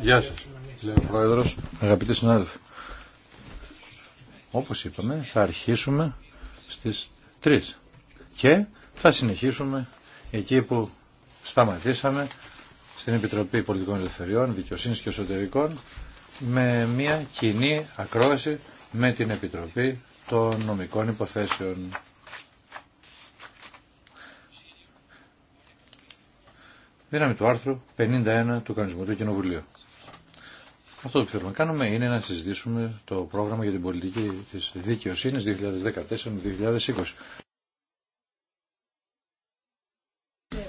Γεια σας, κύριε Πρόεδρος, αγαπητοί συνάδελφοι. Όπως είπαμε, θα αρχίσουμε στις 3 και θα συνεχίσουμε εκεί που σταματήσαμε στην Επιτροπή Πολιτικών Ελευθεριών, Δικαιοσύνης και Εσωτερικών με μια κοινή ακρόαση με την Επιτροπή των Νομικών Υποθέσεων. δύναμη του άρθρου 51 του κανονισμού του Κοινοβουλίου. Αυτό το που θέλουμε να κάνουμε είναι να συζητήσουμε το πρόγραμμα για την πολιτική της δικαιοσύνης 2014-2020.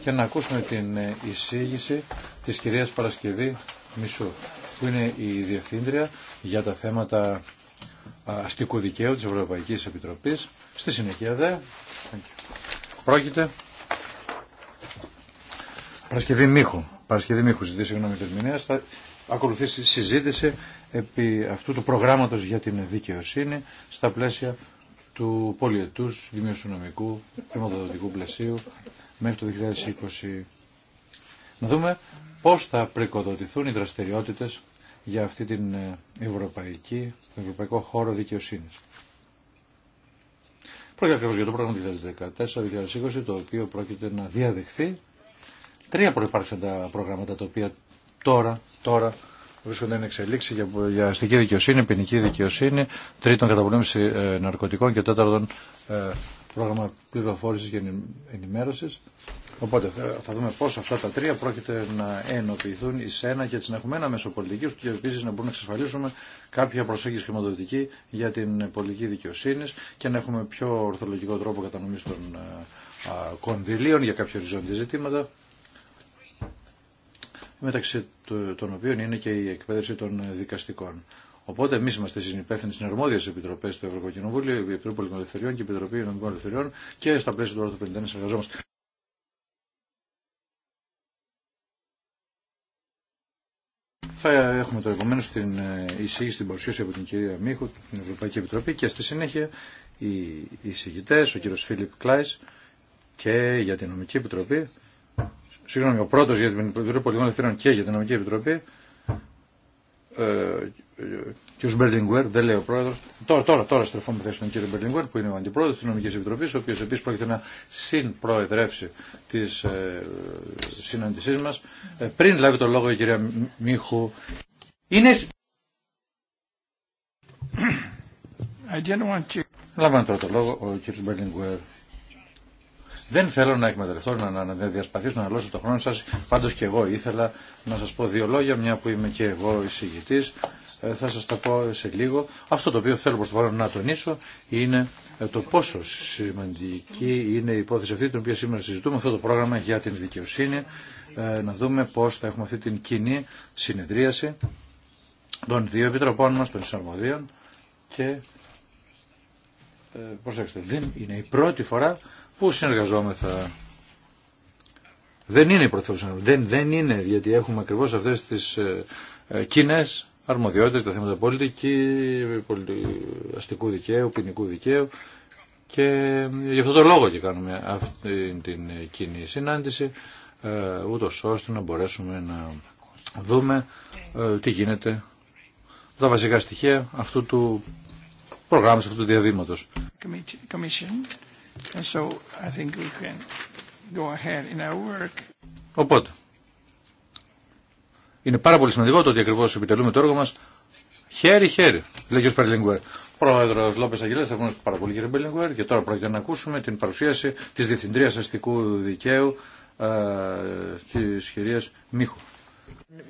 Και να ακούσουμε την εισήγηση της κυρίας Παρασκευή Μισού, που είναι η Διευθύντρια για τα θέματα αστικού δικαίου της Ευρωπαϊκής Επιτροπής. Στη συνεχεία δε, πρόκειται Παρασκευή Μίχου. Παρασκευή Μίχου, ζητήσει συγγνώμη τη Θα ακολουθήσει συζήτηση επί αυτού του προγράμματο για την δικαιοσύνη στα πλαίσια του πολιετού δημοσιονομικού χρηματοδοτικού πλαισίου μέχρι το 2020. Να δούμε πώ θα πρικοδοτηθούν οι δραστηριότητε για αυτή την ε, ευρωπαϊκή, τον ευρωπαϊκό χώρο Δικαιοσύνη. Πρόκειται ακριβώ για το πρόγραμμα 2014-2020, το οποίο πρόκειται να διαδεχθεί Τρία υπάρχουν τα προγράμματα τα οποία τώρα, τώρα βρίσκονται εν εξελίξη για, για αστική δικαιοσύνη, ποινική δικαιοσύνη, τρίτον καταπολέμηση ε, ναρκωτικών και τέταρτον ε, πρόγραμμα πληροφόρηση και ενημέρωση. Οπότε θα δούμε πώ αυτά τα τρία πρόκειται να ενοποιηθούν ει ένα και έτσι να έχουμε ένα μέσο πολιτική και επίση να μπορούμε να εξασφαλίσουμε κάποια προσέγγιση χρηματοδοτική για την πολιτική δικαιοσύνη και να έχουμε πιο ορθολογικό τρόπο κατανομή των ε, κονδυλίων για κάποια οριζόντια ζητήματα μεταξύ των οποίων είναι και η εκπαίδευση των δικαστικών. Οπότε εμεί είμαστε συνυπεύθυνοι στι αρμόδιε επιτροπέ του Κοινοβούλου, η Επιτροπή Πολιτικών Ελευθεριών και η Επιτροπή Νομικών Ελευθεριών και στα πλαίσια του άρθρου 51 εργαζόμαστε. Θα έχουμε το επομένω την ε, εισήγηση, την παρουσίαση από την κυρία Μίχου, την Ευρωπαϊκή Επιτροπή και στη συνέχεια οι εισηγητέ, ο κύριο Φίλιπ Κλάι και για την Νομική Επιτροπή συγγνώμη, ο πρώτος για την Επιτροπή Πολιτικών Ελευθερών και για την Νομική Επιτροπή, ε, κ. Μπερλιγκουέρ, δεν λέει ο πρόεδρο. Τώρα, τώρα, τώρα στρεφόμαστε στον κ. Μπερλιγκουέρ, που είναι ο αντιπρόεδρο τη Νομική Επιτροπή, ο οποίο επίση πρόκειται να συμπροεδρεύσει τη ε, συνάντησή μα. Ε, πριν λάβει το λόγο η κυρία Μίχου. Είναι. Λάβανε τώρα το λόγο ο κ. Μπερλιγκουέρ. Δεν θέλω να εκμεταλλευτώ, να, να διασπαθήσω, να αλλώσω το χρόνο σας. Πάντως και εγώ ήθελα να σας πω δύο λόγια, μια που είμαι και εγώ εισηγητής. Ε, θα σας τα πω σε λίγο. Αυτό το οποίο θέλω προς το παρόν να τονίσω είναι ε, το πόσο σημαντική είναι η υπόθεση αυτή την οποία σήμερα συζητούμε, αυτό το πρόγραμμα για την δικαιοσύνη, ε, να δούμε πώς θα έχουμε αυτή την κοινή συνεδρίαση των δύο επιτροπών μας, των συναρμοδίων και προσέξτε, δεν είναι η πρώτη φορά Πού συνεργαζόμεθα. Δεν είναι η Δεν, δεν είναι, γιατί έχουμε ακριβώς αυτές τις ε, ε κοινέ αρμοδιότητες, τα θέματα πολιτική, πολι... αστικού δικαίου, ποινικού δικαίου. Και ε, γι' αυτό το λόγο και κάνουμε αυτή την κοινή συνάντηση, ε, ούτω ώστε να μπορέσουμε να δούμε τι γίνεται, τα βασικά στοιχεία αυτού του προγράμματος, αυτού του διαδήματος. Οπότε, είναι πάρα πολύ σημαντικό το ότι ακριβώ επιτελούμε το έργο μα χέρι-χέρι. Λέγει ο Σπέρλινγκουερ. Πρόεδρο Λόπε Αγγελέα, ευχαριστώ πάρα πολύ κύριε Σπέρλινγκουερ και τώρα πρόκειται να ακούσουμε την παρουσίαση τη Διευθυντρία Αστικού Δικαίου ε, τη κυρία Μίχου.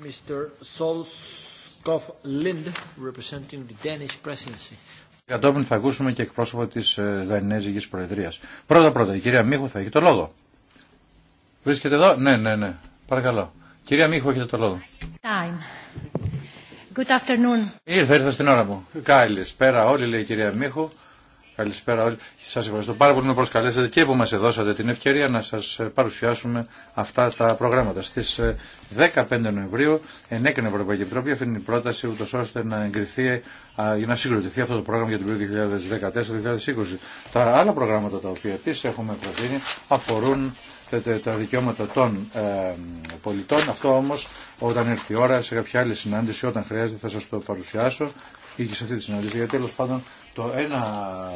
Mr. Solskov Lind, representing the Danish presidency. Κατόπιν θα ακούσουμε και εκπρόσωπο της ε, Δανέζικης Προεδρίας. Πρώτα πρώτα, η κυρία Μίχου θα έχει το λόγο. Βρίσκεται εδώ. Ναι, ναι, ναι. Παρακαλώ. Κυρία Μίχου, έχετε το λόγο. Time. Good afternoon. Ήρθα, στην ώρα μου. Καλησπέρα όλοι, λέει η κυρία Μίχου. Καλησπέρα όλοι. Σα ευχαριστώ πάρα πολύ που με προσκαλέσατε και που μα δώσατε την ευκαιρία να σα ε, παρουσιάσουμε αυτά τα προγράμματα. Στι 15 ε, Νοεμβρίου ενέκρινε η Ευρωπαϊκή Επιτροπή αυτή την πρόταση, ούτω ώστε να εγκριθεί, για να συγκροτηθεί αυτό το πρόγραμμα για την περίοδο 2014-2020. Τα άλλα προγράμματα τα οποία επίση έχουμε προτείνει αφορούν τα δικαιώματα των ε, πολιτών. Αυτό όμω όταν έρθει η ώρα σε κάποια άλλη συνάντηση, όταν χρειάζεται, θα σα το παρουσιάσω και σε αυτή τη συνάντηση. Γιατί τέλο πάντων το ένα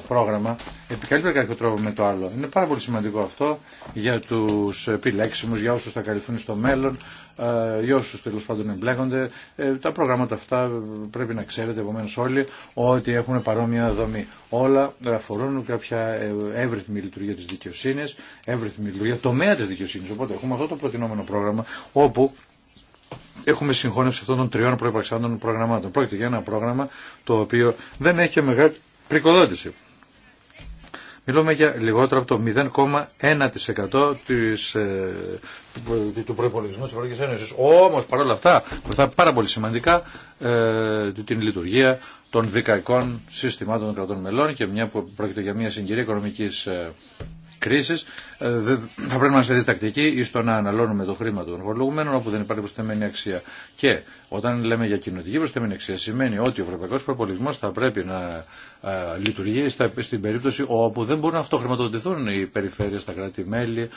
πρόγραμμα επικαλείται κάποιο τρόπο με το άλλο. Είναι πάρα πολύ σημαντικό αυτό για του επιλέξιμου, για όσου θα καλυφθούν στο μέλλον, ε, για όσου τέλο πάντων εμπλέκονται. Ε, τα προγράμματα αυτά πρέπει να ξέρετε επομένω όλοι ότι έχουν παρόμοια δομή. Όλα αφορούν κάποια εύρυθμη λειτουργία τη δικαιοσύνη, εύρυθμη λειτουργία τομέα τη δικαιοσύνη. Οπότε έχουμε αυτό το προτινόμενο πρόγραμμα όπου έχουμε συγχώνευση αυτών των τριών προεπαξάντων προγραμμάτων. Πρόκειται για ένα πρόγραμμα το οποίο δεν έχει μεγάλη πρικοδότηση. Μιλούμε για λιγότερο από το 0,1% της, ε, του προπολογισμού της Ευρωπαϊκής Ένωσης. Όμως παρόλα αυτά βοηθά πάρα πολύ σημαντικά ε, την λειτουργία των δικαϊκών συστημάτων των κρατών μελών και μια που πρόκειται για μια συγκυρία οικονομικής ε, κρίσης ε, θα πρέπει να διστακτικοί ή στο να αναλώνουμε το χρήμα των φορολογουμένων όπου δεν υπάρχει προστεμένη αξία. Και όταν λέμε για κοινωτική προστεμένη αξία σημαίνει ότι ο ευρωπαϊκός προπολισμός θα πρέπει να ε, λειτουργεί στην περίπτωση όπου δεν μπορούν να αυτοχρηματοδοτηθούν οι περιφέρειες, τα κράτη-μέλη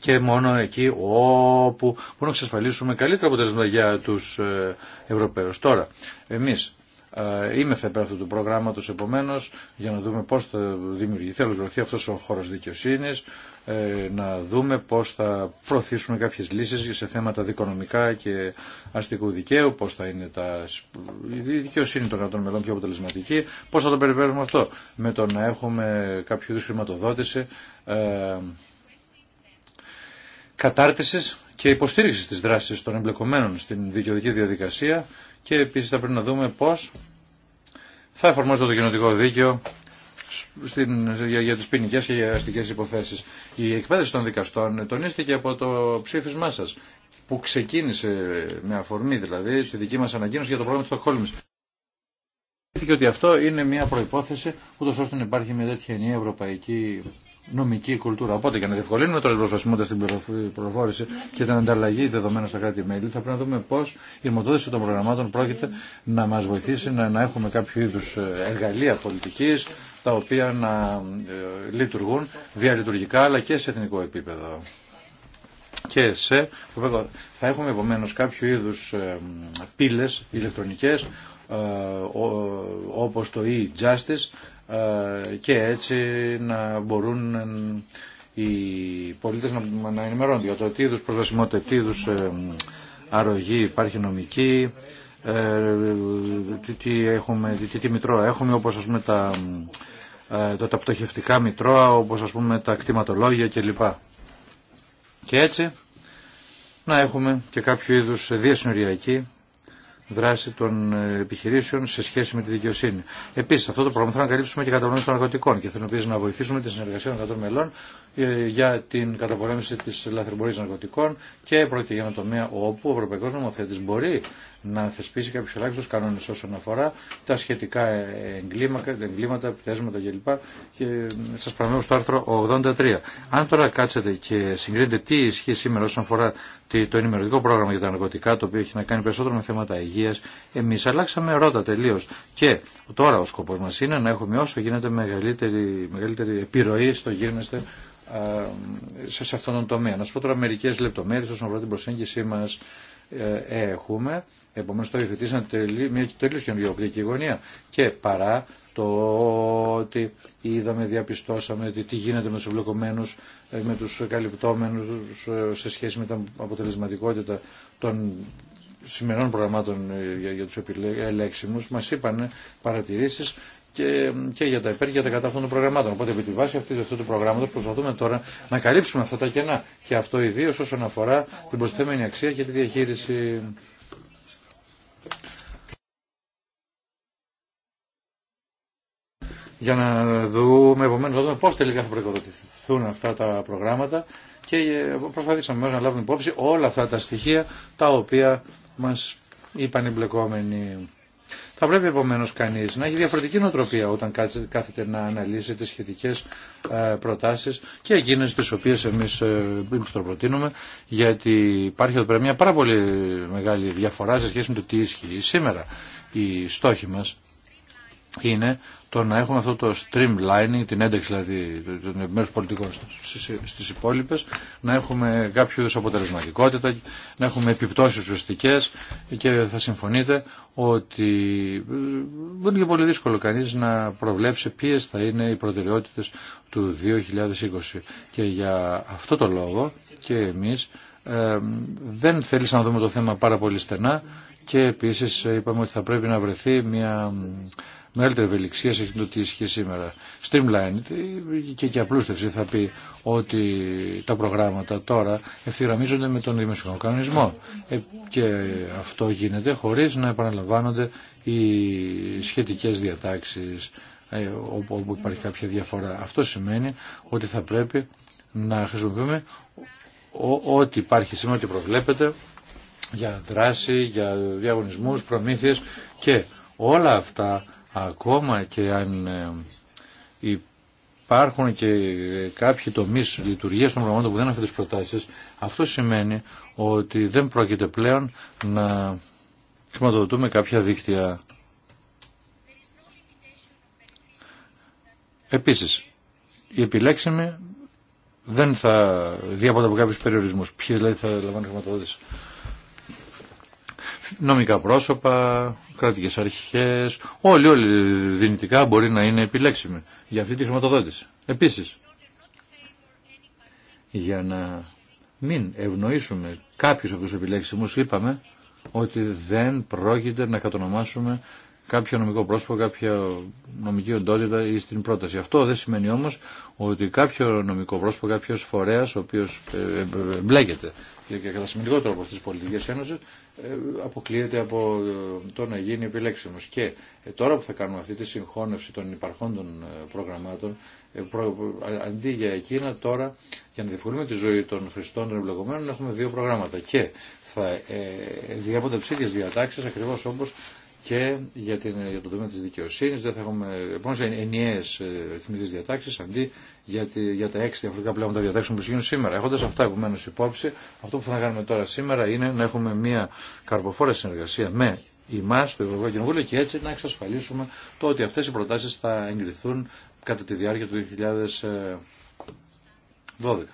και μόνο εκεί όπου μπορούμε να εξασφαλίσουμε καλύτερα αποτελέσματα για τους ε, Ευρωπαίους. Τώρα, εμείς ε, είμαι θα υπέρ αυτού του προγράμματος επομένως για να δούμε πώς θα δημιουργηθεί, ολοκληρωθεί αυτός ο χώρος δικαιοσύνης, ε, να δούμε πώς θα προωθήσουμε κάποιες λύσεις σε θέματα δικονομικά και αστικού δικαίου, πώς θα είναι τα... η δικαιοσύνη των κρατών μελών πιο αποτελεσματική, πώς θα το περιμένουμε αυτό με το να έχουμε κάποιο είδους χρηματοδότηση ε, κατάρτισης και υποστήριξη της δράσης των εμπλεκομένων στην δικαιοδική διαδικασία και επίσης θα πρέπει να δούμε πώς θα εφαρμόζεται το κοινοτικό δίκαιο στην, για, για τις ποινικές και για αστικέ υποθέσεις. Η εκπαίδευση των δικαστών τονίστηκε από το ψήφισμά σας που ξεκίνησε με αφορμή δηλαδή στη δική μας ανακοίνωση για το πρόγραμμα τη Στοχόλμη. Υπήρχε ότι αυτό είναι μια προϋπόθεση ούτω ώστε να υπάρχει μια τέτοια ενιαία ευρωπαϊκή νομική κουλτούρα. Οπότε και να διευκολύνουμε τώρα την προσβασιμότητα στην πληροφόρηση και την ανταλλαγή δεδομένων στα κράτη-μέλη, θα πρέπει να δούμε πώ η ερμοδότηση των προγραμμάτων πρόκειται να μα βοηθήσει να, να έχουμε κάποιο είδου ε, εργαλεία πολιτική τα οποία να ε, λειτουργούν διαλειτουργικά αλλά και σε εθνικό επίπεδο. Και σε, θα έχουμε επομένω κάποιο είδου ε, πύλε ηλεκτρονικέ ε, όπως το e-justice ε, και έτσι να μπορούν οι πολίτες να, να για το τι είδους προσβασιμότητα, τι είδους ε, αρρωγή υπάρχει νομική, ε, τι, έχουμε, τι, τι μητρώα έχουμε, όπως ας πούμε τα, τα, τα πτωχευτικά μητρώα, όπως ας πούμε τα κτηματολόγια κλπ. Και έτσι να έχουμε και κάποιο είδους διασυνοριακή δράση των ε, επιχειρήσεων σε σχέση με τη δικαιοσύνη. Επίση, αυτό το πρόγραμμα να καλύψουμε και κατανοήσει των ναρκωτικών και θέλουμε να βοηθήσουμε τη συνεργασία των μελών ε, για την καταπολέμηση τη λαθρεμπορία ναρκωτικών και πρόκειται για ένα τομέα όπου ο Ευρωπαϊκό Νομοθέτη μπορεί να θεσπίσει κάποιου ελάχιστου κανόνε όσον αφορά τα σχετικά εγκλήματα, εγκλήματα επιθέσματα κλπ. Και σα παραμένω στο άρθρο 83. Αν τώρα κάτσετε και συγκρίνετε τι ισχύει σήμερα όσον αφορά το ενημερωτικό πρόγραμμα για τα ναρκωτικά, το οποίο έχει να κάνει περισσότερο με θέματα υγεία, εμεί αλλάξαμε ρότα τελείω. Και τώρα ο σκοπό μα είναι να έχουμε όσο γίνεται μεγαλύτερη, μεγαλύτερη επιρροή στο γίνεστε σε αυτόν τον τομέα. Να σου πω τώρα μερικέ λεπτομέρειε, όσον αφορά την προσέγγιση μας ε, έχουμε Επομένως το υφητήσαν μια τελείως καινούργια οπτική γωνία και παρά το ότι είδαμε, διαπιστώσαμε τι γίνεται με τους ευλογωμένους, ε, με τους καλυπτόμενους ε, σε σχέση με την αποτελεσματικότητα των σημερινών προγραμμάτων ε, για, για τους ελέξιμους μας είπαν παρατηρήσεις και, και για τα υπέρ και για τα κατά αυτών των προγραμμάτων. Οπότε επί τη βάση αυτή, αυτού του προγράμματο προσπαθούμε τώρα να καλύψουμε αυτά τα κενά και αυτό ιδίω όσον αφορά την προσθέμενη αξία και τη διαχείριση. για να δούμε επομένως να τελικά θα προεκοδοτηθούν αυτά τα προγράμματα και ε, προσπαθήσαμε μέσα να λάβουμε υπόψη όλα αυτά τα στοιχεία τα οποία μας είπαν οι μπλεκόμενοι. Θα πρέπει επομένω κανεί να έχει διαφορετική νοοτροπία όταν κάθεται να αναλύσει τι σχετικέ ε, προτάσει και εκείνε τι οποίε εμεί ε, το προτείνουμε, γιατί υπάρχει εδώ πέρα μια πάρα πολύ μεγάλη διαφορά σε σχέση με το τι ισχύει σήμερα. Οι στόχοι μα είναι το να έχουμε αυτό το streamlining, την ένταξη δηλαδή των επιμέρους πολιτικών στις υπόλοιπες, να έχουμε κάποιο αποτελεσματικότητα, να έχουμε επιπτώσεις ουσιαστικές και θα συμφωνείτε ότι ε, δεν είναι πολύ δύσκολο κανείς να προβλέψει ποιες θα είναι οι προτεραιότητες του 2020. Και για αυτό το λόγο και εμείς ε, δεν θέλησαμε να δούμε το θέμα πάρα πολύ στενά και επίσης ε, είπαμε ότι θα πρέπει να βρεθεί μια μεγαλύτερη ευελιξία σε το τι ισχύει σήμερα. Streamline και, και απλούστευση θα πει ότι τα προγράμματα τώρα ευθυγραμμίζονται με τον δημιουργικό κανονισμό. Ε, και αυτό γίνεται χωρίς να επαναλαμβάνονται οι σχετικές διατάξεις ε, όπου, υπάρχει κάποια διαφορά. Αυτό σημαίνει ότι θα πρέπει να χρησιμοποιούμε ό,τι υπάρχει σήμερα, ό,τι προβλέπεται για δράση, για διαγωνισμούς, προμήθειες και όλα αυτά Ακόμα και αν ε, υπάρχουν και κάποιοι τομεί λειτουργία των προγραμμάτων που δεν έχουν τι προτάσει, αυτό σημαίνει ότι δεν πρόκειται πλέον να χρηματοδοτούμε κάποια δίκτυα. Επίσης, η επιλέξιμη δεν θα διάπονται από κάποιους περιορισμούς. Ποιοι δηλαδή θα λαμβάνουν χρηματοδότηση. Νομικά πρόσωπα, κρατικές αρχές, όλοι, όλοι δυνητικά μπορεί να είναι επιλέξιμοι για αυτή τη χρηματοδότηση. Επίσης, για να μην ευνοήσουμε κάποιους από τους επιλέξιμους, είπαμε ότι δεν πρόκειται να κατονομάσουμε κάποιο νομικό πρόσωπο, κάποια νομική οντότητα ή στην πρόταση. Αυτό δεν σημαίνει όμως ότι κάποιο νομικό πρόσωπο, κάποιος φορέας ο οποίος ε, ε, ε, μπλέκεται και κατά σημαντικό τρόπο στις πολιτικές ένωσες ε, αποκλείεται από ε, το να γίνει επιλέξιμος. Και ε, τώρα που θα κάνουμε αυτή τη συγχώνευση των υπαρχόντων προγραμμάτων, αντί για εκείνα τώρα, για να διευκολύνουμε τη ζωή των χρηστών των εμπλεκομένων, έχουμε δύο προγράμματα. Και θα ε, διέπονται ψήφιες διατάξεις ακριβώς όπως και για, την, για το τομέα της δικαιοσύνης δεν θα έχουμε επόμενες ενιαίες διατάξει ε, διατάξεις αντί για, για τα έξι διαφορετικά τα διατάξεων που γίνουν σήμερα. Έχοντας αυτά επομένως υπόψη, αυτό που θα κάνουμε τώρα σήμερα είναι να έχουμε μια καρποφόρα συνεργασία με εμάς, το Ευρωπαϊκό Κοινοβούλιο και έτσι να εξασφαλίσουμε το ότι αυτές οι προτάσεις θα εγκριθούν κατά τη διάρκεια του 2012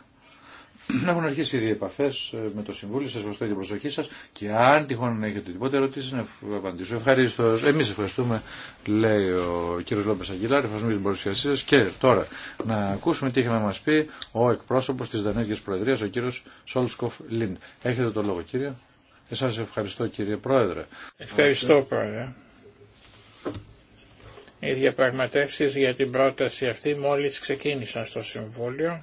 να έχουν αρχίσει οι επαφέ ε, με το Συμβούλιο. Σα ευχαριστώ για την προσοχή σα και αν τυχόν έχετε τίποτα ερωτήσει να απαντήσω. Ευχαρίστω. Εμεί ευχαριστούμε, λέει ο κύριο Λόπε Αγγιλάρη. Ευχαριστούμε για την προσοχή σα και τώρα να ακούσουμε τι είχε να μα πει ο εκπρόσωπο τη Δανέργεια Προεδρία, ο κ. Σόλσκοφ Λίντ. Έχετε το λόγο, κύριε. Εσά ευχαριστώ, κύριε Πρόεδρε. Ευχαριστώ, Πρόεδρε. Οι διαπραγματεύσει για την πρόταση αυτή μόλις ξεκίνησαν στο Συμβούλιο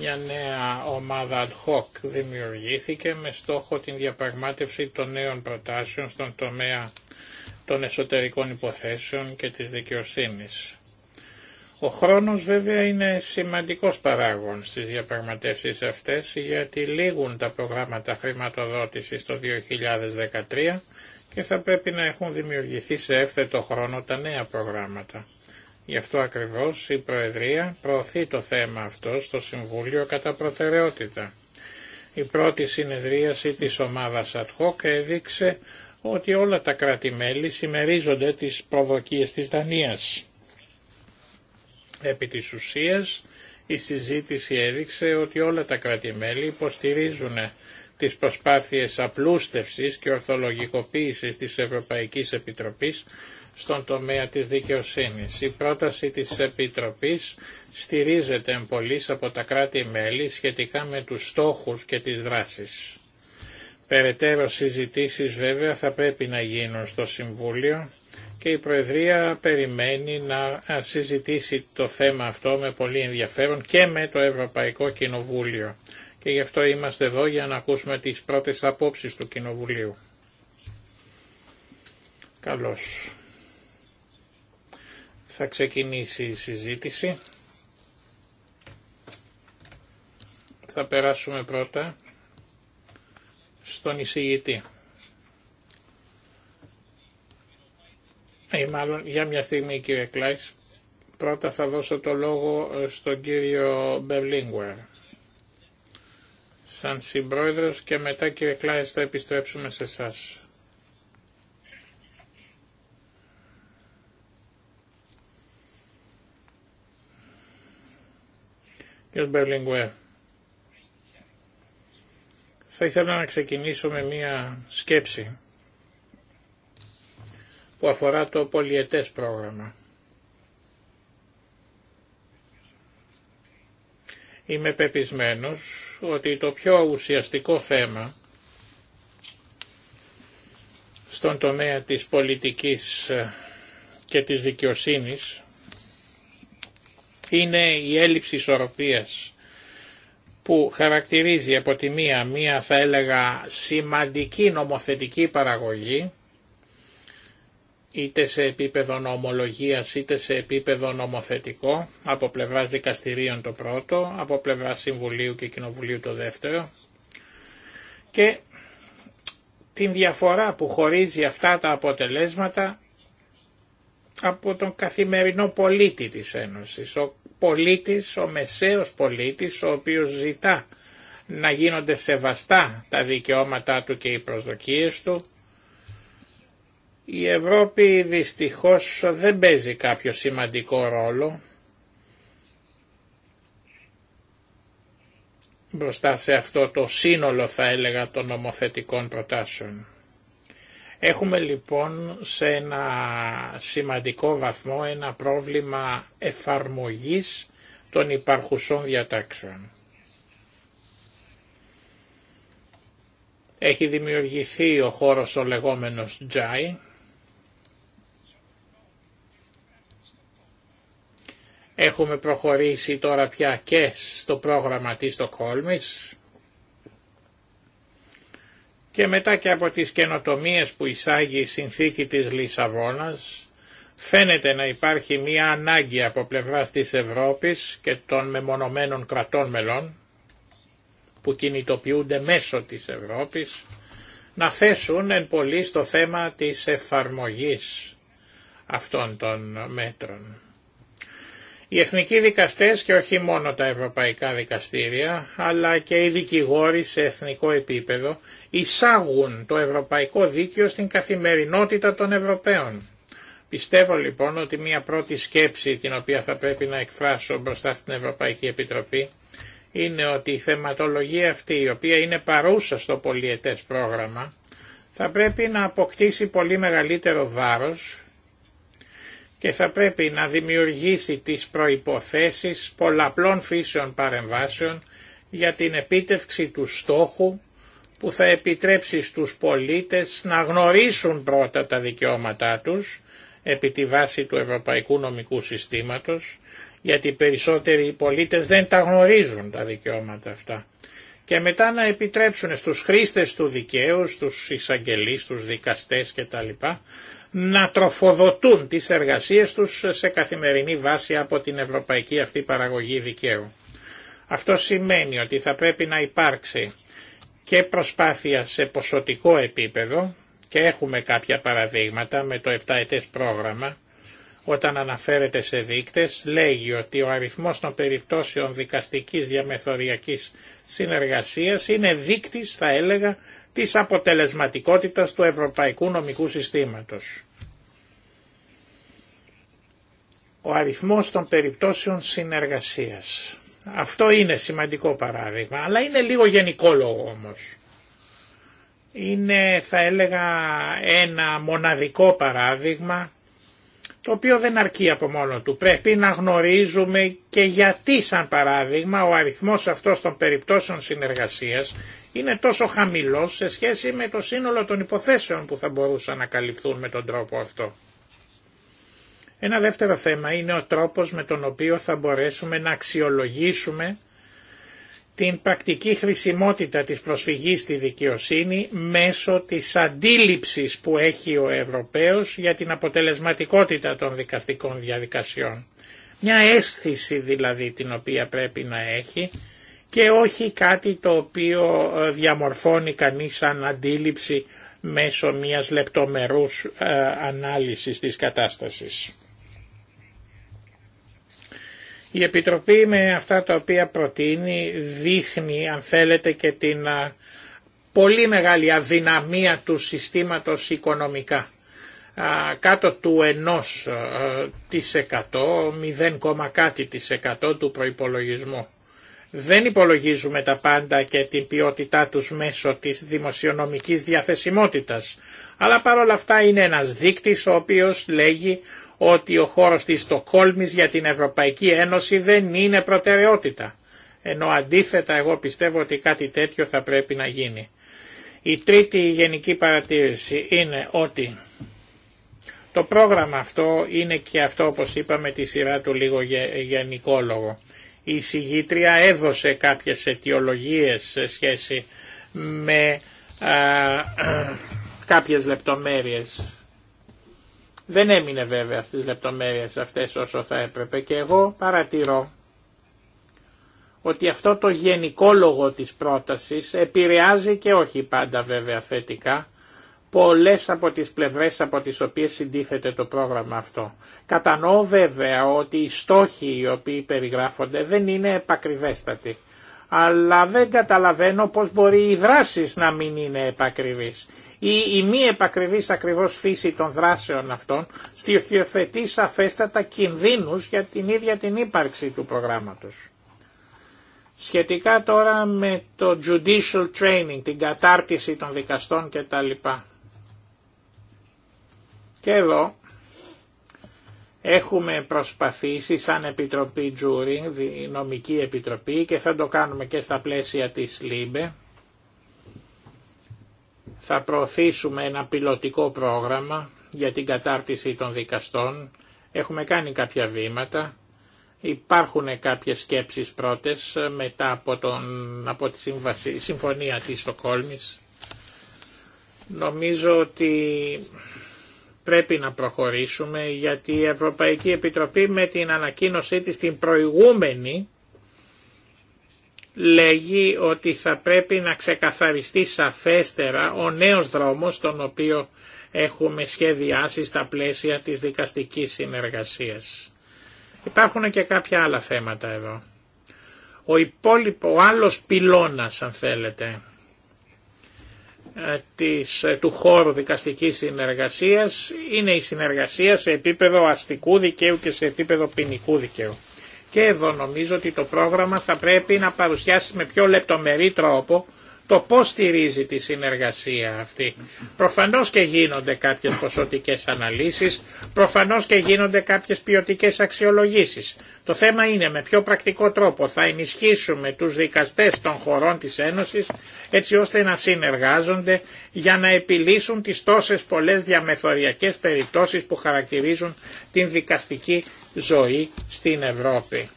μια νέα ομάδα ad hoc δημιουργήθηκε με στόχο την διαπραγμάτευση των νέων προτάσεων στον τομέα των εσωτερικών υποθέσεων και της δικαιοσύνης. Ο χρόνος βέβαια είναι σημαντικός παράγων στις διαπραγματεύσεις αυτές γιατί λήγουν τα προγράμματα χρηματοδότησης το 2013 και θα πρέπει να έχουν δημιουργηθεί σε έφθετο χρόνο τα νέα προγράμματα. Γι' αυτό ακριβώς η Προεδρία προωθεί το θέμα αυτό στο Συμβούλιο κατά προτεραιότητα. Η πρώτη συνεδρίαση της ομάδας ad hoc έδειξε ότι όλα τα κράτη-μέλη συμμερίζονται τις προδοκίες της Δανίας. Επί της ουσίας, η συζήτηση έδειξε ότι όλα τα κράτη-μέλη υποστηρίζουν τις προσπάθειες απλούστευσης και ορθολογικοποίησης της Ευρωπαϊκής Επιτροπής στον τομέα της δικαιοσύνης. Η πρόταση της Επιτροπής στηρίζεται εμπολής από τα κράτη-μέλη σχετικά με τους στόχους και τις δράσεις. Περαιτέρω συζητήσεις βέβαια θα πρέπει να γίνουν στο Συμβούλιο και η Προεδρία περιμένει να συζητήσει το θέμα αυτό με πολύ ενδιαφέρον και με το Ευρωπαϊκό Κοινοβούλιο. Και γι' αυτό είμαστε εδώ για να ακούσουμε τις πρώτες απόψεις του Κοινοβουλίου. Καλώς. Θα ξεκινήσει η συζήτηση. Θα περάσουμε πρώτα στον εισηγητή. Ή ε, μάλλον για μια στιγμή κύριε Κλάις, πρώτα θα δώσω το λόγο στον κύριο Μπερλίνγκουερ. Σαν συμπρόεδρος και μετά κύριε Κλάις θα επιστρέψουμε σε εσάς. Κύριε Μπερλιγκουέ, θα ήθελα να ξεκινήσω με μία σκέψη που αφορά το πολιετές πρόγραμμα. Είμαι πεπισμένος ότι το πιο ουσιαστικό θέμα στον τομέα της πολιτικής και της δικαιοσύνης είναι η έλλειψη ισορροπίας που χαρακτηρίζει από τη μία μία θα έλεγα σημαντική νομοθετική παραγωγή είτε σε επίπεδο νομολογίας είτε σε επίπεδο νομοθετικό από πλευράς δικαστηρίων το πρώτο, από πλευράς Συμβουλίου και Κοινοβουλίου το δεύτερο και την διαφορά που χωρίζει αυτά τα αποτελέσματα από τον καθημερινό πολίτη της Ένωσης πολίτης, ο μεσαίος πολίτης, ο οποίος ζητά να γίνονται σεβαστά τα δικαιώματά του και οι προσδοκίες του. Η Ευρώπη δυστυχώς δεν παίζει κάποιο σημαντικό ρόλο μπροστά σε αυτό το σύνολο θα έλεγα των νομοθετικών προτάσεων. Έχουμε λοιπόν σε ένα σημαντικό βαθμό ένα πρόβλημα εφαρμογής των υπαρχουσών διατάξεων. Έχει δημιουργηθεί ο χώρος ο λεγόμενος Τζάι. Έχουμε προχωρήσει τώρα πια και στο πρόγραμμα της Στοκχόλμης. Και μετά και από τις καινοτομίες που εισάγει η συνθήκη της Λισαβόνας, φαίνεται να υπάρχει μία ανάγκη από πλευράς της Ευρώπης και των μεμονωμένων κρατών μελών, που κινητοποιούνται μέσω της Ευρώπης, να θέσουν εν πολύ στο θέμα της εφαρμογής αυτών των μέτρων. Οι εθνικοί δικαστές και όχι μόνο τα ευρωπαϊκά δικαστήρια, αλλά και οι δικηγόροι σε εθνικό επίπεδο εισάγουν το ευρωπαϊκό δίκαιο στην καθημερινότητα των Ευρωπαίων. Πιστεύω λοιπόν ότι μια πρώτη σκέψη την οποία θα πρέπει να εκφράσω μπροστά στην Ευρωπαϊκή Επιτροπή είναι ότι η θεματολογία αυτή η οποία είναι παρούσα στο πολιετές πρόγραμμα θα πρέπει να αποκτήσει πολύ μεγαλύτερο βάρος και θα πρέπει να δημιουργήσει τις προϋποθέσεις πολλαπλών φύσεων παρεμβάσεων για την επίτευξη του στόχου που θα επιτρέψει στους πολίτες να γνωρίσουν πρώτα τα δικαιώματά τους επί τη βάση του Ευρωπαϊκού Νομικού Συστήματος, γιατί περισσότεροι πολίτες δεν τα γνωρίζουν τα δικαιώματα αυτά. Και μετά να επιτρέψουν στους χρήστες του δικαίου, στους εισαγγελείς, στους δικαστές κτλ να τροφοδοτούν τις εργασίες τους σε καθημερινή βάση από την ευρωπαϊκή αυτή παραγωγή δικαίου. Αυτό σημαίνει ότι θα πρέπει να υπάρξει και προσπάθεια σε ποσοτικό επίπεδο και έχουμε κάποια παραδείγματα με το 7 ετές πρόγραμμα όταν αναφέρεται σε δείκτες λέγει ότι ο αριθμός των περιπτώσεων δικαστικής διαμεθοριακής συνεργασίας είναι δείκτης θα έλεγα της αποτελεσματικότητας του ευρωπαϊκού νομικού συστήματος. Ο αριθμός των περιπτώσεων συνεργασίας. Αυτό είναι σημαντικό παράδειγμα, αλλά είναι λίγο γενικό λόγο όμως. Είναι θα έλεγα ένα μοναδικό παράδειγμα το οποίο δεν αρκεί από μόνο του. Πρέπει να γνωρίζουμε και γιατί σαν παράδειγμα ο αριθμός αυτός των περιπτώσεων συνεργασίας είναι τόσο χαμηλό σε σχέση με το σύνολο των υποθέσεων που θα μπορούσαν να καλυφθούν με τον τρόπο αυτό. Ένα δεύτερο θέμα είναι ο τρόπος με τον οποίο θα μπορέσουμε να αξιολογήσουμε την πρακτική χρησιμότητα της προσφυγής στη δικαιοσύνη μέσω της αντίληψης που έχει ο Ευρωπαίος για την αποτελεσματικότητα των δικαστικών διαδικασιών. Μια αίσθηση δηλαδή την οποία πρέπει να έχει και όχι κάτι το οποίο ε, διαμορφώνει κανείς σαν αντίληψη μέσω μιας λεπτομερούς ε, ανάλυσης της κατάστασης. Η Επιτροπή με αυτά τα οποία προτείνει δείχνει αν θέλετε και την ε, πολύ μεγάλη αδυναμία του συστήματος οικονομικά. Κάτω του 1% 0, κάτι της 100 του προϋπολογισμού δεν υπολογίζουμε τα πάντα και την ποιότητά τους μέσω της δημοσιονομικής διαθεσιμότητας. Αλλά παρόλα αυτά είναι ένας δείκτης ο οποίος λέγει ότι ο χώρος της Στοκόλμης για την Ευρωπαϊκή Ένωση δεν είναι προτεραιότητα. Ενώ αντίθετα εγώ πιστεύω ότι κάτι τέτοιο θα πρέπει να γίνει. Η τρίτη γενική παρατήρηση είναι ότι το πρόγραμμα αυτό είναι και αυτό όπως είπαμε τη σειρά του λίγο γενικόλογο. Η συγγήτρια έδωσε κάποιες αιτιολογίες σε σχέση με κάποιες λεπτομέρειες. Δεν έμεινε βέβαια στις λεπτομέρειες αυτές όσο θα έπρεπε και εγώ παρατηρώ ότι αυτό το γενικό λόγο της πρότασης επηρεάζει και όχι πάντα βέβαια θετικά πολλές από τις πλευρές από τις οποίες συντίθεται το πρόγραμμα αυτό. Κατανοώ βέβαια ότι οι στόχοι οι οποίοι περιγράφονται δεν είναι επακριβέστατοι, αλλά δεν καταλαβαίνω πώς μπορεί οι δράσης να μην είναι επακριβείς. Η, η μη επακριβής ακριβώς φύση των δράσεων αυτών στοιχειοθετεί σαφέστατα κινδύνους για την ίδια την ύπαρξη του προγράμματος. Σχετικά τώρα με το judicial training, την κατάρτιση των δικαστών κτλ. Και εδώ έχουμε προσπαθήσει σαν Επιτροπή Τζούρινγκ, νομική επιτροπή και θα το κάνουμε και στα πλαίσια της ΛΥΜΠΕ. Θα προωθήσουμε ένα πιλωτικό πρόγραμμα για την κατάρτιση των δικαστών. Έχουμε κάνει κάποια βήματα. Υπάρχουν κάποιες σκέψεις πρώτες ε, μετά από, τον, από τη συμφωνία της Στοκόλμης. Νομίζω ότι πρέπει να προχωρήσουμε γιατί η Ευρωπαϊκή Επιτροπή με την ανακοίνωσή της την προηγούμενη λέγει ότι θα πρέπει να ξεκαθαριστεί σαφέστερα ο νέος δρόμος τον οποίο έχουμε σχεδιάσει στα πλαίσια της δικαστικής συνεργασίας. Υπάρχουν και κάποια άλλα θέματα εδώ. Ο υπόλοιπο, ο άλλος πυλώνας αν θέλετε, ε, ε, του χώρου δικαστικής συνεργασίας είναι η συνεργασία σε επίπεδο αστικού δικαίου και σε επίπεδο ποινικού δικαίου. Και εδώ νομίζω ότι το πρόγραμμα θα πρέπει να παρουσιάσει με πιο λεπτομερή τρόπο το πώς στηρίζει τη συνεργασία αυτή. Προφανώς και γίνονται κάποιες ποσοτικές αναλύσεις, προφανώς και γίνονται κάποιες ποιοτικές αξιολογήσεις. Το θέμα είναι με ποιο πρακτικό τρόπο θα ενισχύσουμε τους δικαστές των χωρών της Ένωσης έτσι ώστε να συνεργάζονται για να επιλύσουν τις τόσες πολλές διαμεθοριακές περιπτώσεις που χαρακτηρίζουν την δικαστική ζωή στην Ευρώπη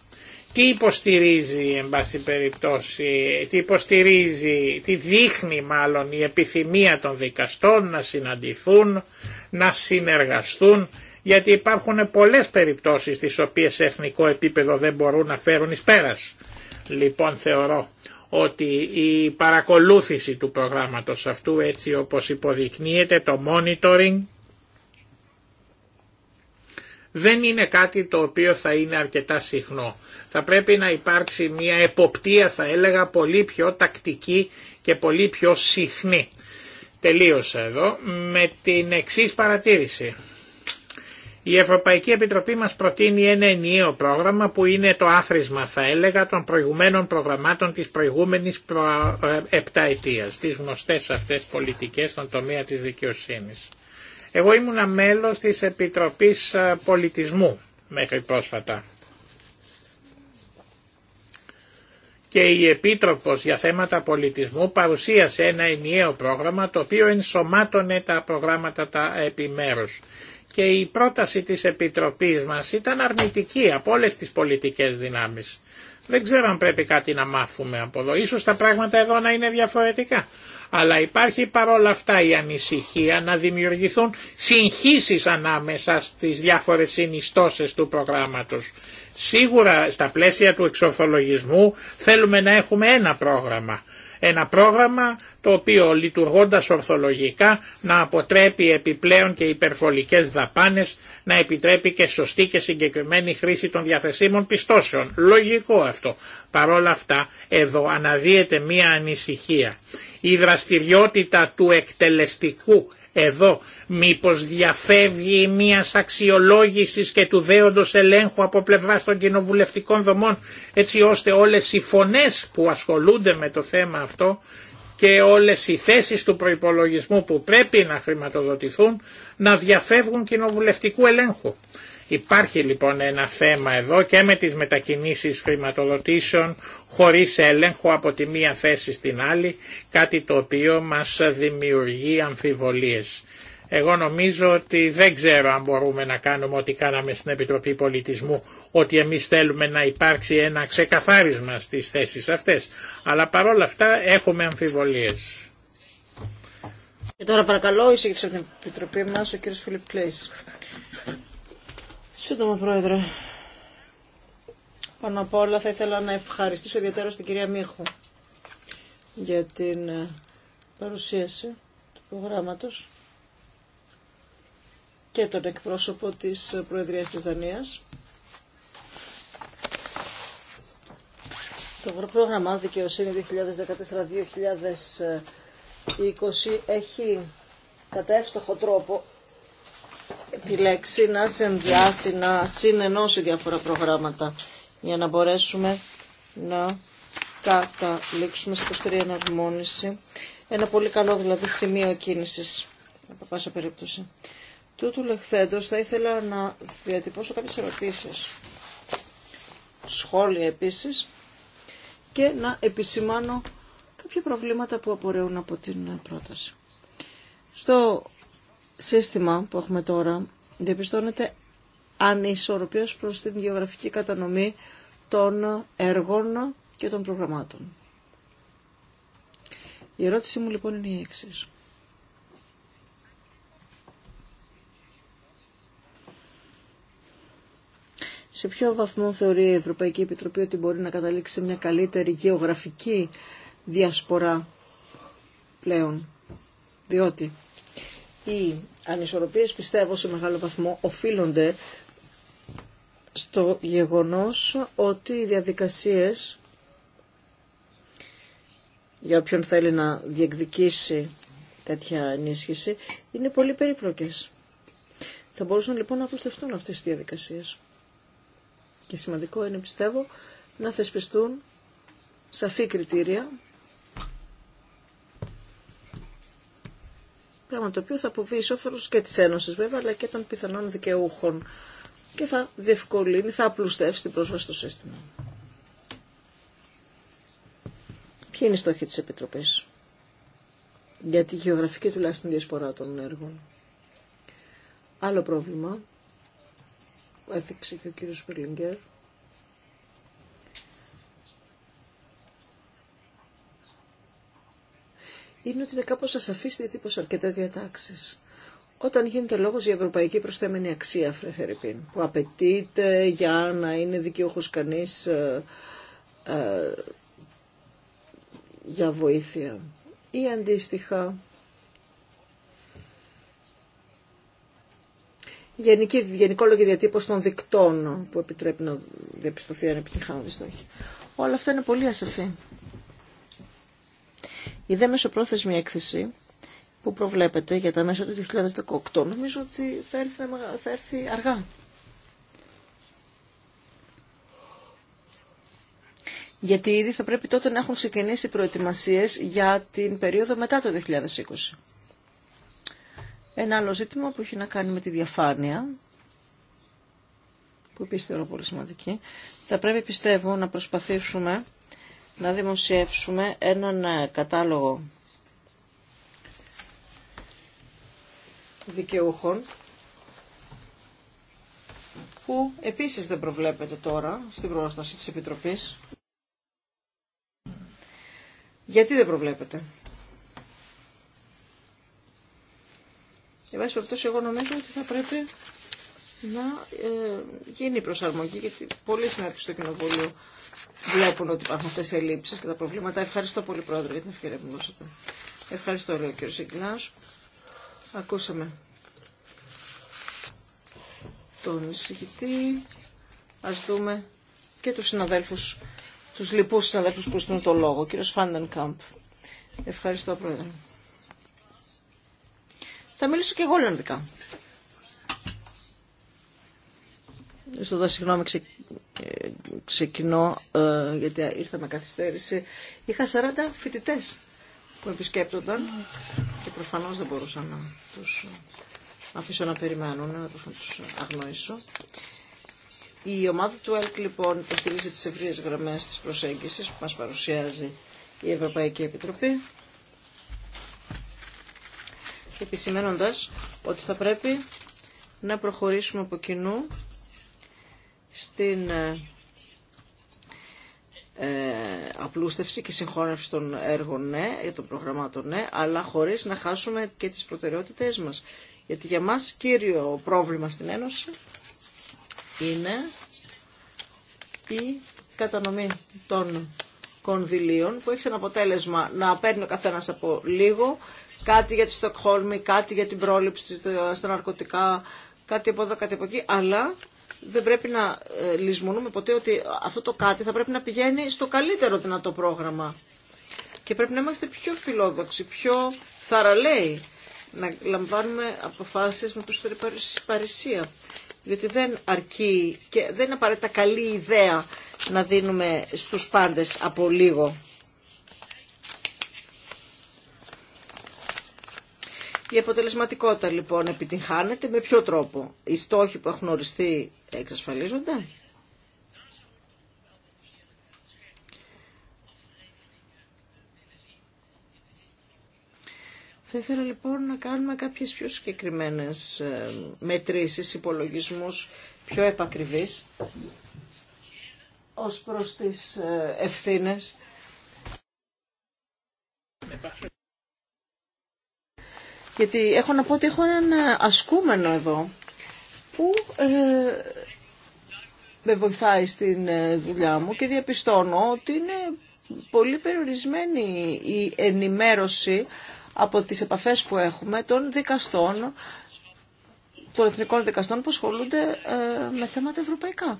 τι υποστηρίζει εν πάση περιπτώσει, τι υποστηρίζει, τι δείχνει μάλλον η επιθυμία των δικαστών να συναντηθούν, να συνεργαστούν, γιατί υπάρχουν πολλές περιπτώσεις τις οποίες σε εθνικό επίπεδο δεν μπορούν να φέρουν εις πέρας. Λοιπόν θεωρώ ότι η παρακολούθηση του προγράμματος αυτού έτσι όπως υποδεικνύεται, το monitoring, δεν είναι κάτι το οποίο θα είναι αρκετά συχνό. Θα πρέπει να υπάρξει μια εποπτεία θα έλεγα πολύ πιο τακτική και πολύ πιο συχνή. Τελείωσα εδώ με την εξής παρατήρηση. Η Ευρωπαϊκή Επιτροπή μας προτείνει ένα ενιαίο πρόγραμμα που είναι το άθροισμα θα έλεγα των προηγουμένων προγραμμάτων της προηγούμενης προ... Ε, επταετίας, τις γνωστές αυτές πολιτικές στον τομέα της δικαιοσύνης. Εγώ ήμουνα μέλος της Επιτροπής ε, Πολιτισμού μέχρι πρόσφατα. Και η Επίτροπος για θέματα πολιτισμού παρουσίασε ένα ενιαίο πρόγραμμα το οποίο ενσωμάτωνε τα προγράμματα τα επιμέρους. Και η πρόταση της Επιτροπής μας ήταν αρνητική από όλες τις πολιτικές δυνάμεις. Δεν ξέρω αν πρέπει κάτι να μάθουμε από εδώ. Ίσως τα πράγματα εδώ να είναι διαφορετικά. Αλλά υπάρχει παρόλα αυτά η ανησυχία να δημιουργηθούν συγχύσεις ανάμεσα στις διάφορες συνιστώσεις του προγράμματος. Σίγουρα στα πλαίσια του εξορθολογισμού θέλουμε να έχουμε ένα πρόγραμμα. Ένα πρόγραμμα το οποίο λειτουργώντας ορθολογικά να αποτρέπει επιπλέον και υπερβολικές δαπάνες, να επιτρέπει και σωστή και συγκεκριμένη χρήση των διαθεσίμων πιστώσεων. Λογικό αυτό. Παρόλα αυτά εδώ αναδύεται μία ανησυχία. Η δραστηριότητα του εκτελεστικού εδώ μήπως διαφεύγει μια αξιολόγηση και του δέοντος ελέγχου από πλευρά των κοινοβουλευτικών δομών έτσι ώστε όλες οι φωνές που ασχολούνται με το θέμα αυτό και όλες οι θέσεις του προϋπολογισμού που πρέπει να χρηματοδοτηθούν να διαφεύγουν κοινοβουλευτικού ελέγχου. Υπάρχει λοιπόν ένα θέμα εδώ και με τις μετακινήσεις χρηματοδοτήσεων χωρίς έλεγχο από τη μία θέση στην άλλη, κάτι το οποίο μας δημιουργεί αμφιβολίες. Εγώ νομίζω ότι δεν ξέρω αν μπορούμε να κάνουμε ό,τι κάναμε στην Επιτροπή Πολιτισμού, ότι εμείς θέλουμε να υπάρξει ένα ξεκαθάρισμα στις θέσεις αυτές. Αλλά παρόλα αυτά έχουμε αμφιβολίες. τώρα παρακαλώ, εισήγησε την Επιτροπή μας ο Σύντομα, Πρόεδρε. Πάνω απ' όλα θα ήθελα να ευχαριστήσω ιδιαίτερα στην κυρία Μίχου για την ε, παρουσίαση του προγράμματος και τον εκπρόσωπο της Προεδρίας της Δανίας. Το πρόγραμμα Δικαιοσύνη 2014-2020 έχει κατά εύστοχο τρόπο επιλέξει να συνδυάσει, να συνενώσει διάφορα προγράμματα για να μπορέσουμε να καταλήξουμε σε προσφυρή εναρμόνιση. Ένα πολύ καλό δηλαδή σημείο κίνησης από πάσα περίπτωση. Τούτου λεχθέντος θα ήθελα να διατυπώσω κάποιες ερωτήσεις, σχόλια επίσης και να επισημάνω κάποια προβλήματα που απορρέουν από την πρόταση. Στο σύστημα που έχουμε τώρα διαπιστώνεται ανισορροπίας προς την γεωγραφική κατανομή των έργων και των προγραμμάτων. Η ερώτησή μου λοιπόν είναι η εξής. Σε ποιο βαθμό θεωρεί η Ευρωπαϊκή Επιτροπή ότι μπορεί να καταλήξει μια καλύτερη γεωγραφική διασπορά πλέον. Διότι οι ανισορροπίες πιστεύω σε μεγάλο βαθμό οφείλονται στο γεγονός ότι οι διαδικασίες για όποιον θέλει να διεκδικήσει τέτοια ενίσχυση είναι πολύ περίπλοκες. Θα μπορούσαν λοιπόν να προστευτούν αυτές οι διαδικασίες. Και σημαντικό είναι πιστεύω να θεσπιστούν σαφή κριτήρια πράγμα το οποίο θα αποβεί οφέλο και τη Ένωση, βέβαια, αλλά και των πιθανών δικαιούχων και θα διευκολύνει, θα απλουστεύσει την πρόσβαση στο σύστημα. Ποιοι είναι οι στόχοι της Επιτροπής για τη γεωγραφική τουλάχιστον διασπορά των έργων. Άλλο πρόβλημα που έθιξε και ο κύριος Περλιγκέρ είναι ότι είναι κάπως ασαφής διατύπωση αρκετές διατάξεις όταν γίνεται λόγο για ευρωπαϊκή προσθέμενη αξία, Φρεφερρυπίν, που απαιτείται για να είναι δικαιούχος κανείς ε, ε, για βοήθεια. Ή αντίστοιχα, γενική, γενικόλογη διατύπωση των δικτών που επιτρέπει να διαπιστωθεί αν επιτυχάνονται στόχοι. Όλα αυτά είναι πολύ ασαφή η δε μεσοπρόθεσμη έκθεση που προβλέπεται για τα μέσα του 2018 νομίζω ότι θα έρθει, θα αργά. Γιατί ήδη θα πρέπει τότε να έχουν ξεκινήσει προετοιμασίες για την περίοδο μετά το 2020. Ένα άλλο ζήτημα που έχει να κάνει με τη διαφάνεια, που επίσης θεωρώ πολύ σημαντική, θα πρέπει πιστεύω να προσπαθήσουμε να δημοσιεύσουμε έναν ε, κατάλογο δικαιούχων που επίσης δεν προβλέπεται τώρα στην πρόσταση της Επιτροπής. Γιατί δεν προβλέπεται. Εν πάση περιπτώσει, εγώ νομίζω ότι θα πρέπει να ε, γίνει η προσαρμογή, γιατί πολύ συνάρτηση στο Κοινοβούλιο βλέπουν ότι υπάρχουν αυτές οι ελλείψεις και τα προβλήματα. Ευχαριστώ πολύ, Πρόεδρε, για την ευκαιρία που μου δώσατε. Ευχαριστώ, λέει ο κ. Σιγκλά. Ακούσαμε τον εισηγητή. Ας δούμε και τους συναδέλφους, τους λοιπούς συναδέλφους που ζητούν το λόγο. Κύριος Φάντεν Κάμπ. Ευχαριστώ, Πρόεδρε. Θα μιλήσω και εγώ ολλανδικά. στον συγγνώμη, ξε... Ε, ξεκινώ ε, γιατί ήρθα με καθυστέρηση. Είχα 40 φοιτητέ που επισκέπτονταν και προφανώ δεν μπορούσα να του ε, αφήσω να περιμένουν, να του αγνοήσω. Η ομάδα του ΕΛΚ λοιπόν υποστηρίζει τι ευρείε γραμμέ τη προσέγγιση που μα παρουσιάζει η Ευρωπαϊκή Επιτροπή επισημένοντας ότι θα πρέπει να προχωρήσουμε από κοινού στην ε, ε, απλούστευση και συγχώνευση των έργων ναι, για των προγραμμάτων ναι, αλλά χωρίς να χάσουμε και τις προτεραιότητές μας. Γιατί για μας κύριο πρόβλημα στην Ένωση είναι η κατανομή των κονδυλίων που έχει σαν αποτέλεσμα να παίρνει ο καθένας από λίγο κάτι για τη Στοκχόλμη, κάτι για την πρόληψη στα ναρκωτικά, κάτι από εδώ, κάτι από εκεί, αλλά δεν πρέπει να ε, λησμονούμε ποτέ ότι αυτό το κάτι θα πρέπει να πηγαίνει στο καλύτερο δυνατό πρόγραμμα. Και πρέπει να είμαστε πιο φιλόδοξοι, πιο θαραλέοι, να λαμβάνουμε αποφάσεις με περισσότερη παρησία. Διότι δεν αρκεί και δεν είναι απαραίτητα καλή ιδέα να δίνουμε στους πάντες από λίγο. Η αποτελεσματικότητα λοιπόν επιτυγχάνεται με ποιο τρόπο. Οι στόχοι που έχουν οριστεί εξασφαλίζονται. Θα ήθελα λοιπόν να κάνουμε κάποιες πιο συγκεκριμένες ε, μετρήσεις, υπολογισμούς πιο επακριβείς ως προς τις ε, ευθύνες γιατί έχω να πω ότι έχω έναν ε, ασκούμενο εδώ που ε, με βοηθάει στην ε, δουλειά μου και διαπιστώνω ότι είναι πολύ περιορισμένη η ενημέρωση από τις επαφές που έχουμε των δικαστών, των εθνικών δικαστών που ασχολούνται ε, με θέματα ευρωπαϊκά.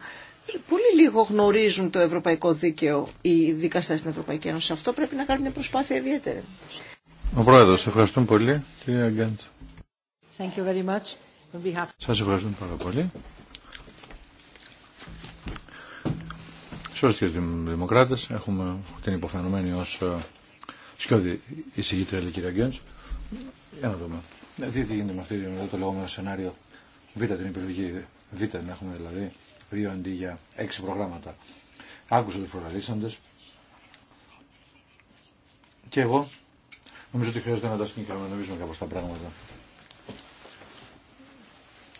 Πολύ λίγο γνωρίζουν το ευρωπαϊκό δίκαιο οι δικαστές στην Ευρωπαϊκή Ένωση. Αυτό πρέπει να κάνουν μια προσπάθεια ιδιαίτερη. Ο Πρόεδρος, ευχαριστούμε πολύ, κυρία Γκάντ. Thank you very much. Σας ευχαριστούμε πάρα πολύ. Σε Σωστή του Δημοκράτες, έχουμε την υποφαινομένη ως ε, σκιώδη εισηγήτρια, λέει κυρία Γκέντς. Για να δούμε. Ε, τι, τι γίνεται με αυτή το λεγόμενο σενάριο Β, την επιλογή Β, να έχουμε δηλαδή δύο αντί για έξι προγράμματα. Άκουσα τους προλαλήσαντε. και εγώ Νομίζω ότι χρειάζεται να τα και κάπως τα πράγματα.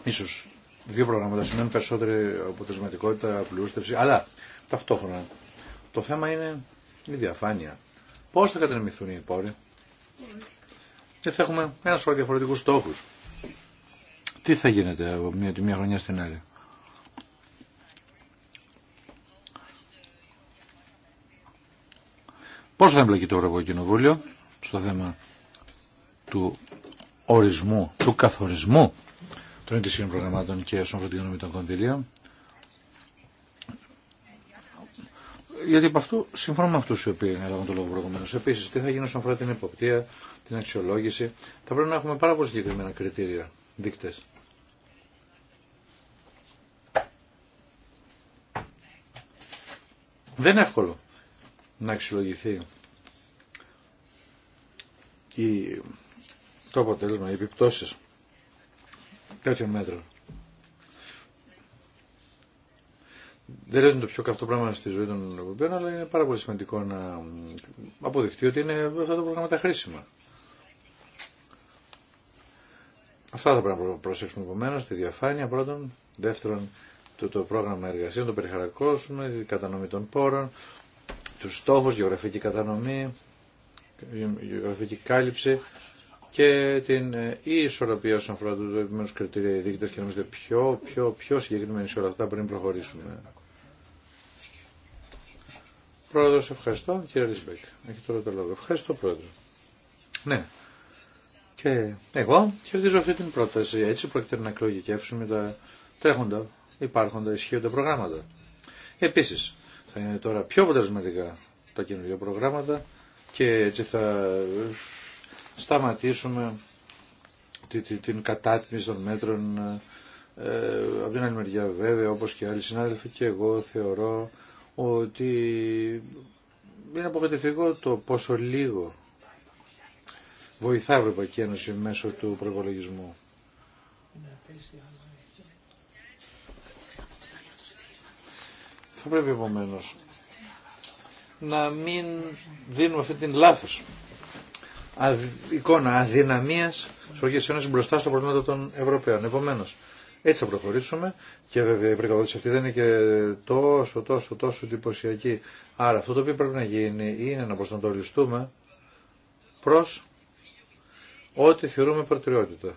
Ίσως δύο προγράμματα σημαίνουν περισσότερη αποτελεσματικότητα, απλούστευση, αλλά ταυτόχρονα το θέμα είναι η διαφάνεια. Πώς θα κατανεμηθούν οι πόροι και θα έχουμε ένα σωρό διαφορετικούς στόχους. Τι θα γίνεται από μια, τη μία χρονιά στην άλλη. Πώς θα εμπλακεί το Ευρωπαϊκό Κοινοβούλιο στο θέμα του ορισμού, του καθορισμού των ετησίων προγραμμάτων και των αφορά την οικονομία των κονδυλίων. Γιατί από αυτού συμφωνώ με αυτού οι οποίοι έλαβαν το λόγο προηγουμένω. Επίση, τι θα γίνει όσον αφορά την υποπτία, την αξιολόγηση. Θα πρέπει να έχουμε πάρα πολύ συγκεκριμένα κριτήρια, δείκτε. Δεν είναι εύκολο να αξιολογηθεί το αποτέλεσμα, οι επιπτώσεις κάποιων μέτρων. Δεν λέω ότι είναι το πιο καυτό πράγμα στη ζωή των Ευρωπαίων, αλλά είναι πάρα πολύ σημαντικό να αποδειχτεί ότι είναι αυτά τα προγράμματα χρήσιμα. Αυτά θα πρέπει να προσέξουμε επομένω, τη διαφάνεια πρώτον, δεύτερον το, το πρόγραμμα εργασία, το περιχαρακώσουμε, η κατανομή των πόρων, του στόχου, γεωγραφική κατανομή, γεωγραφική κάλυψη και την ε, ισορροπία όσον αφορά του επιμένου κριτήρια οι και να πιο, πιο, πιο συγκεκριμένοι σε όλα αυτά πριν προχωρήσουμε. Πρόεδρο, ευχαριστώ. Κύριε Ρισμπέκ, έχει τώρα το λόγο. Ευχαριστώ, Πρόεδρο. Ναι. Και εγώ χαιρετίζω αυτή την πρόταση. Έτσι πρόκειται να εκλογικεύσουμε τα τρέχοντα, υπάρχοντα, ισχύοντα προγράμματα. Επίση, θα είναι τώρα πιο αποτελεσματικά τα καινούργια προγράμματα και έτσι θα σταματήσουμε την κατάτμιση των μέτρων ε, από την άλλη μεριά βέβαια όπως και άλλοι συνάδελφοι και εγώ θεωρώ ότι είναι αποκατευτικό το πόσο λίγο βοηθά η Ευρωπαϊκή Ένωση μέσω του προπολογισμού. Θα πρέπει επομένω να μην δίνουμε αυτή την λάθος εικόνα αδυναμίας της μπροστά στα προβλήματα των Ευρωπαίων. Επομένως, έτσι θα προχωρήσουμε και βέβαια η πρεκαδότηση αυτή δεν είναι και τόσο, τόσο, τόσο εντυπωσιακή. Άρα αυτό το οποίο πρέπει να γίνει είναι να προστατοριστούμε προς ό,τι θεωρούμε προτεραιότητα.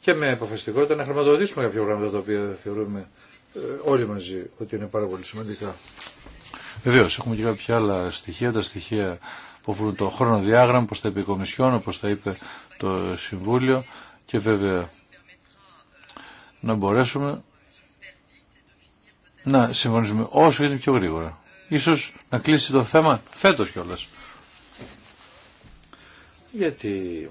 Και με αποφασιστικότητα να χρηματοδοτήσουμε κάποια πράγματα τα οποία θεωρούμε ε, όλοι μαζί ότι είναι πάρα πολύ σημαντικά. Βεβαίω, έχουμε και κάποια άλλα στοιχεία, τα στοιχεία που αφορούν το χρονοδιάγραμμα, όπω τα είπε η Κομισιόν, όπω τα είπε το Συμβούλιο και βέβαια να μπορέσουμε να συμφωνήσουμε όσο είναι πιο γρήγορα. Ίσως να κλείσει το θέμα φέτος κιόλα. Γιατί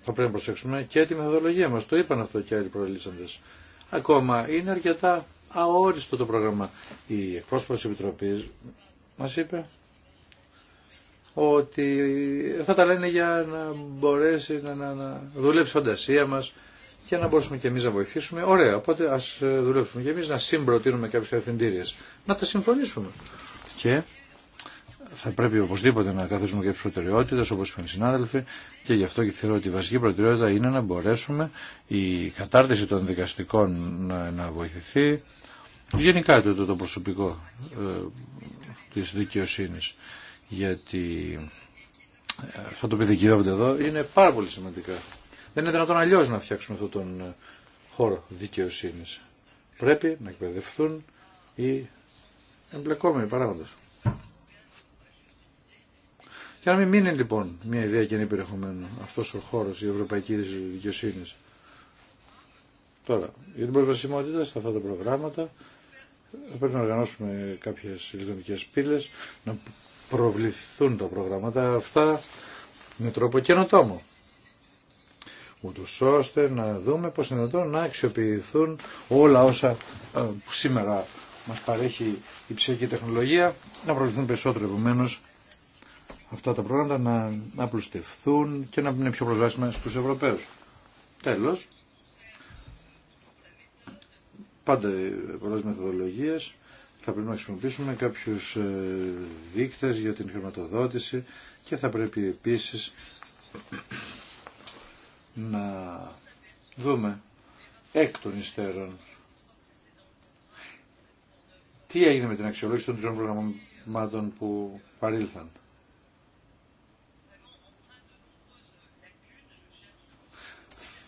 θα πρέπει να προσέξουμε και τη μεθοδολογία μας. Το είπαν αυτό και άλλοι προελίσσαντες. Ακόμα είναι αρκετά αόριστο το πρόγραμμα. Η εκπρόσωπος της Επιτροπής μας είπε ότι θα τα λένε για να μπορέσει να, να, να δουλέψει η φαντασία μας και να μπορούμε και εμείς να βοηθήσουμε. Ωραία, οπότε ας δουλέψουμε και εμείς να συμπροτείνουμε κάποιες κατευθυντήριες. Να τα συμφωνήσουμε. Και θα πρέπει οπωσδήποτε να καθίσουμε για τι προτεραιότητε, όπω είπαν οι συνάδελφοι, και γι' αυτό και θεωρώ ότι η βασική προτεραιότητα είναι να μπορέσουμε η κατάρτιση των δικαστικών να, να βοηθηθεί, γενικά το, το, προσωπικό ε, της δικαιοσύνης γιατί ε, αυτό το οποίο εδώ είναι πάρα πολύ σημαντικά. Δεν είναι δυνατόν αλλιώ να φτιάξουμε αυτόν τον ε, χώρο δικαιοσύνης. Πρέπει να εκπαιδευτούν οι εμπλεκόμενοι παράγοντες. Και να μην μείνει λοιπόν μια ιδέα και περιεχομένου αυτός ο χώρο η ευρωπαϊκή δικαιοσύνη. Τώρα, για την προσβασιμότητα σε αυτά τα προγράμματα θα πρέπει να οργανώσουμε κάποιες ηλεκτρονικές πύλες, να προβληθούν τα προγράμματα αυτά με τρόπο καινοτόμο. Ούτω ώστε να δούμε πώς είναι δυνατόν να αξιοποιηθούν όλα όσα ε, σήμερα μας παρέχει η ψηφιακή τεχνολογία, να προβληθούν περισσότερο επομένω αυτά τα προγράμματα να απλουστευθούν και να είναι πιο προσβάσιμα στους Ευρωπαίους. Τέλος, πάντα πολλές μεθοδολογίες. Θα πρέπει να χρησιμοποιήσουμε κάποιους ε, δείκτες για την χρηματοδότηση και θα πρέπει επίσης να δούμε εκ των υστέρων τι έγινε με την αξιολόγηση των τριών προγραμμάτων που παρήλθαν.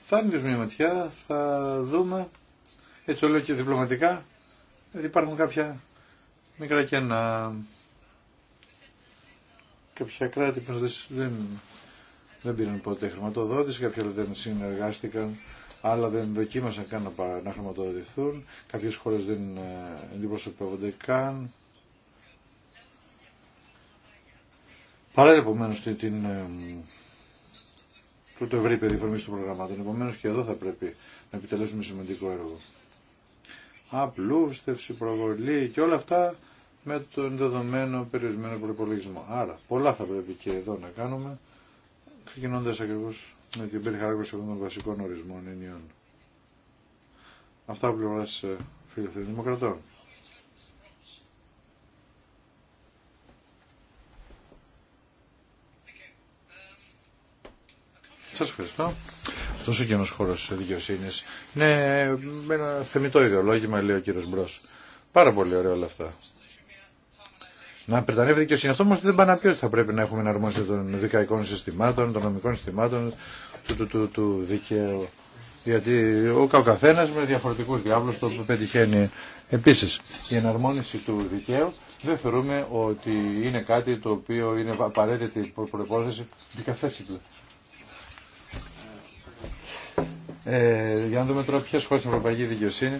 Θα ανοίξουμε μια ματιά, θα δούμε έτσι το λέω και διπλωματικά, γιατί υπάρχουν κάποια μικρά κενά. Κάποια κράτη που δεν, δεν πήραν ποτέ χρηματοδότηση, κάποια δεν συνεργάστηκαν, άλλα δεν δοκίμασαν καν να χρηματοδοτηθούν, κάποιες χώρες δεν ε, αντιπροσωπεύονται καν. Παρά επομένω την, ε, το ευρύ πεδίο του προγραμμάτων. Επομένω και εδώ θα πρέπει να επιτελέσουμε σημαντικό έργο απλούστευση, προβολή και όλα αυτά με τον δεδομένο περιορισμένο προπολογισμό. Άρα πολλά θα πρέπει και εδώ να κάνουμε, ξεκινώντα ακριβώ με την περιχαράκωση των βασικών ορισμών ενιών. Αυτά από πλευρά ε, φίλων δημοκρατών. Σας ευχαριστώ τόσο κοινό χώρο δικαιοσύνη. Ναι, με ένα θεμητό ιδεολόγημα, λέει ο κύριο Μπρό. Πάρα πολύ ωραία όλα αυτά. Να περτανεύει δικαιοσύνη. Αυτό όμω δεν πάει να πει ότι θα πρέπει να έχουμε εναρμόνιση των δικαϊκών συστημάτων, των νομικών συστημάτων, του, του, του, του δικαίου. Γιατί ο καθένα με διαφορετικού διάβλου το πετυχαίνει. Επίση, η εναρμόνιση του δικαίου δεν θεωρούμε ότι είναι κάτι το οποίο είναι απαραίτητη προπόθεση Δικαθέσει ε, για να δούμε τώρα ποιε χώρε στην Ευρωπαϊκή Δικαιοσύνη,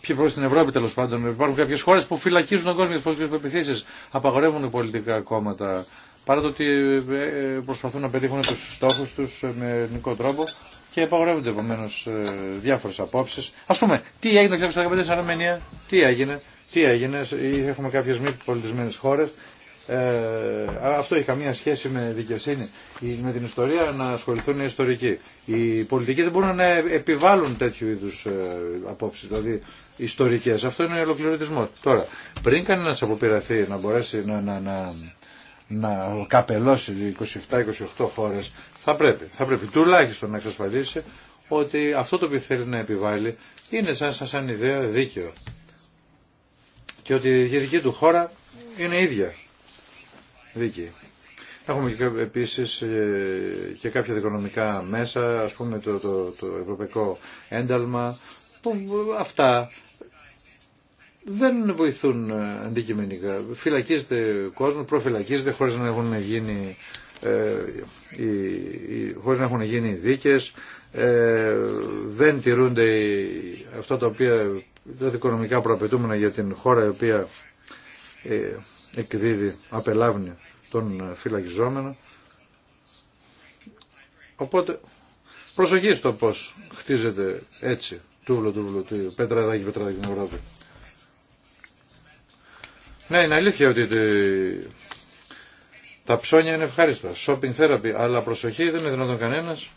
ποιε χώρε στην Ευρώπη τέλο πάντων. Υπάρχουν κάποιε χώρε που φυλακίζουν τον κόσμο για τι πολιτικέ πεπιθήσει, απαγορεύουν πολιτικά κόμματα, παρά το ότι ε, ε, προσπαθούν να πετύχουν του στόχου του ε, με ελληνικό τρόπο και απαγορεύονται επομένω διάφορε απόψει. Α πούμε, τι έγινε το 2015 στην Αρμενία, τι έγινε, τι έγινε, έχουμε κάποιε μη πολιτισμένε χώρε ε, αυτό έχει καμία σχέση με δικαιοσύνη, με την ιστορία να ασχοληθούν οι ιστορικοί. Οι πολιτικοί δεν μπορούν να επιβάλλουν τέτοιου είδου ε, απόψεις, δηλαδή ιστορικές. Αυτό είναι ολοκληρωτισμό. Τώρα, πριν κανένα αποπειραθεί να μπορέσει να, να, να, να καπελώσει 27-28 φορές, θα πρέπει, θα πρέπει τουλάχιστον να εξασφαλίσει ότι αυτό το οποίο θέλει να επιβάλλει είναι σαν, σαν ιδέα δίκαιο. Και ότι η δική του χώρα είναι ίδια θα Έχουμε και, επίσης ε, και κάποια δικονομικά μέσα, ας πούμε το, το, ευρωπαϊκό ένταλμα, που αυτά δεν βοηθούν αντικειμενικά. Φυλακίζεται κόσμος, προφυλακίζεται χωρίς να έχουν γίνει, ε, οι, οι, να έχουν γίνει δίκες, ε, δεν τηρούνται αυτά τα οποία τα δικονομικά προαπαιτούμενα για την χώρα η οποία ε, εκδίδει, απελάβνει τον ε, φυλακιζόμενο. Οπότε προσοχή στο πώς χτίζεται έτσι τούβλο τούβλο του πετραδάκι πέτρα, στην Ευρώπη. Ναι, είναι αλήθεια ότι τα ψώνια είναι ευχάριστα. Shopping therapy, αλλά προσοχή δεν είναι δυνατόν κανένας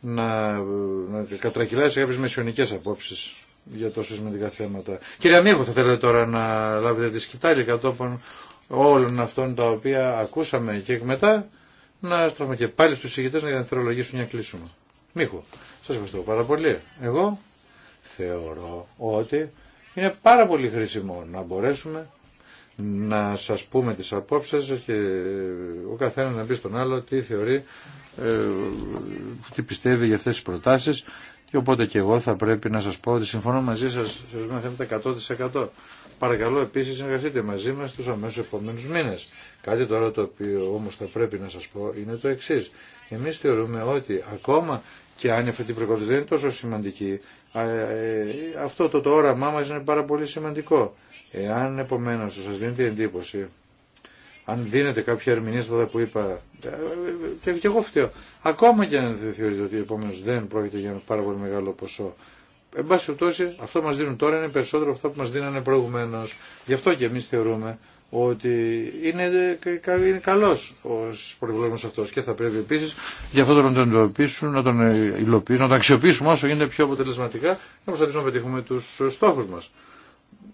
να, να κατρακυλάσει κάποιες απόψεις για τόσο σημαντικά θέματα. Κύριε Μίχου θα θέλετε τώρα να λάβετε τη σκητάλη κατόπιν όλων αυτών τα οποία ακούσαμε και μετά να στραφούμε και πάλι στους ηγητές να ανθρολογήσουν για να κλείσουμε. Μίχου, σας ευχαριστώ πάρα πολύ. Εγώ θεωρώ ότι είναι πάρα πολύ χρήσιμο να μπορέσουμε να σας πούμε τις απόψεις και ο καθένας να πει στον άλλο τι θεωρεί, ε, τι πιστεύει για αυτές τις προτάσεις και οπότε και εγώ θα πρέπει να σας πω ότι συμφωνώ μαζί σας σε ορισμένα θέματα 100%. Παρακαλώ επίσης συνεργαστείτε μαζί μας τους αμέσως επόμενους μήνες. Κάτι τώρα το οποίο όμως θα πρέπει να σας πω είναι το εξή. Εμείς θεωρούμε ότι ακόμα και αν αυτή την προεκόντηση δεν είναι τόσο σημαντική, ε, ε, αυτό το, το όραμά μας είναι πάρα πολύ σημαντικό. Εάν επομένως σας δίνει την εντύπωση αν δίνετε κάποια ερμηνεία στα που είπα, ε, και, εγώ φταίω. Ακόμα και αν θεωρείτε ότι επομένω δεν πρόκειται για ένα πάρα πολύ μεγάλο ποσό. Εν πάση περιπτώσει, αυτό που μα δίνουν τώρα είναι περισσότερο από αυτό που μα δίνανε προηγουμένω. Γι' αυτό και εμεί θεωρούμε ότι είναι, είναι καλό ο προηγούμενο αυτό και θα πρέπει επίση γι' αυτό να τον εντοπίσουν, να τον ε, υλοποιήσουμε, να τον αξιοποιήσουμε όσο γίνεται πιο αποτελεσματικά, να προσπαθήσουμε να πετύχουμε του στόχου μα.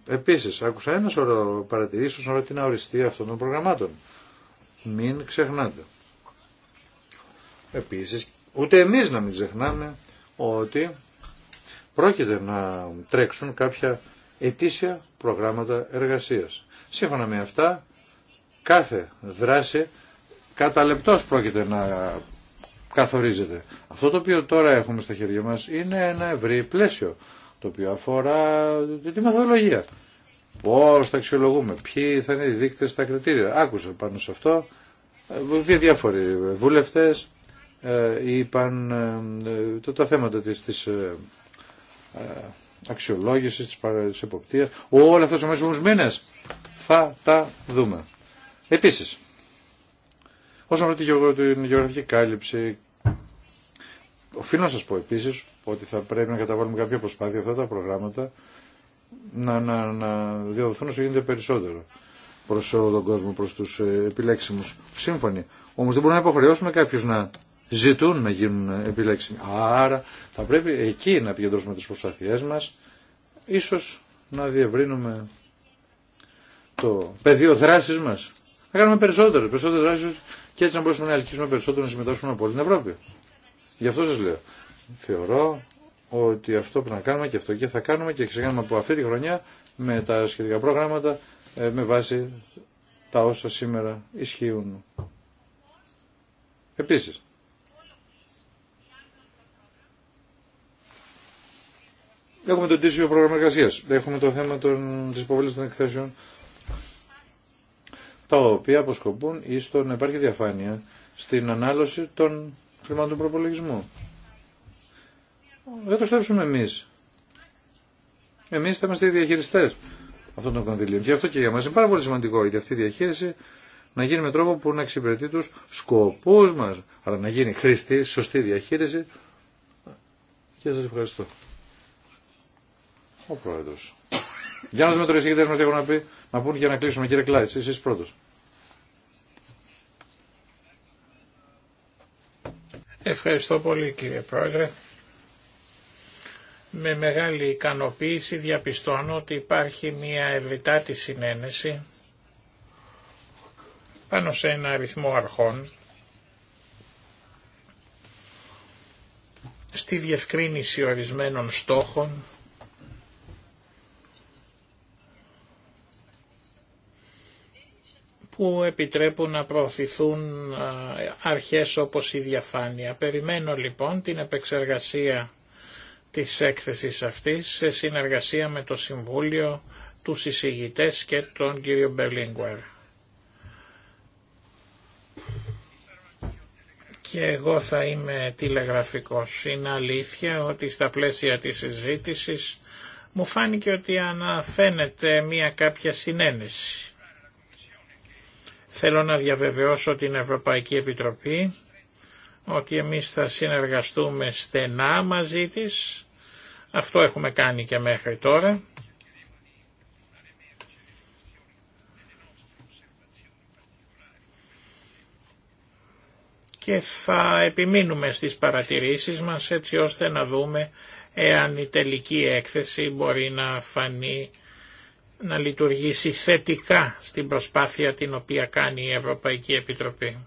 Επίσης, άκουσα ένα σωρό παρατηρήσεις όσον την αυτών των προγραμμάτων. Μην ξεχνάτε. Επίσης, ούτε εμείς να μην ξεχνάμε ότι πρόκειται να τρέξουν κάποια ετήσια προγράμματα εργασίας. Σύμφωνα με αυτά, κάθε δράση κατά λεπτός πρόκειται να καθορίζεται. Αυτό το οποίο τώρα έχουμε στα χέρια μας είναι ένα ευρύ πλαίσιο το οποίο αφορά τη μεθοδολογία. Πώς θα αξιολογούμε, ποιοι θα είναι οι δείκτες, τα κριτήρια. Άκουσα πάνω σε αυτό, ε, διάφοροι βουλευτές ε, είπαν ε, το, τα θέματα της, της αξιολόγησης, της, εποπτεία. εποπτείας. Όλα αυτά στου μέσου μήνε θα τα δούμε. Επίση, όσον αφορά την γεωγραφική κάλυψη, Οφείλω να σας πω επίσης ότι θα πρέπει να καταβάλουμε κάποια προσπάθεια αυτά τα προγράμματα να, να, να διαδοθούν όσο γίνεται περισσότερο προς όλο τον κόσμο, προς τους ε, επιλέξιμους. Σύμφωνοι. Όμως δεν μπορούμε να υποχρεώσουμε κάποιους να ζητούν να γίνουν επιλέξιμοι. Άρα θα πρέπει εκεί να επικεντρώσουμε τις προσπάθειές μας, ίσως να διευρύνουμε το πεδίο δράσης μας. Να κάνουμε περισσότερες, περισσότερες δράσεις και έτσι να μπορούμε να ελκύσουμε περισσότερο να συμμετάσχουμε από όλη την Ευρώπη. Γι' αυτό σα λέω. Θεωρώ ότι αυτό που να κάνουμε και αυτό και θα κάνουμε και ξεκινάμε από αυτή τη χρονιά με τα σχετικά προγράμματα ε, με βάση τα όσα σήμερα ισχύουν. Επίσης, Έχουμε το τίσιο πρόγραμμα εργασία. Έχουμε το θέμα των, της υποβολής των εκθέσεων, τα οποία αποσκοπούν ή στο να υπάρχει διαφάνεια στην ανάλωση των χρημάτων προπολογισμού. Δεν το στρέψουμε εμείς. Εμείς θα είμαστε οι διαχειριστές αυτών των κονδυλίων. Και αυτό και για μα είναι πάρα πολύ σημαντικό, γιατί αυτή η διαχείριση να γίνει με τρόπο που να εξυπηρετεί τους σκοπούς μας, αλλά να γίνει χρήστη, σωστή διαχείριση. Και σα ευχαριστώ. Ο Πρόεδρος. Για να δούμε τώρα οι συγκεκριτέ μας τι έχουν να πει, να πούν για να κλείσουμε. Κύριε Κλάιτς, εσεί πρώτο. Ευχαριστώ πολύ κύριε Πρόεδρε. Με μεγάλη ικανοποίηση διαπιστώνω ότι υπάρχει μια ευρυτάτη συνένεση πάνω σε ένα αριθμό αρχών στη διευκρίνηση ορισμένων στόχων που επιτρέπουν να προωθηθούν αρχές όπως η διαφάνεια. Περιμένω λοιπόν την επεξεργασία της έκθεσης αυτής σε συνεργασία με το Συμβούλιο, του εισηγητές και τον κύριο Μπερλίνγκουερ. Και εγώ θα είμαι τηλεγραφικός. Είναι αλήθεια ότι στα πλαίσια της συζήτησης μου φάνηκε ότι αναφαίνεται μια κάποια συνένεση. Θέλω να διαβεβαιώσω την Ευρωπαϊκή Επιτροπή ότι εμείς θα συνεργαστούμε στενά μαζί της. Αυτό έχουμε κάνει και μέχρι τώρα. και θα επιμείνουμε στις παρατηρήσεις μας έτσι ώστε να δούμε εάν η τελική έκθεση μπορεί να φανεί να λειτουργήσει θετικά στην προσπάθεια την οποία κάνει η Ευρωπαϊκή Επιτροπή.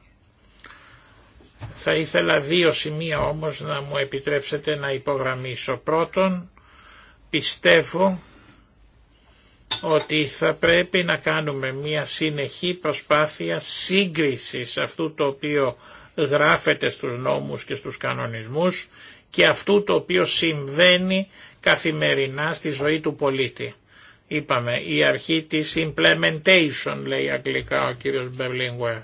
Θα ήθελα δύο σημεία όμως να μου επιτρέψετε να υπογραμμίσω. Πρώτον, πιστεύω ότι θα πρέπει να κάνουμε μια συνεχή προσπάθεια σύγκρισης αυτού το οποίο γράφεται στους νόμους και στους κανονισμούς και αυτού το οποίο συμβαίνει καθημερινά στη ζωή του πολίτη. Είπαμε, η αρχή της implementation, λέει αγγλικά ο κύριος Μπερλίνγκουερ.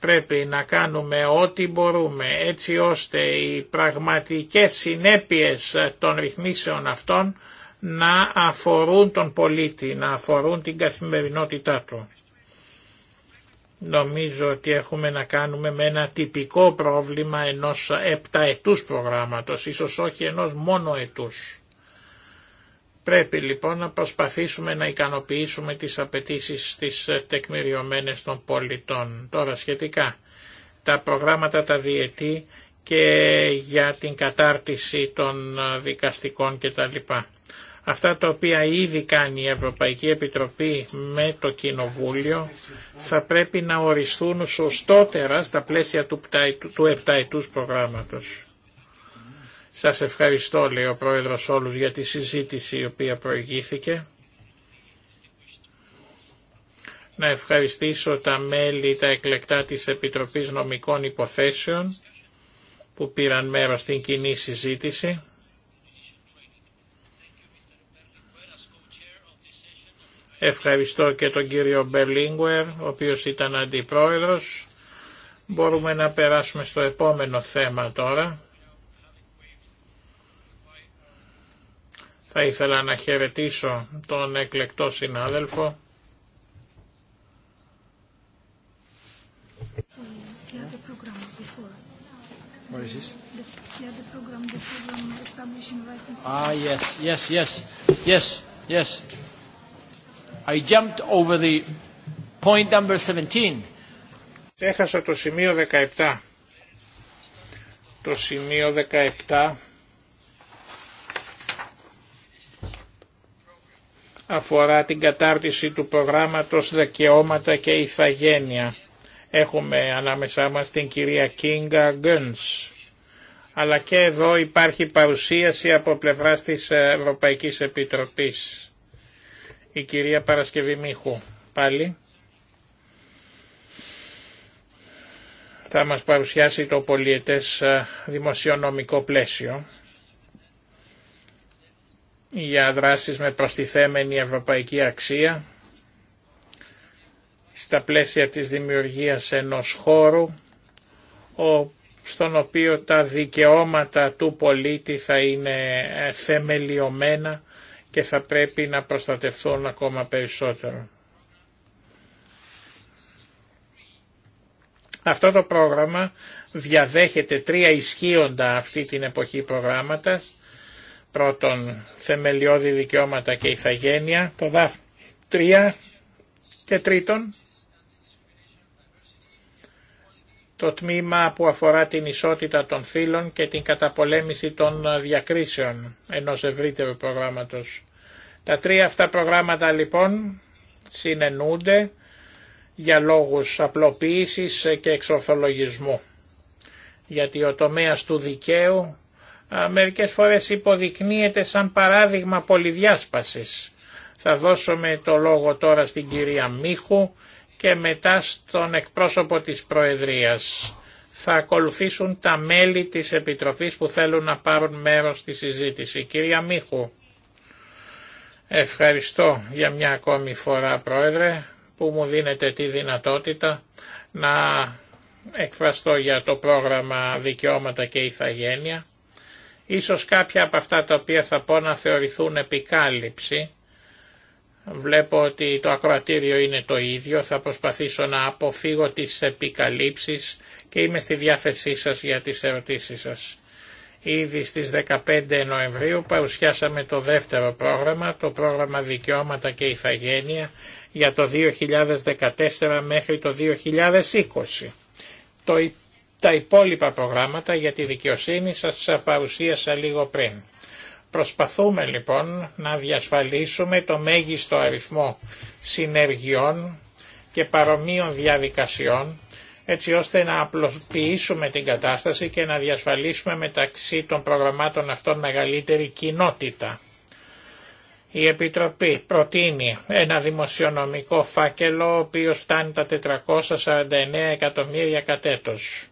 Πρέπει να κάνουμε ό,τι μπορούμε έτσι ώστε οι πραγματικές συνέπειες των ρυθμίσεων αυτών να αφορούν τον πολίτη, να αφορούν την καθημερινότητά του. Νομίζω ότι έχουμε να κάνουμε με ένα τυπικό πρόβλημα ενός επταετούς προγράμματος, ίσως όχι ενός μόνο ετούς. Πρέπει λοιπόν να προσπαθήσουμε να ικανοποιήσουμε τις απαιτήσεις της τεκμηριωμένες των πολιτών. Τώρα σχετικά τα προγράμματα τα διετή και για την κατάρτιση των δικαστικών κτλ. Αυτά τα οποία ήδη κάνει η Ευρωπαϊκή Επιτροπή με το Κοινοβούλιο θα πρέπει να οριστούν σωστότερα στα πλαίσια του επταετούς προγράμματος. Σας ευχαριστώ, λέει ο Πρόεδρος όλους για τη συζήτηση η οποία προηγήθηκε. Να ευχαριστήσω τα μέλη, τα εκλεκτά της Επιτροπής Νομικών Υποθέσεων που πήραν μέρος στην κοινή συζήτηση. Ευχαριστώ και τον κύριο Μπερλίνγκουερ, ο οποίος ήταν αντιπρόεδρος. Μπορούμε να περάσουμε στο επόμενο θέμα τώρα. Θα ήθελα να χαιρετήσω τον εκλεκτό συνάδελφο. What is this? Yeah, the program, establishing Ah, yes, yes, yes, yes, yes. I jumped over the point number 17. Έχασα το σημείο 17. Το σημείο 17 αφορά την κατάρτιση του προγράμματος Δικαιώματα και ηθαγένεια. Έχουμε ανάμεσά μας την κυρία Κίνγκα Γκένς. Αλλά και εδώ υπάρχει παρουσίαση από πλευράς της Ευρωπαϊκής Επιτροπής. Η κυρία Παρασκευή Μίχου πάλι θα μας παρουσιάσει το πολιετές δημοσιονομικό πλαίσιο για δράσεις με προστιθέμενη ευρωπαϊκή αξία στα πλαίσια της δημιουργίας ενός χώρου στον οποίο τα δικαιώματα του πολίτη θα είναι ε, θεμελιωμένα και θα πρέπει να προστατευθούν ακόμα περισσότερο. Αυτό το πρόγραμμα διαδέχεται τρία ισχύοντα αυτή την εποχή προγράμματας Πρώτον, θεμελιώδη δικαιώματα και ηθαγένεια, το δάφνη 3 και τρίτον, το τμήμα που αφορά την ισότητα των φύλων και την καταπολέμηση των διακρίσεων ενός ευρύτερου προγράμματος. Τα τρία αυτά προγράμματα λοιπόν συνενούνται για λόγους απλοποίησης και εξορθολογισμού, γιατί ο τομέας του δικαίου ε, μερικές φορές υποδεικνύεται σαν παράδειγμα πολυδιάσπασης. Θα δώσουμε το λόγο τώρα στην κυρία Μίχου και μετά στον εκπρόσωπο της Προεδρίας. Θα ακολουθήσουν τα μέλη της Επιτροπής που θέλουν να πάρουν μέρος στη συζήτηση. Κυρία Μίχου, ευχαριστώ για μια ακόμη φορά Πρόεδρε που μου δίνετε τη δυνατότητα να εκφραστώ για το πρόγραμμα Δικαιώματα και Ιθαγένεια Ίσως κάποια από αυτά τα οποία θα πω να θεωρηθούν επικάλυψη. Βλέπω ότι το ακροατήριο είναι το ίδιο, θα προσπαθήσω να αποφύγω τις επικαλύψεις και είμαι στη διάθεσή σας για τις ερωτήσεις σας. Ήδη στις 15 Νοεμβρίου παρουσιάσαμε το δεύτερο πρόγραμμα, το πρόγραμμα Δικαιώματα και Ιθαγένεια για το 2014 μέχρι το 2020. Το τα υπόλοιπα προγράμματα για τη δικαιοσύνη σας παρουσίασα λίγο πριν. Προσπαθούμε λοιπόν να διασφαλίσουμε το μέγιστο αριθμό συνεργειών και παρομοίων διαδικασιών έτσι ώστε να απλοποιήσουμε την κατάσταση και να διασφαλίσουμε μεταξύ των προγραμμάτων αυτών μεγαλύτερη κοινότητα. Η Επιτροπή προτείνει ένα δημοσιονομικό φάκελο ο οποίος φτάνει τα 449 εκατομμύρια κατέτος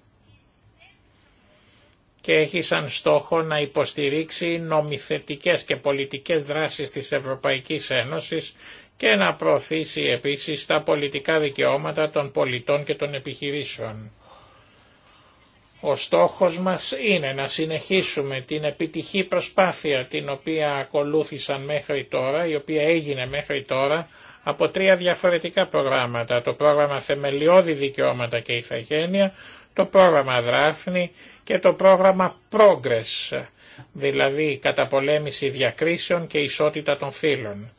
και έχει σαν στόχο να υποστηρίξει νομιθετικές και πολιτικές δράσεις της Ευρωπαϊκής Ένωσης και να προωθήσει επίσης τα πολιτικά δικαιώματα των πολιτών και των επιχειρήσεων. Ο στόχος μας είναι να συνεχίσουμε την επιτυχή προσπάθεια την οποία ακολούθησαν μέχρι τώρα, η οποία έγινε μέχρι τώρα από τρία διαφορετικά προγράμματα. Το πρόγραμμα Θεμελιώδη Δικαιώματα και Ιθαγένεια, το πρόγραμμα Δράφνη και το πρόγραμμα Progress, δηλαδή καταπολέμηση διακρίσεων και ισότητα των φύλων.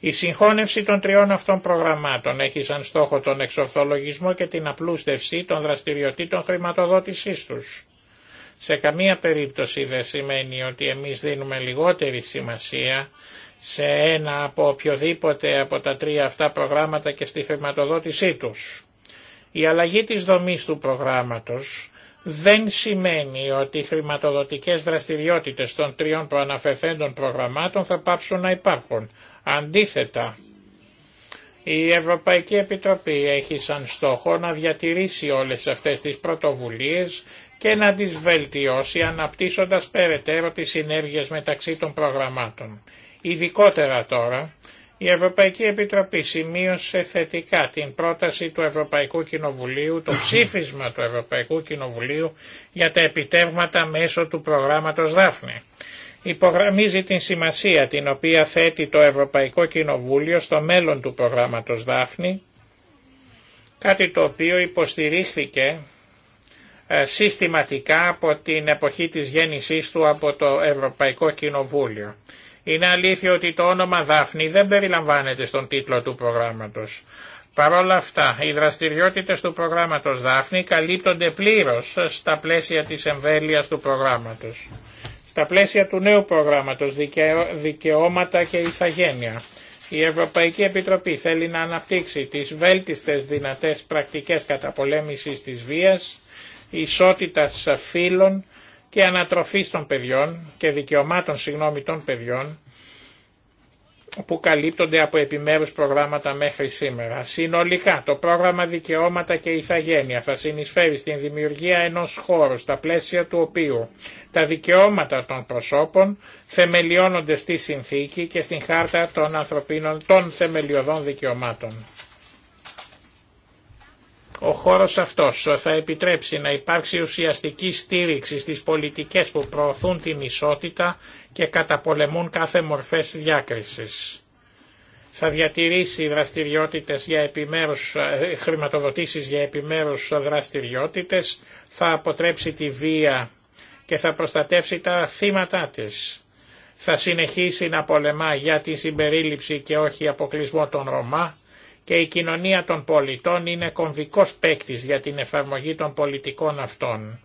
Η συγχώνευση των τριών αυτών προγραμμάτων έχει σαν στόχο τον εξορθολογισμό και την απλούστευση των δραστηριοτήτων χρηματοδότησής τους. Σε καμία περίπτωση δεν σημαίνει ότι εμείς δίνουμε λιγότερη σημασία σε ένα από οποιοδήποτε από τα τρία αυτά προγράμματα και στη χρηματοδότησή τους. Η αλλαγή της δομής του προγράμματος δεν σημαίνει ότι οι χρηματοδοτικές δραστηριότητες των τριών προαναφερθέντων προγραμμάτων θα πάψουν να υπάρχουν. Αντίθετα, η Ευρωπαϊκή Επιτροπή έχει σαν στόχο να διατηρήσει όλες αυτές τις πρωτοβουλίες και να τις βελτιώσει αναπτύσσοντας περαιτέρω τις συνέργειες μεταξύ των προγραμμάτων. Ειδικότερα τώρα, η Ευρωπαϊκή Επιτροπή σημείωσε θετικά την πρόταση του Ευρωπαϊκού Κοινοβουλίου, το ψήφισμα του Ευρωπαϊκού Κοινοβουλίου για τα επιτεύγματα μέσω του προγράμματος Δάφνη. Υπογραμμίζει την σημασία την οποία θέτει το Ευρωπαϊκό Κοινοβούλιο στο μέλλον του προγράμματος Δάφνη, κάτι το οποίο υποστηρίχθηκε ε, συστηματικά από την εποχή της γέννησής του από το Ευρωπαϊκό Κοινοβούλιο. Είναι αλήθεια ότι το όνομα Δάφνη δεν περιλαμβάνεται στον τίτλο του προγράμματος. Παρ' όλα αυτά, οι δραστηριότητες του προγράμματος Δάφνη καλύπτονται πλήρως στα πλαίσια της εμβέλειας του προγράμματος. Στα πλαίσια του νέου προγράμματος Δικαιώματα και Ιθαγένεια, η Ευρωπαϊκή Επιτροπή θέλει να αναπτύξει τις βέλτιστες δυνατές πρακτικές καταπολέμησης της βίας, ισότητα φύλων, και ανατροφής των παιδιών και δικαιωμάτων συγγνώμη των παιδιών που καλύπτονται από επιμέρους προγράμματα μέχρι σήμερα. Συνολικά το πρόγραμμα Δικαιώματα και Ιθαγένεια θα συνεισφέρει στην δημιουργία ενός χώρου στα πλαίσια του οποίου τα δικαιώματα των προσώπων θεμελιώνονται στη συνθήκη και στην χάρτα των ανθρωπίνων των θεμελιωδών δικαιωμάτων. Ο χώρος αυτός θα επιτρέψει να υπάρξει ουσιαστική στήριξη στις πολιτικές που προωθούν την ισότητα και καταπολεμούν κάθε μορφές διάκρισης. Θα διατηρήσει δραστηριότητες για επιμέρους, ε, χρηματοδοτήσεις για επιμέρους δραστηριότητες, θα αποτρέψει τη βία και θα προστατεύσει τα θύματα της. Θα συνεχίσει να πολεμά για τη συμπερίληψη και όχι αποκλεισμό των Ρωμά και η κοινωνία των πολιτών είναι κομβικός παίκτη για την εφαρμογή των πολιτικών αυτών.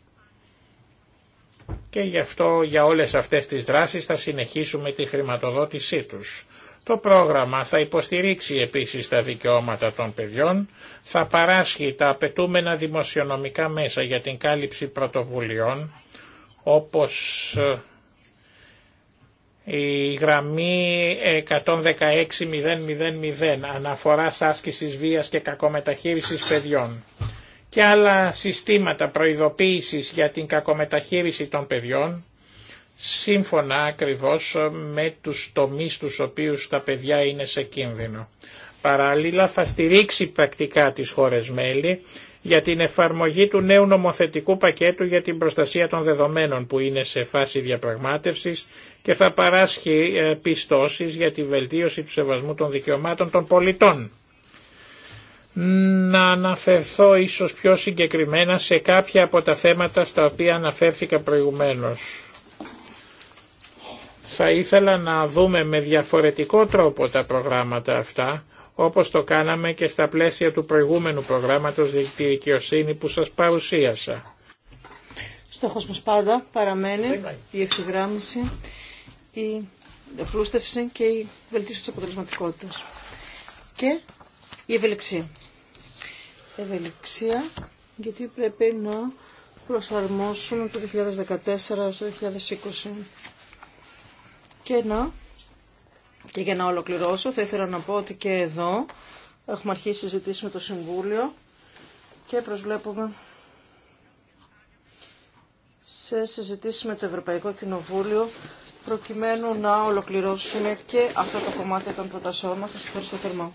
Και γι' αυτό για όλες αυτές τις δράσεις θα συνεχίσουμε τη χρηματοδότησή τους. Το πρόγραμμα θα υποστηρίξει επίσης τα δικαιώματα των παιδιών, θα παράσχει τα απαιτούμενα δημοσιονομικά μέσα για την κάλυψη πρωτοβουλειών, όπως ε, η γραμμή 116.000 ε, αναφορά άσκησης βίας και κακομεταχείρισης παιδιών και άλλα συστήματα προειδοποίησης για την κακομεταχείριση των παιδιών σύμφωνα ακριβώς με τους τομείς τους οποίους τα παιδιά είναι σε κίνδυνο. Παράλληλα θα στηρίξει πρακτικά τις χώρες μέλη για την εφαρμογή του νέου νομοθετικού πακέτου για την προστασία των δεδομένων που είναι σε φάση διαπραγμάτευσης και θα παράσχει ε, πιστώσεις για τη βελτίωση του σεβασμού των δικαιωμάτων των πολιτών. Να αναφερθώ ίσως πιο συγκεκριμένα σε κάποια από τα θέματα στα οποία αναφέρθηκα προηγουμένως. Θα ήθελα να δούμε με διαφορετικό τρόπο τα προγράμματα αυτά όπως το κάναμε και στα πλαίσια του προηγούμενου προγράμματος δικαιοσύνη που σας παρουσίασα. Στόχος μας πάντα παραμένει η ευθυγράμμιση, η απλούστευση και η βελτίωση της αποτελεσματικότητας. Και η ευελιξία. Ευελιξία γιατί πρέπει να προσαρμόσουμε το 2014 έως το 2020 και να και για να ολοκληρώσω θα ήθελα να πω ότι και εδώ έχουμε αρχίσει συζητήσει με το Συμβούλιο και προσβλέπουμε σε συζητήσει με το Ευρωπαϊκό Κοινοβούλιο προκειμένου να ολοκληρώσουμε και αυτό το κομμάτι των προτασών μας. Σας ευχαριστώ θερμά.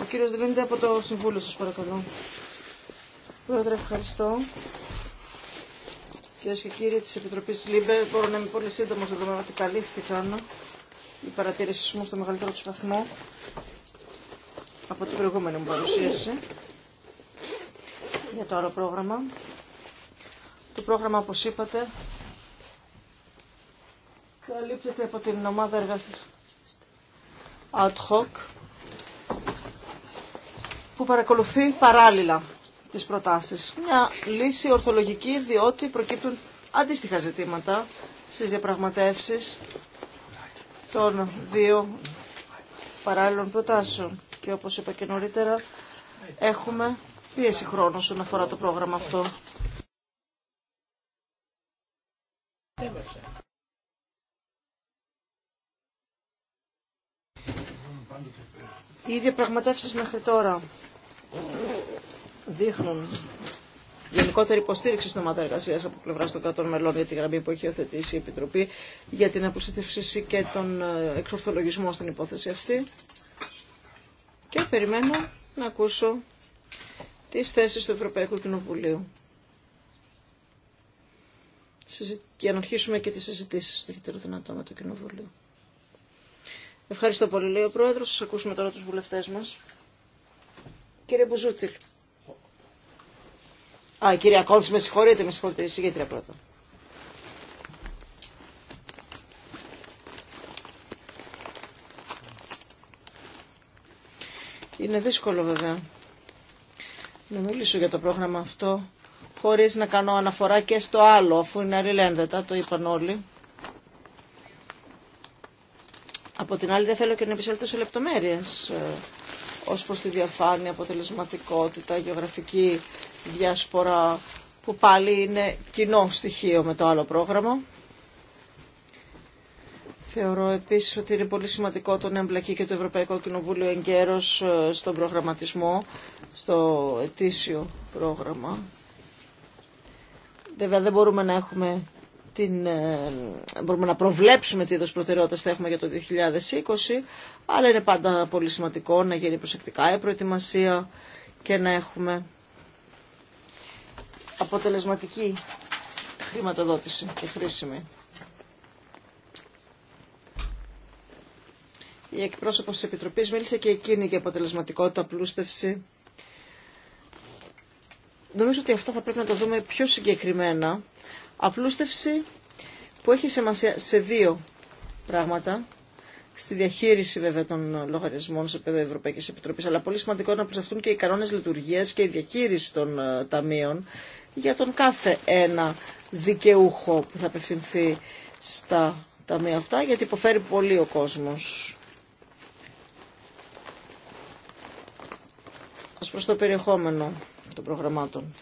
Ο κύριος Δηλίντε από το Συμβούλιο σας παρακαλώ. Πρόεδρε ευχαριστώ. Κυρίε και κύριοι τη Επιτροπή ΛΥΜΠΕ, μπορώ να είμαι πολύ σύντομο πέρα, ότι καλύφθηκαν οι παρατηρήσει μου στο μεγαλύτερο του σταθμό από την προηγούμενη μου παρουσίαση για το άλλο πρόγραμμα. Το πρόγραμμα, όπω είπατε, καλύπτεται από την ομάδα εργασία ad που παρακολουθεί παράλληλα τις προτάσεις. Μια λύση ορθολογική διότι προκύπτουν αντίστοιχα ζητήματα στι διαπραγματεύσει των δύο παράλληλων προτάσεων. Και όπως είπα και νωρίτερα, έχουμε πίεση χρόνου όσον αφορά το πρόγραμμα αυτό. Οι διαπραγματεύσει μέχρι τώρα δείχνουν γενικότερη υποστήριξη στην ομάδα εργασία από πλευρά των κρατών μελών για τη γραμμή που έχει οθετήσει η Επιτροπή για την αποσυντευξη και τον ε, εξορθολογισμό στην υπόθεση αυτή. Και περιμένω να ακούσω τι θέσει του Ευρωπαϊκού Κοινοβουλίου. Και να αρχίσουμε και τι συζητήσει στο χειρότερο δυνατό με το Κοινοβουλίο. Ευχαριστώ πολύ, λέει ο Πρόεδρος. Σα ακούσουμε τώρα του βουλευτέ μα, Κύριε Μπουζούτσιλ. Α, η κυρία Κόλτς, με συγχωρείτε, με συγχωρείτε, η πρώτα. Είναι δύσκολο βέβαια να μιλήσω για το πρόγραμμα αυτό χωρίς να κάνω αναφορά και στο άλλο, αφού είναι αριλένδετα, το είπαν όλοι. Από την άλλη δεν θέλω και να επισέλθω σε λεπτομέρειες ε, ως προς τη διαφάνεια, αποτελεσματικότητα, γεωγραφική διασπορά που πάλι είναι κοινό στοιχείο με το άλλο πρόγραμμα. Θεωρώ επίσης ότι είναι πολύ σημαντικό το εμπλακή και το Ευρωπαϊκό Κοινοβούλιο εγκαίρως ε, στον προγραμματισμό, στο ετήσιο πρόγραμμα. Βέβαια δεν μπορούμε να έχουμε την, ε, μπορούμε να προβλέψουμε τι είδος προτεραιότητας θα έχουμε για το 2020, αλλά είναι πάντα πολύ σημαντικό να γίνει προσεκτικά η προετοιμασία και να έχουμε αποτελεσματική χρηματοδότηση και χρήσιμη. Η εκπρόσωπος της Επιτροπής μίλησε και εκείνη για αποτελεσματικότητα, πλούστευση. Νομίζω ότι αυτά θα πρέπει να τα δούμε πιο συγκεκριμένα. Απλούστευση που έχει σημασία σε δύο πράγματα. Στη διαχείριση βέβαια των λογαριασμών σε επίπεδο Ευρωπαϊκή Επιτροπή, αλλά πολύ σημαντικό είναι να προσταθούν και οι κανόνε λειτουργία και η διαχείριση των ε, ταμείων για τον κάθε ένα δικαιούχο που θα απευθυνθεί στα ταμεία αυτά, γιατί υποφέρει πολύ ο κόσμος. Ας προς το περιεχόμενο των προγραμμάτων.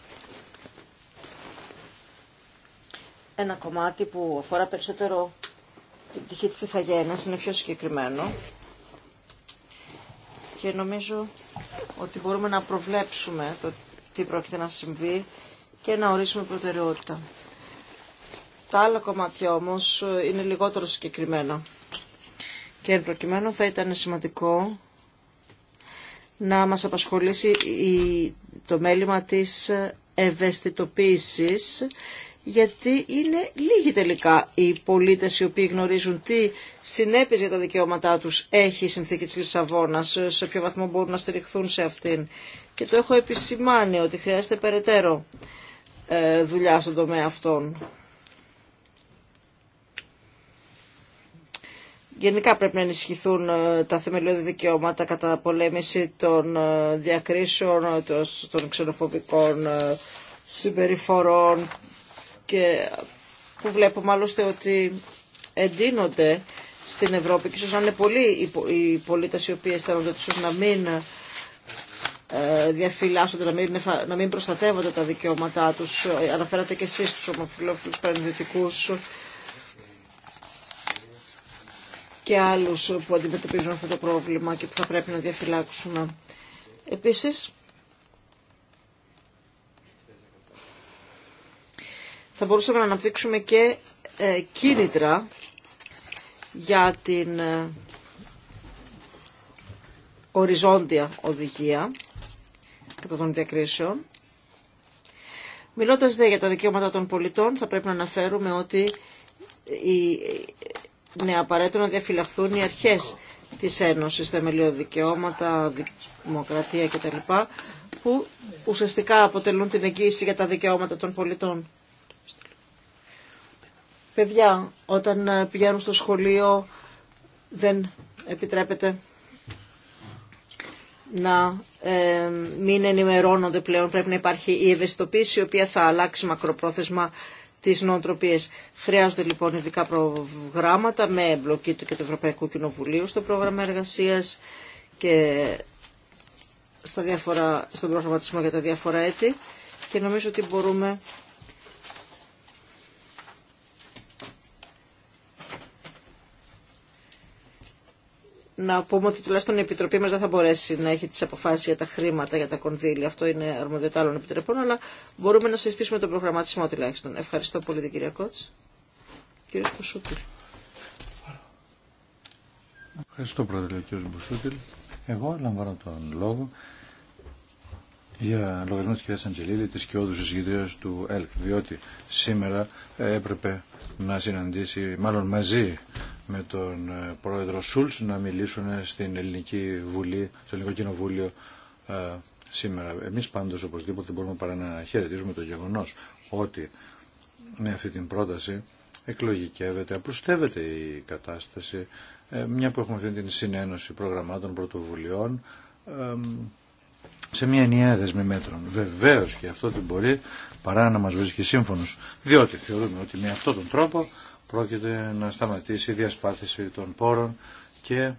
Ένα κομμάτι που αφορά περισσότερο την πτυχή της Ιθαγένας είναι πιο συγκεκριμένο και νομίζω ότι μπορούμε να προβλέψουμε το τι πρόκειται να συμβεί και να ορίσουμε προτεραιότητα. Τα άλλα κομμάτια όμως είναι λιγότερο συγκεκριμένα. Και εν προκειμένου θα ήταν σημαντικό να μας απασχολήσει το μέλημα της ευαισθητοποίησης γιατί είναι λίγοι τελικά οι πολίτες οι οποίοι γνωρίζουν τι συνέπειες για τα δικαιώματά τους έχει η συνθήκη της Λισαβόνας, σε ποιο βαθμό μπορούν να στηριχθούν σε αυτήν. Και το έχω επισημάνει ότι χρειάζεται περαιτέρω ε, δουλειά στον τομέα αυτών. Γενικά πρέπει να ενισχυθούν ε, τα θεμελιώδη δικαιώματα κατά πολέμηση των ε, διακρίσεων, των ξενοφοβικών συμπεριφορών και που βλέπουμε άλλωστε ότι εντείνονται στην Ευρώπη και ίσως να είναι πολλοί οι πολίτες οι οποίοι αισθάνονται να μην ε, διαφυλάσσονται, να μην, να μην προστατεύονται τα δικαιώματά τους. Ε, αναφέρατε και εσείς τους ομοφυλόφιλους παρενδυτικούς και άλλους που αντιμετωπίζουν αυτό το πρόβλημα και που θα πρέπει να διαφυλάξουμε. Επίσης, θα μπορούσαμε να αναπτύξουμε και ε, κίνητρα για την οριζόντια οδηγία κατά των διακρίσεων. Μιλώντας δε για τα δικαιώματα των πολιτών, θα πρέπει να αναφέρουμε ότι είναι απαραίτητο να διαφυλαχθούν οι αρχές της Ένωσης, θεμελιώδη δικαιώματα, δημοκρατία κτλ. που ουσιαστικά αποτελούν την εγγύηση για τα δικαιώματα των πολιτών. Παιδιά, όταν πηγαίνουν στο σχολείο δεν επιτρέπεται να ε, μην ενημερώνονται πλέον. Πρέπει να υπάρχει η ευαισθητοποίηση η οποία θα αλλάξει μακροπρόθεσμα τις νοοτροπίες. Χρειάζονται λοιπόν ειδικά προγράμματα με εμπλοκή του και του Ευρωπαϊκού Κοινοβουλίου στο πρόγραμμα εργασίας και στα διάφορα, στον προγραμματισμό για τα διάφορα έτη και νομίζω ότι μπορούμε να πούμε ότι τουλάχιστον η Επιτροπή μας δεν θα μπορέσει να έχει τις αποφάσεις για τα χρήματα, για τα κονδύλια. Αυτό είναι αρμοδιότητα άλλων αλλά μπορούμε να συζητήσουμε τον προγραμματισμό τουλάχιστον. Ευχαριστώ πολύ την κυρία Κότς. Κύριος Μπουσούτηλ. Ευχαριστώ πρόεδρε κύριος Μπουσούτηλ. Εγώ λαμβάνω τον λόγο για λογαριασμό της κυρίας Αντζελίλη, της κοιόδου εισηγητρίας του ΕΛΚ, διότι σήμερα έπρεπε να συναντήσει, μάλλον μαζί με τον ε, πρόεδρο Σούλτ να μιλήσουν στην Ελληνική Βουλή, στο Ελληνικό Κοινοβούλιο ε, σήμερα. Εμείς πάντως οπωσδήποτε μπορούμε παρά να χαιρετίζουμε το γεγονός ότι με αυτή την πρόταση εκλογικεύεται, απλουστεύεται η κατάσταση, ε, μια που έχουμε αυτή την συνένωση προγραμμάτων πρωτοβουλειών, σε μια ενιαία δεσμή μέτρων. Βεβαίω και αυτό την μπορεί παρά να μα βρίσκει σύμφωνο. Διότι θεωρούμε ότι με αυτόν τον τρόπο πρόκειται να σταματήσει η διασπάθηση των πόρων και ε,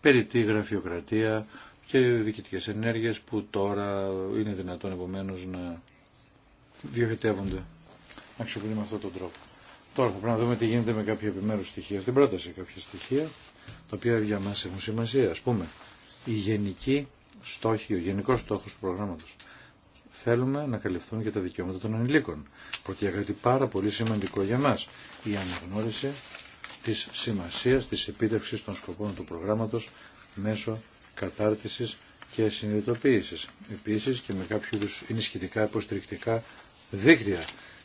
περιττή γραφειοκρατία και διοικητικές ενέργειες που τώρα είναι δυνατόν επομένως να διοχετεύονται να ξεκινήσουμε αυτόν τον τρόπο. Τώρα θα πρέπει να δούμε τι γίνεται με κάποια επιμέρους στοιχεία στην πρόταση, κάποια στοιχεία τα οποία για μας έχουν σημασία. Ας πούμε, η γενική στόχη, ο γενικός στόχος του προγράμματος Θέλουμε να καλυφθούν και τα δικαιώματα των ανηλίκων. Πρόκειται για κάτι πάρα πολύ σημαντικό για μας. Η αναγνώριση της σημασίας της επίτευξης των σκοπών του προγράμματος μέσω κατάρτισης και συνειδητοποίησης. Επίσης και με κάποιους είναι σχετικά υποστηρικτικά δίκτυα.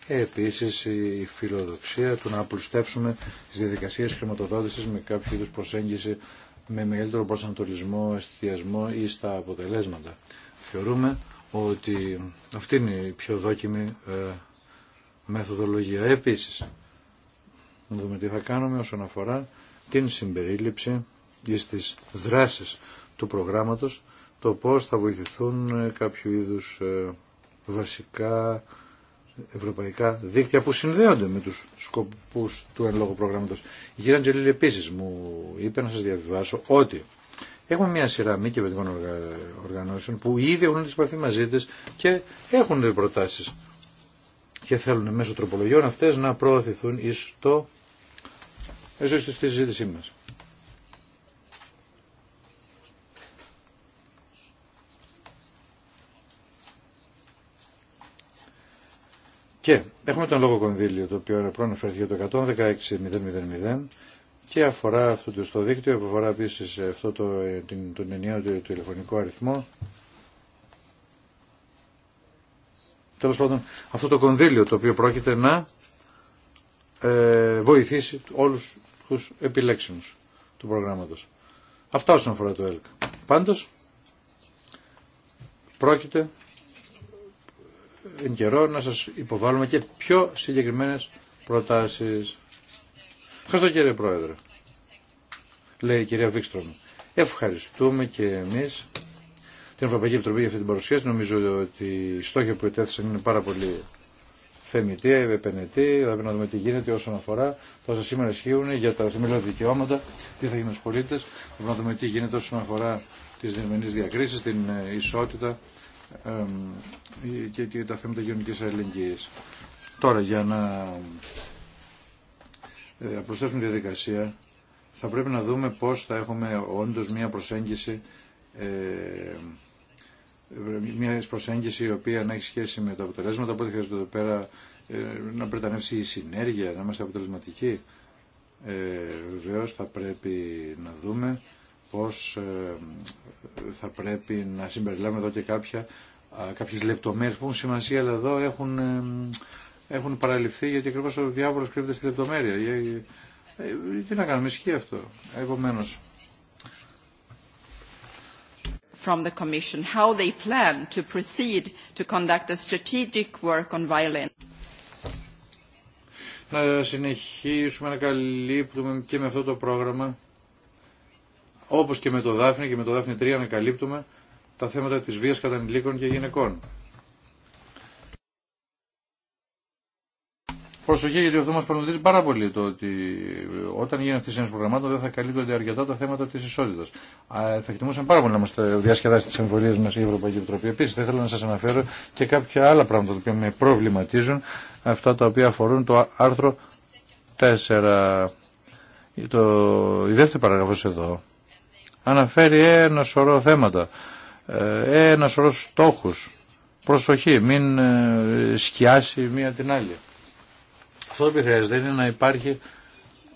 Επίσης η φιλοδοξία του να απλουστεύσουμε τις διαδικασίες χρηματοδότησης με κάποιο είδους προσέγγιση με μεγαλύτερο προσανατολισμό, εστιασμό ή στα αποτελέσματα. Θεωρούμε ότι αυτή είναι η πιο δόκιμη ε, μεθοδολογία. Επίσης, να δούμε τι θα κάνουμε όσον αφορά την συμπερίληψη ή στις δράσεις του προγράμματος το πώς θα βοηθηθούν ε, κάποιο είδους ε, βασικά ευρωπαϊκά δίκτυα που συνδέονται με τους σκοπούς του εν λόγω προγράμματος. Η κυρία Αντζελίλη επίσης μου είπε να σας διαβιβάσω ότι Έχουμε μια σειρά μη κυβερνητικών οργανώσεων που ήδη έχουν τις επαφή μαζί τη και έχουν προτάσεις και θέλουν μέσω τροπολογιών αυτές να προωθηθούν εις το συζήτησή μας. Και έχουμε τον λόγο κονδύλιο το οποίο προαναφέρθηκε το 116.000 και αφορά αυτό το στο δίκτυο, αφορά επίση αυτό το, την, τον ενιαίο του τηλεφωνικό αριθμό. Τέλος πάντων, αυτό το κονδύλιο το οποίο πρόκειται να ε, βοηθήσει όλους τους επιλέξιμους του προγράμματος. Αυτά όσον αφορά το ΕΛΚ. Πάντως, πρόκειται εν καιρό να σας υποβάλουμε και πιο συγκεκριμένες προτάσεις. Ευχαριστώ κύριε Πρόεδρε. Λέει η κυρία Βίξτρομ. Ευχαριστούμε και εμεί την Ευρωπαϊκή Επιτροπή για αυτή την παρουσίαση. Νομίζω ότι οι στόχοι που ετέθησαν είναι πάρα πολύ θεμητή, επενετή, θα πρέπει να δούμε τι γίνεται όσον αφορά τα όσα σήμερα ισχύουν για τα θεμελιώδη δικαιώματα, τι θα γίνει με πολίτε, θα πρέπει να δούμε τι γίνεται όσον αφορά τι δυσμενεί διακρίσει, την ε, ισότητα και, τα θέματα γεωνική αλληλεγγύη. Τώρα για να ε, να προσθέσουμε τη διαδικασία, θα πρέπει να δούμε πώς θα έχουμε όντως μια προσέγγιση ε, μια προσέγγιση η οποία να έχει σχέση με τα αποτελέσματα, οπότε χρειάζεται εδώ πέρα ε, να πρετανεύσει η συνέργεια, να είμαστε αποτελεσματικοί. Ε, Βεβαίω θα πρέπει να δούμε πώς ε, θα πρέπει να συμπεριλάβουμε εδώ και κάποια, α, κάποιες λεπτομέρειες που έχουν σημασία, αλλά εδώ έχουν ε, έχουν παραλυφθεί γιατί ακριβώ ο διάβολο κρύβεται στη λεπτομέρεια. Ε, τι να κάνουμε, ισχύει αυτό. Επομένω. From the Commission, how they plan to proceed to conduct a strategic work on violence. Να συνεχίσουμε να καλύπτουμε και με αυτό το πρόγραμμα, όπως και με το Δάφνη και με το Δάφνη 3 να καλύπτουμε τα θέματα της βίας κατά και γυναικών. προσοχή γιατί αυτό μας παρακολουθεί πάρα πολύ το ότι όταν γίνει αυτή η προγραμμάτων δεν θα καλύπτονται αρκετά τα θέματα τη ισότητα. θα εκτιμούσαν πάρα πολύ να μας διασκεδάσει τις εμβολίες μα η Ευρωπαϊκή Επιτροπή. Επίσης θα ήθελα να σας αναφέρω και κάποια άλλα πράγματα που με προβληματίζουν αυτά τα οποία αφορούν το άρθρο 4. Το, η δεύτερη παραγραφός εδώ αναφέρει ένα σωρό θέματα, ε, ένα σωρό στόχους. Προσοχή, μην ε, σκιάσει μία την άλλη. Αυτό που χρειάζεται είναι να υπάρχει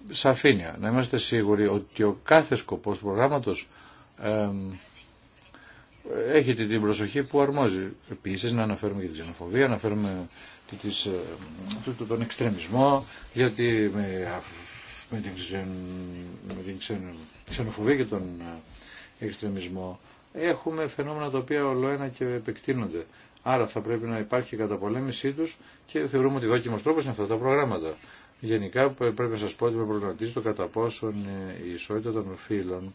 σαφήνεια, να είμαστε σίγουροι ότι ο κάθε σκοπός του προγράμματος έχει την προσοχή που αρμόζει. Επίσης να αναφέρουμε και την ξενοφοβία, να αναφέρουμε τις, ε, τον εξτρεμισμό, γιατί με, με την, ξεν, με την ξεν, ξενοφοβία και τον ε, εξτρεμισμό έχουμε φαινόμενα τα οποία ολοένα και επεκτείνονται. Άρα θα πρέπει να υπάρχει καταπολέμησή τους και θεωρούμε ότι δόκιμος τρόπος είναι αυτά τα προγράμματα. Γενικά πρέπει να σας πω ότι με προβληματίζει το κατά πόσον ε, η ισότητα των φύλων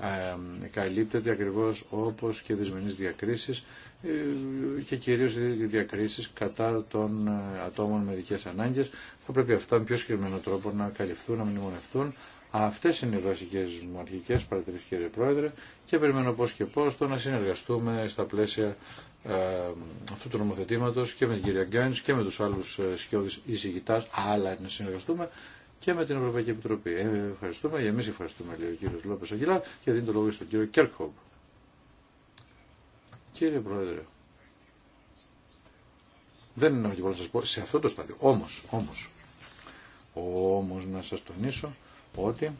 ε, καλύπτεται ακριβώς όπως και δυσμενείς διακρίσεις ε, και κυρίως διακρίσεις κατά των ε, ατόμων με δικές ανάγκες. Θα πρέπει αυτά με πιο συγκεκριμένο τρόπο να καλυφθούν, να μνημονευθούν Αυτές είναι οι βασικές μου αρχικές παρατηρήσεις κύριε Πρόεδρε και περιμένω πώς και πώ το να συνεργαστούμε στα πλαίσια ε, αυτού του νομοθετήματος και με την κυρία Γκάινς και με τους άλλους ε, σκιώδεις εισηγητάς, αλλά να συνεργαστούμε και με την Ευρωπαϊκή Επιτροπή. Ε, ευχαριστούμε, εμεί ευχαριστούμε, λέει ο κύριο Λόπε Αγγελάρ και δίνει το λόγο στον κύριο Κέρκχομπ. Κύριε Πρόεδρε, δεν είναι να σα πω σε αυτό το στάδιο. Όμω, όμω, όμω να σα τονίσω ότι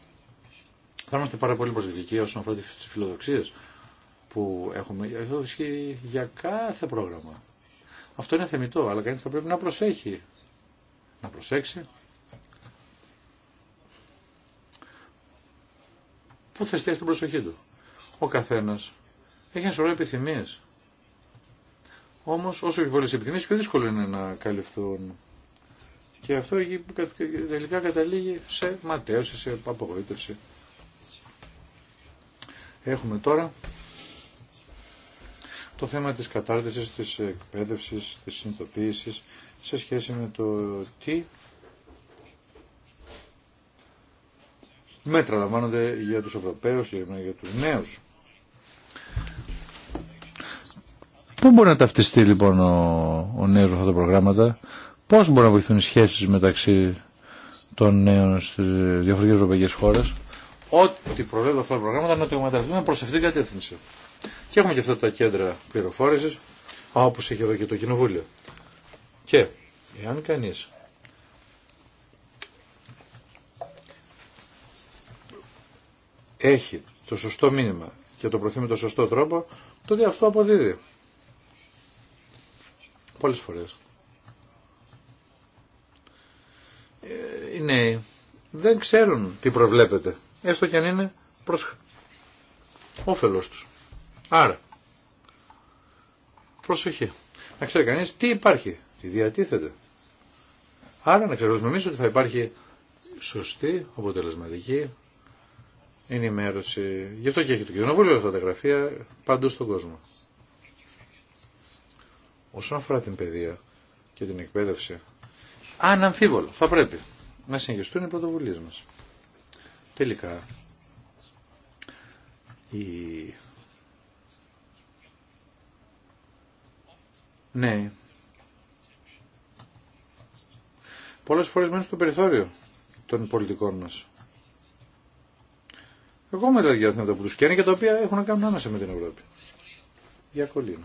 θα είμαστε πάρα πολύ προσεκτικοί όσον αφορά τις φιλοδοξίες που έχουμε. Αυτό ισχύει για κάθε πρόγραμμα. Αυτό είναι θεμητό, αλλά κανείς θα πρέπει να προσέχει. Να προσέξει. Πού θα εστιάσει την προσοχή του. Ο καθένα, έχει ένα σωρό επιθυμίες. Όμως όσο πιο πολλέ επιθυμίες πιο δύσκολο είναι να καλυφθούν. Και αυτό τελικά καταλήγει σε ματέωση, σε απογοήτευση. Έχουμε τώρα το θέμα της κατάρτισης, της εκπαίδευσης, της συνειδητοποίησης σε σχέση με το τι μέτρα λαμβάνονται για τους Ευρωπαίους, για τους νέους. Πού μπορεί να ταυτιστεί λοιπόν ο, ο νέος με αυτά τα προγράμματα, Πώς μπορούν να βοηθούν οι σχέσεις μεταξύ των νέων στις διαφορετικές ευρωπαϊκές χώρες. Ό,τι προβλέπει αυτά τα προγράμματα να το μεταρρυθούμε προς αυτήν την κατεύθυνση. Και έχουμε και αυτά τα κέντρα πληροφόρησης, όπως έχει εδώ και το Κοινοβούλιο. Και, εάν κανείς έχει το σωστό μήνυμα και το προθεί με το σωστό τρόπο, τότε αυτό αποδίδει. Πολλές φορές. Ε, οι νέοι δεν ξέρουν τι προβλέπεται, έστω και αν είναι προς όφελος τους. Άρα, προσοχή. Να ξέρει κανείς τι υπάρχει, τι διατίθεται. Άρα να ξέρουμε εμείς ότι θα υπάρχει σωστή, αποτελεσματική ενημέρωση. Γι' αυτό και έχει το κοινοβούλιο αυτά τα γραφεία παντού στον κόσμο. Όσον αφορά την παιδεία και την εκπαίδευση, Αναμφίβολο. θα πρέπει να συνεχιστούν οι πρωτοβουλίε μα. Τελικά, η... Ναι. Πολλέ φορές μένουν στο περιθώριο των πολιτικών μας. Εγώ με τα διαθέματα που τους καίνε και τα οποία έχουν να κάνουν άμεσα με την Ευρώπη. Για κολλήνω.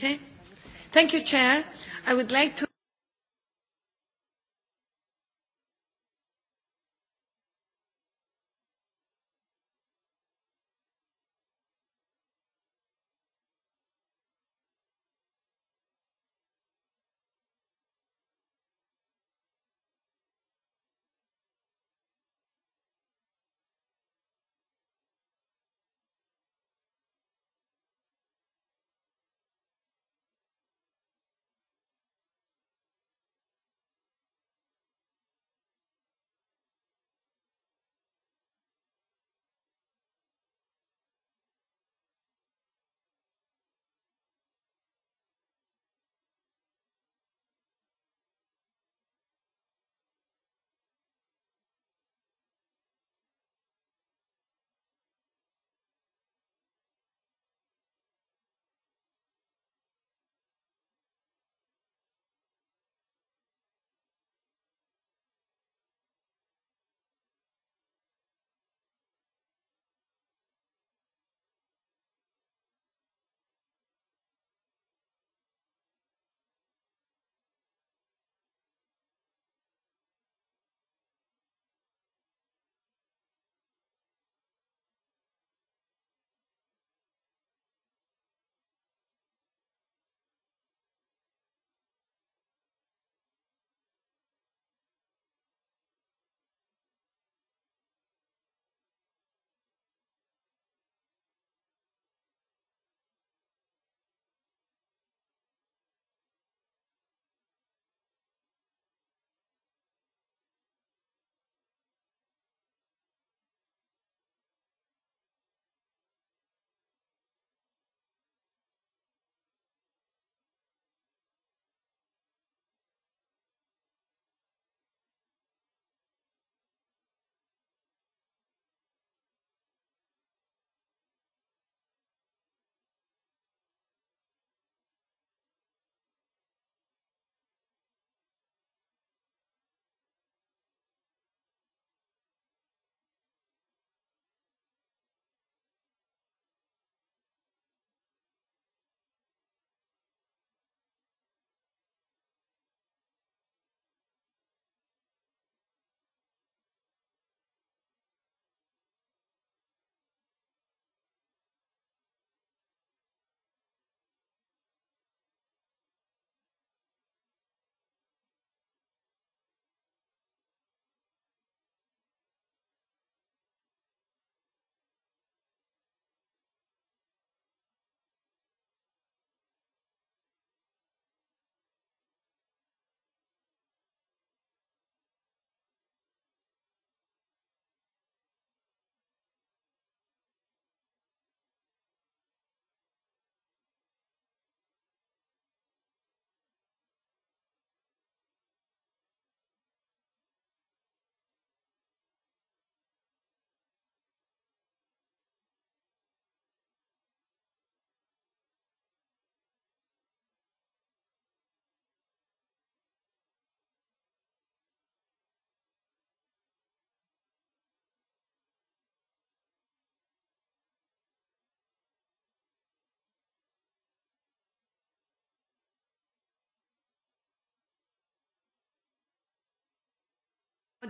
Okay. Thank you, Chair. I would like to...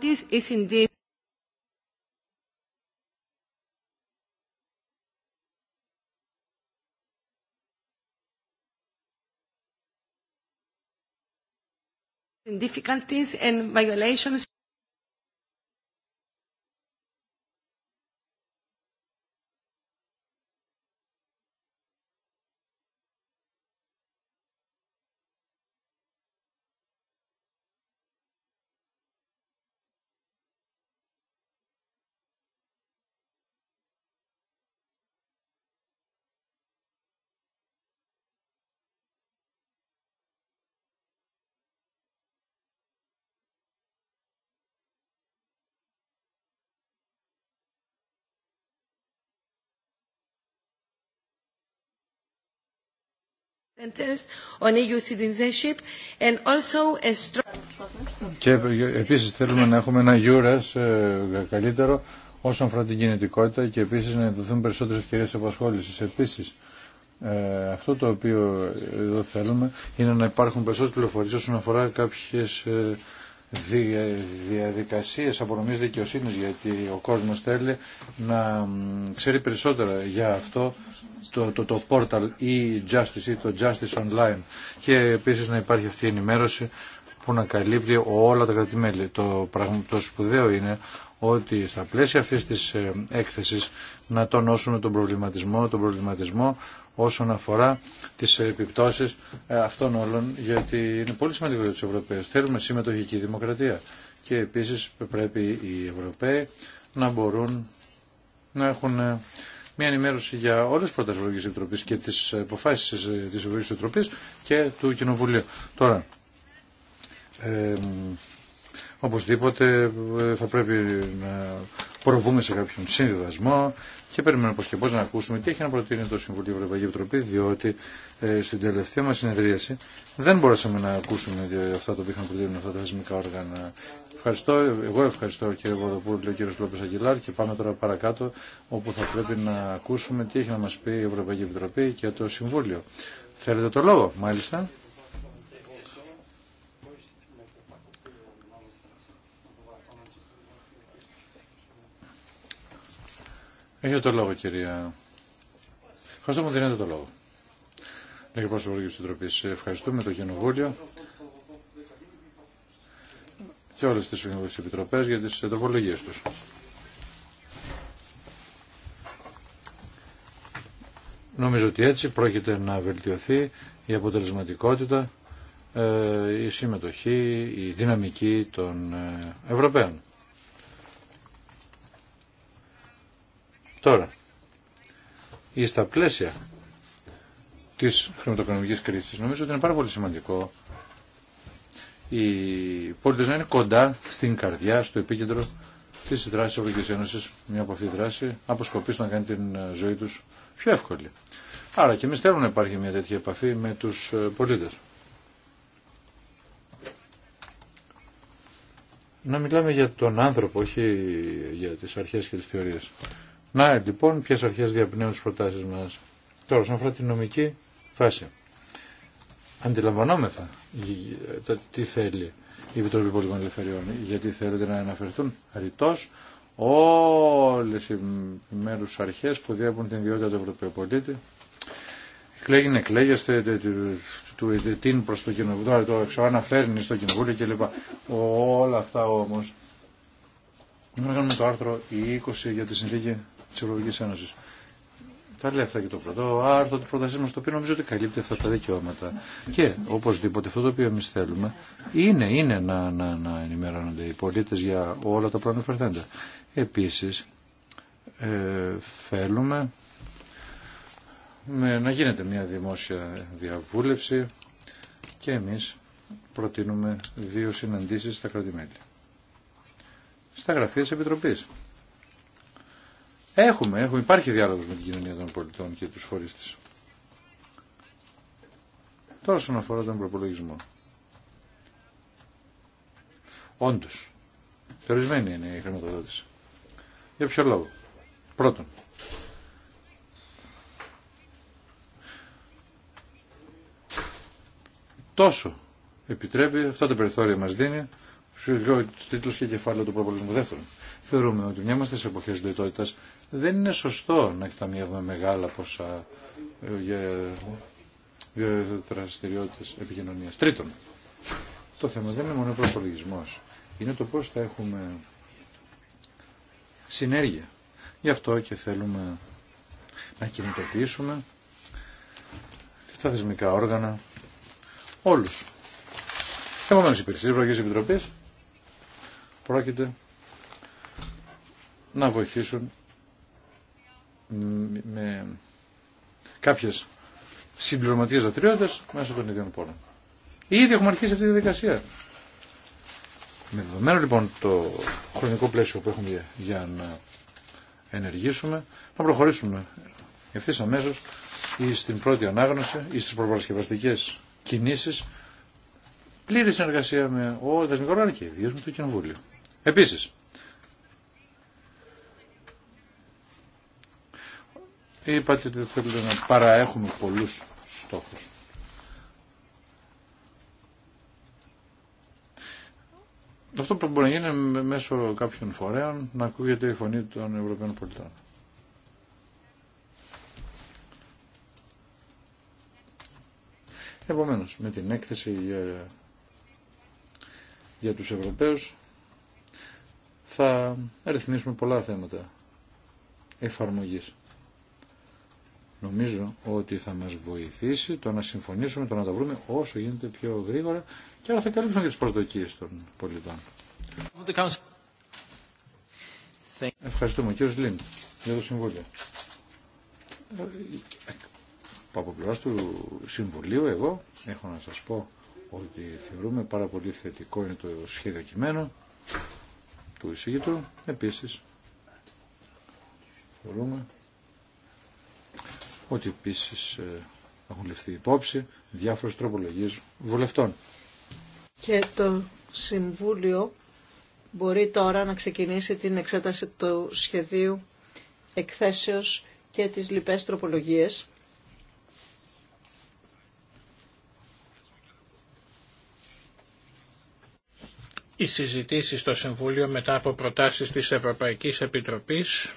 this is indeed difficulties and violations E και επίσης θέλουμε να έχουμε ένα γιούρας ε, καλύτερο όσον αφορά την κινητικότητα και επίσης να δοθούν περισσότερες ευκαιρίες απασχόλησης. Επίσης, ε, αυτό το οποίο εδώ θέλουμε είναι να υπάρχουν περισσότερες πληροφορίες όσον αφορά κάποιες ε, διαδικασίε, διαδικασίες απονομής δικαιοσύνης γιατί ο κόσμος θέλει να ξέρει περισσότερα για αυτό το, το, το portal e Justice ή το Justice Online και επίσης να υπάρχει αυτή η ενημέρωση που να καλύπτει όλα τα κρατημέλη. Το, το σπουδαίο είναι ότι στα πλαίσια αυτής της ε, έκθεσης να τονώσουμε τον προβληματισμό, τον προβληματισμό όσον αφορά τις επιπτώσεις ε, αυτών όλων, γιατί είναι πολύ σημαντικό για τους Ευρωπαίους. Θέλουμε συμμετοχική δημοκρατία και επίσης πρέπει οι Ευρωπαίοι να μπορούν να έχουν ε, μια ενημέρωση για όλε τι προτάσει Ευρωπαϊκή Επιτροπή και τι αποφάσει τη Ευρωπαϊκή Επιτροπή και του Κοινοβουλίου. Τώρα, ε, οπωσδήποτε θα πρέπει να προβούμε σε κάποιον συνδυασμό, και περιμένουμε πώ και πώ να ακούσουμε τι έχει να προτείνει το Συμβουλίο Ευρωπαϊκή Επιτροπή, διότι ε, στην τελευταία μα συνεδρίαση δεν μπορέσαμε να ακούσουμε αυτά τα οποία είχαν προτείνει αυτά τα θεσμικά όργανα. Ευχαριστώ, εγώ ευχαριστώ κύριε Βοδοπούλου και ο κύριο Λόπε Αγγελάρ και πάμε τώρα παρακάτω όπου θα πρέπει να ακούσουμε τι έχει να μα πει η Ευρωπαϊκή Επιτροπή και το Συμβούλιο. Θέλετε το λόγο, μάλιστα. Έχετε το λόγο, κυρία. Ευχαριστώ που δίνετε το λόγο. Κύριε πρόσωπο Επιτροπή. Ευχαριστούμε το Κοινοβούλιο και όλες τις επιτροπέ Επιτροπές για τις εντροπολογίες τους. Νομίζω ότι έτσι πρόκειται να βελτιωθεί η αποτελεσματικότητα, ε, η συμμετοχή, η δυναμική των ε, Ευρωπαίων. Τώρα, ή στα πλαίσια της χρηματοοικονομικής κρίσης, νομίζω ότι είναι πάρα πολύ σημαντικό οι πολίτες να είναι κοντά στην καρδιά, στο επίκεντρο της δράσης της Ευρωπαϊκής Ένωσης. Μια από αυτή τη δράση αποσκοπεί να κάνει την ζωή τους πιο εύκολη. Άρα και εμείς θέλουμε να υπάρχει μια τέτοια επαφή με τους ε, πολίτες. Να μιλάμε για τον άνθρωπο, όχι για τις αρχές και τις θεωρίες. Να, λοιπόν, ποιε αρχέ διαπνέουν τι προτάσει μα. Τώρα, όσον αφορά την νομική φάση. Αντιλαμβανόμεθα τι θέλει η Επιτροπή Πολιτικών Ελευθεριών, γιατί θέλετε να αναφερθούν ρητό όλε οι μέρου αρχέ που διέπουν την ιδιότητα του Ευρωπαίου πολίτη. Εκλέγει, εκλέγεστε, του την προ το κοινοβούλιο, το ξαναφέρνει στο κοινοβούλιο κλπ. Όλα αυτά όμω. Να κάνουμε το άρθρο 20 για τη συνθήκη τη Ευρωπαϊκή Ένωση. Τα λέει αυτά και το πρώτο άρθρο τη πρότασή μα, το οποίο νομίζω ότι καλύπτει αυτά τα δικαιώματα. Και οπωσδήποτε αυτό το οποίο εμεί θέλουμε είναι, είναι να, να, να ενημερώνονται οι πολίτε για όλα τα προαναφερθέντα. Επίση, ε, θέλουμε με, να γίνεται μια δημόσια διαβούλευση και εμείς προτείνουμε δύο συναντήσεις στα κρατημέλη. Στα γραφεία της Επιτροπής. Έχουμε, έχουμε, υπάρχει διάλογος με την κοινωνία των πολιτών και τους φορείς της. Τώρα σαν αφορά τον προπολογισμό. Όντως, περιορισμένη είναι η χρηματοδότηση. Για ποιο λόγο. Πρώτον, τόσο επιτρέπει, αυτά τα περιθώρια μας δίνει, στους και κεφάλαιο του προπολογισμού. Δεύτερον, θεωρούμε ότι μια είμαστε σε εποχές δεν είναι σωστό να εκταμιεύουμε μεγάλα ποσά ε, για δραστηριότητε επικοινωνία. Τρίτον, το θέμα δεν είναι μόνο ο προπολογισμό. Είναι το πώ θα έχουμε συνέργεια. Γι' αυτό και θέλουμε να κινητοποιήσουμε τα θεσμικά όργανα, όλους. Επομένως, οι υπηρεσίες Ευρωπαϊκή Επιτροπή πρόκειται να βοηθήσουν με κάποιες συμπληρωματικές δραστηριότητε μέσα των ίδιων πόρων. Ήδη έχουμε αρχίσει αυτή τη διαδικασία. Με δεδομένο λοιπόν το χρονικό πλαίσιο που έχουμε για να ενεργήσουμε, να προχωρήσουμε ευθύ αμέσω ή στην πρώτη ανάγνωση ή στι προπαρασκευαστικές κινήσεις πλήρη συνεργασία με όλα τα θεσμικά και ιδίω με το Κοινοβούλιο. Επίση. Είπατε ότι θέλετε να παραέχουμε πολλούς στόχους. Αυτό που μπορεί να γίνει μέσω κάποιων φορέων να ακούγεται η φωνή των Ευρωπαίων πολιτών. Επομένως, με την έκθεση για, για τους Ευρωπαίους θα ρυθμίσουμε πολλά θέματα εφαρμογής νομίζω ότι θα μας βοηθήσει το να συμφωνήσουμε, το να τα βρούμε όσο γίνεται πιο γρήγορα και άρα θα καλύψουμε και τις προσδοκίες των πολιτών. Ευχαριστούμε. κύριο Λίν, για το Συμβούλιο. Από πλευρά του Συμβουλίου εγώ έχω να σας πω ότι θεωρούμε πάρα πολύ θετικό είναι το σχέδιο κειμένο του εισηγητού. Επίσης, θεωρούμε ότι επίση ε, έχουν ληφθεί υπόψη διάφορε τροπολογίε βουλευτών. Και το Συμβούλιο μπορεί τώρα να ξεκινήσει την εξέταση του σχεδίου εκθέσεως και τις λοιπές τροπολογίες. Οι συζητήσεις στο Συμβούλιο μετά από προτάσεις της Ευρωπαϊκής Επιτροπής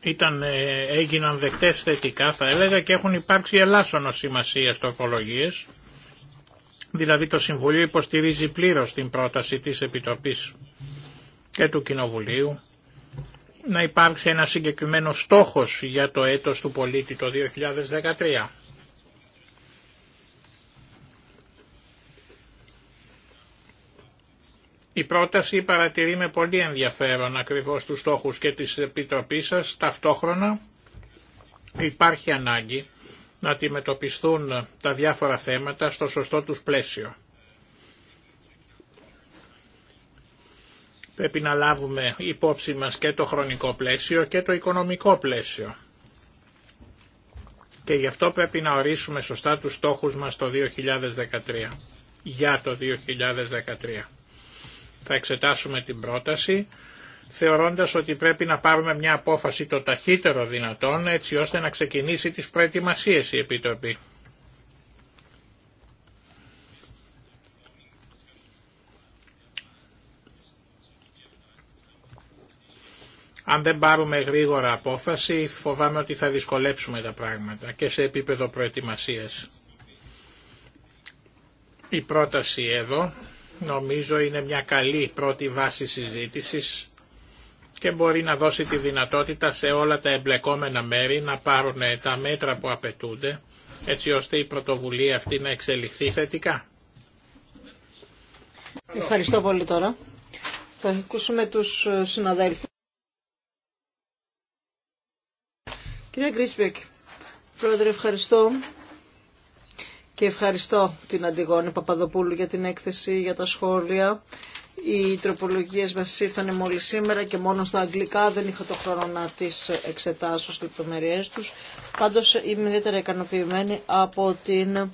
ήταν, ε, έγιναν δεκτές θετικά θα έλεγα και έχουν υπάρξει ελάσσονος στο οικολογίες. Δηλαδή το Συμβουλίο υποστηρίζει πλήρως την πρόταση της Επιτροπής και του Κοινοβουλίου να υπάρξει ένα συγκεκριμένο στόχος για το έτος του πολίτη το 2013. Η πρόταση παρατηρεί με πολύ ενδιαφέρον ακριβώς τους στόχους και της Επιτροπής σας. Ταυτόχρονα υπάρχει ανάγκη να αντιμετωπιστούν τα διάφορα θέματα στο σωστό τους πλαίσιο. Πρέπει να λάβουμε υπόψη μας και το χρονικό πλαίσιο και το οικονομικό πλαίσιο. Και γι' αυτό πρέπει να ορίσουμε σωστά τους στόχους μας το 2013. Για το 2013. Θα εξετάσουμε την πρόταση θεωρώντας ότι πρέπει να πάρουμε μια απόφαση το ταχύτερο δυνατόν έτσι ώστε να ξεκινήσει τις προετοιμασίες η Επιτροπή. Αν δεν πάρουμε γρήγορα απόφαση φοβάμαι ότι θα δυσκολέψουμε τα πράγματα και σε επίπεδο προετοιμασίας. Η πρόταση εδώ Νομίζω είναι μια καλή πρώτη βάση συζήτησης και μπορεί να δώσει τη δυνατότητα σε όλα τα εμπλεκόμενα μέρη να πάρουν τα μέτρα που απαιτούνται έτσι ώστε η πρωτοβουλία αυτή να εξελιχθεί θετικά. Ευχαριστώ πολύ τώρα. Θα ακούσουμε τους ε, συναδέλφους. Κύριε Γκρίσπεκ, Πρόεδρε, ευχαριστώ και ευχαριστώ την Αντιγόνη Παπαδοπούλου για την έκθεση, για τα σχόλια. Οι τροπολογίες μα ήρθαν μόλις σήμερα και μόνο στα αγγλικά δεν είχα το χρόνο να τις εξετάσω στις λεπτομέρειές τους. Πάντως είμαι ιδιαίτερα ικανοποιημένη από την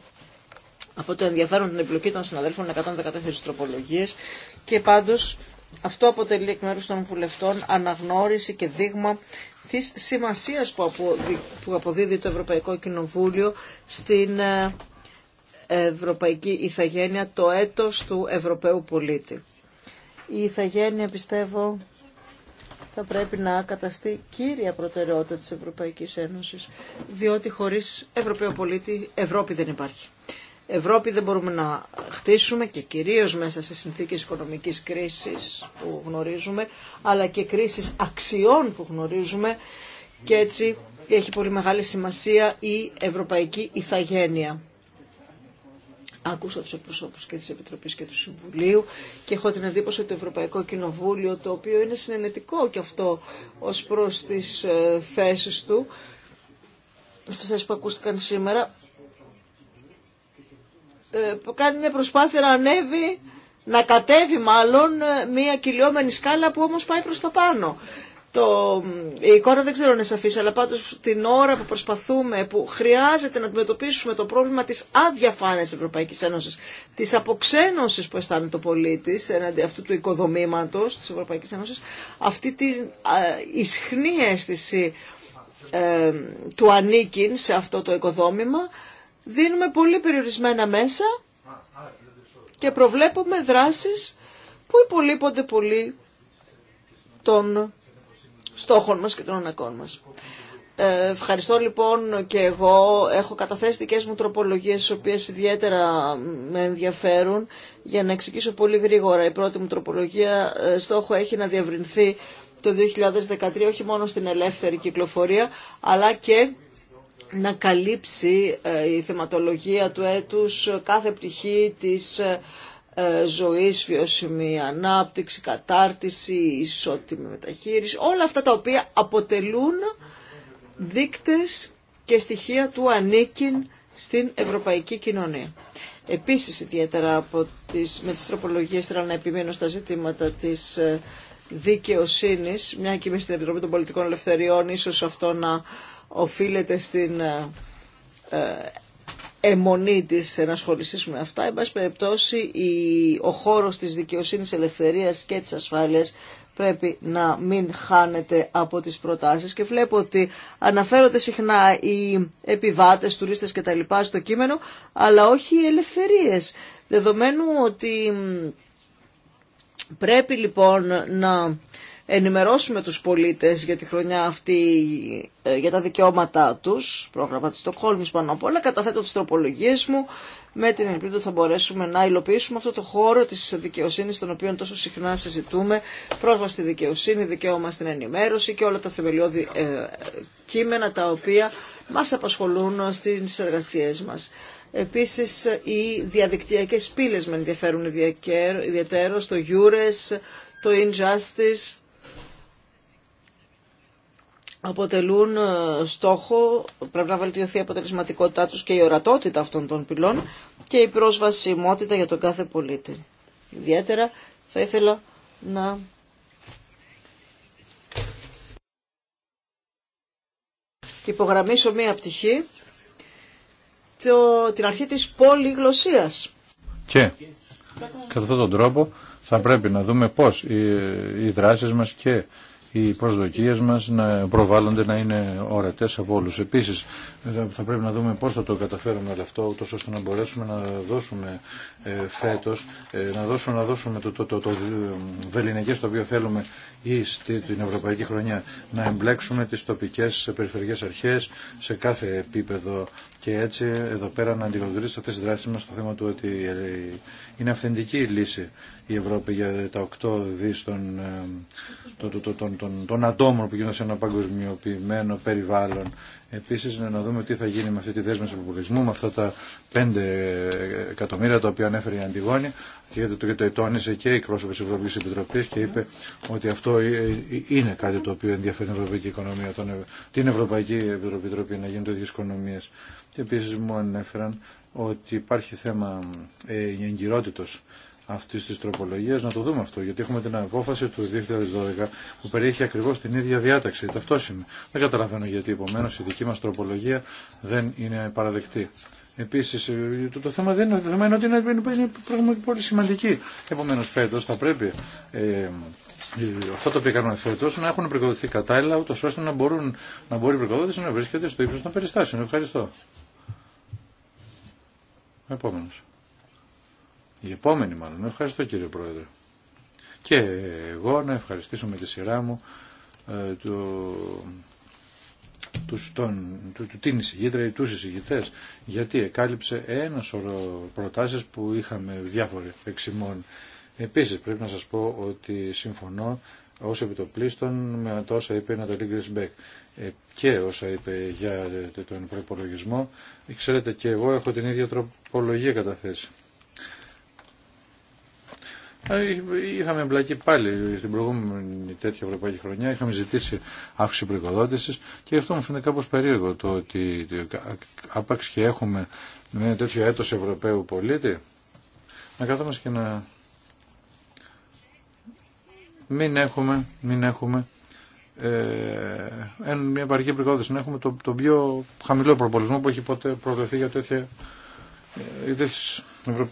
από το ενδιαφέρον την επιλογή των συναδέλφων 114 τροπολογίες και πάντως αυτό αποτελεί εκ μέρους των βουλευτών αναγνώριση και δείγμα της σημασίας που αποδίδει το Ευρωπαϊκό Κοινοβούλιο στην ε, ευρωπαϊκή ηθαγένεια το έτος του Ευρωπαίου πολίτη. Η ηθαγένεια πιστεύω θα πρέπει να καταστεί κύρια προτεραιότητα της Ευρωπαϊκής Ένωσης, διότι χωρίς Ευρωπαίο πολίτη Ευρώπη δεν υπάρχει. Ευρώπη δεν μπορούμε να χτίσουμε και κυρίως μέσα σε συνθήκες οικονομικής κρίσης που γνωρίζουμε, αλλά και κρίσης αξιών που γνωρίζουμε και έτσι έχει πολύ μεγάλη σημασία η ευρωπαϊκή ηθαγένεια. Άκουσα του εκπροσώπου και τη Επιτροπή και του Συμβουλίου και έχω την εντύπωση ότι το Ευρωπαϊκό Κοινοβούλιο, το οποίο είναι συνενετικό και αυτό ω προ τι ε, θέσει του, στι θέσει που ακούστηκαν σήμερα, που ε, κάνει μια προσπάθεια να ανέβει, να κατέβει μάλλον ε, μια κυλιόμενη σκάλα που όμως πάει προς τα πάνω το, η εικόνα δεν ξέρω αν είναι σαφής, αλλά πάντως την ώρα που προσπαθούμε, που χρειάζεται να αντιμετωπίσουμε το πρόβλημα της αδιαφάνειας της Ευρωπαϊκής Ένωσης, της αποξένωσης που αισθάνεται ο πολίτης εναντί αυτού του οικοδομήματος της Ευρωπαϊκής Ένωσης, αυτή την ισχνή αίσθηση ε, του ανήκειν σε αυτό το οικοδόμημα, δίνουμε πολύ περιορισμένα μέσα και προβλέπουμε δράσεις που υπολείπονται πολύ των στόχων μας και των ανακών μας. Ε, ευχαριστώ λοιπόν και εγώ. Έχω καταθέσει δικέ μου τροπολογίες οι οποίες ιδιαίτερα με ενδιαφέρουν. Για να εξηγήσω πολύ γρήγορα, η πρώτη μου τροπολογία ε, στόχο έχει να διευρυνθεί το 2013 όχι μόνο στην ελεύθερη κυκλοφορία, αλλά και να καλύψει ε, η θεματολογία του έτους κάθε πτυχή της ε, ε, ζωής, βιώσιμη ανάπτυξη, κατάρτιση, ισότιμη μεταχείριση, όλα αυτά τα οποία αποτελούν δείκτες και στοιχεία του ανήκειν στην ευρωπαϊκή κοινωνία. Επίσης ιδιαίτερα από τις, με τις τροπολογίες θέλω να επιμείνω στα ζητήματα της ε, δικαιοσύνης, μια και εμείς στην Επιτροπή των Πολιτικών Ελευθεριών ίσως αυτό να οφείλεται στην ε, τη της να με αυτά. Εν πάση περιπτώσει, ο χώρος της δικαιοσύνη ελευθερίας και τη ασφάλεια πρέπει να μην χάνεται από τις προτάσεις και βλέπω ότι αναφέρονται συχνά οι επιβάτες, τουρίστες και τα λοιπά στο κείμενο, αλλά όχι οι ελευθερίες. Δεδομένου ότι πρέπει λοιπόν να ενημερώσουμε τους πολίτες για τη χρονιά αυτή, ε, για τα δικαιώματά τους, πρόγραμμα της Στοκχόλμης πάνω απ' όλα, καταθέτω τις τροπολογίες μου με την ελπίδα ότι θα μπορέσουμε να υλοποιήσουμε αυτό το χώρο της δικαιοσύνης τον οποίο τόσο συχνά συζητούμε, πρόσβαση στη δικαιοσύνη, δικαίωμα στην ενημέρωση και όλα τα θεμελιώδη ε, κείμενα τα οποία μας απασχολούν στις εργασίες μας. Επίσης, οι διαδικτυακές πύλες με ενδιαφέρουν ιδιαίτερο, το EURES, το Injustice, αποτελούν ε, στόχο, πρέπει να βελτιωθεί η αποτελεσματικότητά τους και η ορατότητα αυτών των πυλών και η πρόσβασιμότητα για τον κάθε πολίτη. Ιδιαίτερα θα ήθελα να υπογραμμίσω μία πτυχή, το, την αρχή της πολυγλωσίας. Και κατά αυτόν τον τρόπο θα πρέπει να δούμε πώς οι, οι δράσεις μας και οι προσδοκίε μας να προβάλλονται να είναι ορατές από όλους. Επίσης θα πρέπει να δούμε πώς θα το καταφέρουμε όλο αυτό ούτως ώστε να μπορέσουμε να δώσουμε ε, φέτος, ε, να δώσουμε, να δώσουμε το, το, το, το το ε, οποίο θέλουμε ή στην Ευρωπαϊκή Χρονιά να εμπλέξουμε τις τοπικές περιφερειακές αρχές σε κάθε επίπεδο και έτσι εδώ πέρα να αντικατοπτρίσει αυτές τις δράσεις μας το θέμα του ότι είναι αυθεντική η λύση η Ευρώπη για τα 8 δις των, των, των, των, των ατόμων που γίνονται σε ένα παγκοσμιοποιημένο περιβάλλον. Επίσης να δούμε τι θα γίνει με αυτή τη δέσμευση του με αυτά τα 5 εκατομμύρια τα οποία ανέφερε η Αντιγόνη, και το, το ετώνησε και η πρόσωπο τη Ευρωπαϊκή Επιτροπή και είπε ότι αυτό ε, ε, είναι κάτι το οποίο ενδιαφέρει την Ευρωπαϊκή Οικονομία, τον, την Ευρωπαϊκή Επιτροπή να γίνουν τέτοιε οικονομίε. Και επίση μου ανέφεραν ότι υπάρχει θέμα ε, εγκυρότητο αυτή τη τροπολογία. Να το δούμε αυτό, γιατί έχουμε την απόφαση του 2012 που περιέχει ακριβώ την ίδια διάταξη, ταυτόσημη. Δεν καταλαβαίνω γιατί επομένω η δική μα τροπολογία δεν είναι παραδεκτή. Επίσης, ε, το, το θέμα δεν είναι το θέμα, είναι ότι είναι, είναι πολύ σημαντική. Επομένω, φέτος θα πρέπει ε, ε το τα οποία κάνουμε φέτο να έχουν προκοδοθεί κατάλληλα, ούτω ώστε να, μπορούν, να μπορεί η προκοδότηση να βρίσκεται στο ύψο των περιστάσεων. Ευχαριστώ. Επόμενο. Η επόμενη μάλλον. Ευχαριστώ κύριε Πρόεδρε. Και εγώ να ευχαριστήσω με τη σειρά μου ε, τους, τον, του, την εισηγήτρια ή τους εισηγητές, γιατί εκάλυψε ένα σωρό προτάσεις που είχαμε διάφορες εξημών. Επίσης πρέπει να σας πω ότι συμφωνώ ως επιτοπλίστων με όσα είπε η Ναταλή Γκρισμπέκ ε, και όσα είπε για τον προπολογισμό. Ξέρετε και εγώ έχω την ίδια τροπολογία καταθέσει. Είχαμε εμπλακεί πάλι στην προηγούμενη τέτοια ευρωπαϊκή χρονιά, είχαμε ζητήσει αύξηση προοικοδότηση και αυτό μου φαίνεται κάπω περίεργο το ότι άπαξ και έχουμε με τέτοιο έτος Ευρωπαίου πολίτη να κάθομαστε και να μην έχουμε, μην έχουμε ε, μια παρική προοικοδότηση, να έχουμε τον το πιο χαμηλό προπολισμό που έχει ποτέ προβλεφθεί για τέτοια ε, για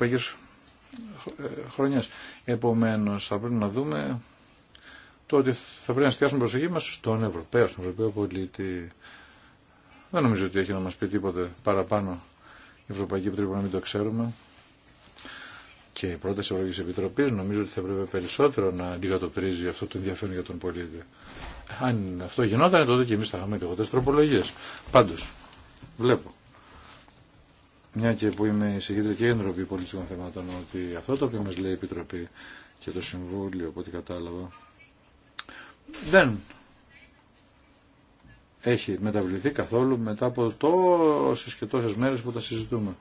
χρονιάς. Επομένως θα πρέπει να δούμε το ότι θα πρέπει να εστιάσουμε προσοχή μας στον Ευρωπαίο, στον Ευρωπαίο πολίτη. Δεν νομίζω ότι έχει να μας πει τίποτε παραπάνω η Ευρωπαϊκή Επιτροπή που να μην το ξέρουμε. Και η πρώτη Ευρωπαϊκή Επιτροπής νομίζω ότι θα πρέπει περισσότερο να αντικατοπτρίζει αυτό το ενδιαφέρον για τον πολίτη. Αν αυτό γινόταν τότε και εμείς θα είχαμε και εγώ τροπολογίε. Πάντω, βλέπω μια και που είμαι συγκεντρική και εντροπή πολιτικών θεμάτων, ότι αυτό το οποίο μας λέει η Επιτροπή και το Συμβούλιο, από ό,τι κατάλαβα, δεν έχει μεταβληθεί καθόλου μετά από τόσες και τόσες μέρες που τα συζητούμε.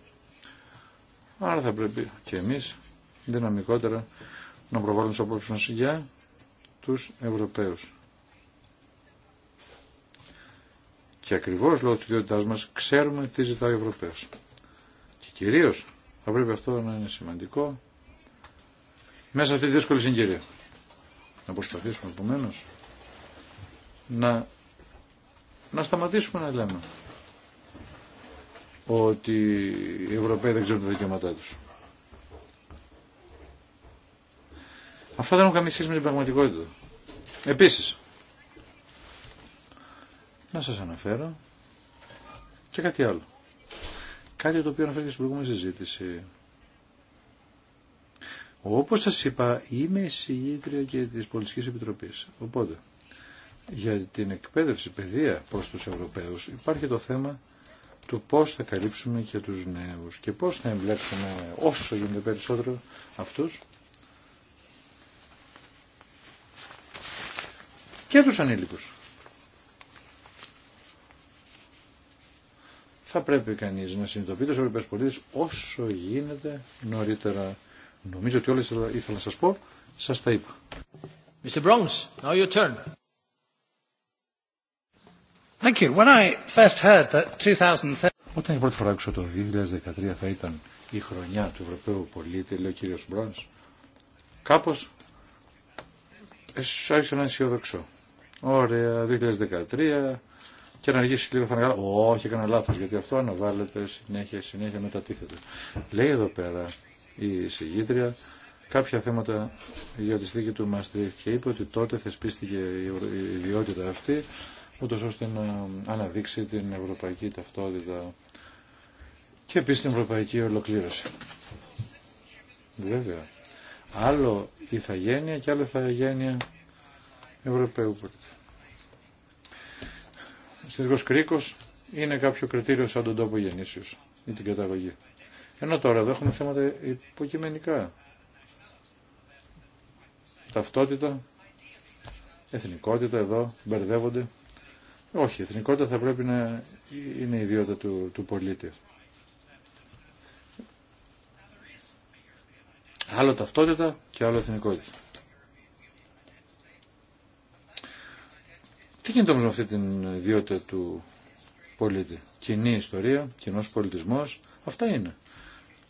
Άρα θα πρέπει και εμείς δυναμικότερα να προβάλλουμε τις απόψεις μας για τους Ευρωπαίους. Και ακριβώς λόγω της ιδιότητάς μας ξέρουμε τι ζητάει ο Ευρωπαίος. Κυρίως θα πρέπει αυτό να είναι σημαντικό μέσα σε αυτή τη δύσκολη συγκυρία. Να προσπαθήσουμε επομένω να, να σταματήσουμε να λέμε ότι οι Ευρωπαίοι δεν ξέρουν τα δικαιώματά τους. Αυτά δεν έχουν καμία σχέση με την πραγματικότητα. Επίσης, να σας αναφέρω και κάτι άλλο. Κάτι το οποίο αναφέρθηκε στην προηγούμενη συζήτηση. Όπως σας είπα, είμαι συγγήτρια και της Πολιτικής Επιτροπής. Οπότε, για την εκπαίδευση παιδεία προς τους Ευρωπαίους υπάρχει το θέμα του πώς θα καλύψουμε και τους νέους και πώς θα εμπλέξουμε όσο γίνεται περισσότερο αυτούς και τους ανήλικους. θα πρέπει κανείς να συνειδητοποιεί τους Ευρωπαίους πολίτες όσο γίνεται νωρίτερα. Νομίζω ότι όλες ήθελα να σας πω, σας τα είπα. Mr. Bronx, now your turn. Thank you. When I first heard that 2013... Όταν η πρώτη φορά άκουσα το 2013 θα ήταν η χρονιά του Ευρωπαίου πολίτη, λέει ο κύριος Μπρόνς, κάπως άρχισα να αισιοδοξώ. Ωραία, 2013, και να αργήσει λίγο θα μεγάλα. Όχι, έκανα λάθο, γιατί αυτό αναβάλλεται συνέχεια, συνέχεια μετατίθεται. Λέει εδώ πέρα η συγγήτρια κάποια θέματα για τη στήκη του Μαστρίχ και είπε ότι τότε θεσπίστηκε η ιδιότητα αυτή, ούτω ώστε να αναδείξει την ευρωπαϊκή ταυτότητα και επίσης την ευρωπαϊκή ολοκλήρωση. Βέβαια. Άλλο ηθαγένεια και άλλο ηθαγένεια Ευρωπαίου πολίτη. Στην κρίκο είναι κάποιο κριτήριο σαν τον τόπο γεννήσεως ή την καταγωγή. Ενώ τώρα εδώ έχουμε θέματα υποκειμενικά. Ταυτότητα, εθνικότητα εδώ, μπερδεύονται. Όχι, η εθνικότητα θα πρέπει να είναι η ιδιότητα του, του πολίτη. Άλλο ταυτότητα και άλλο εθνικότητα. Τι γίνεται όμως με αυτή την ιδιότητα του πολίτη. Κοινή ιστορία, κοινός πολιτισμός, αυτά είναι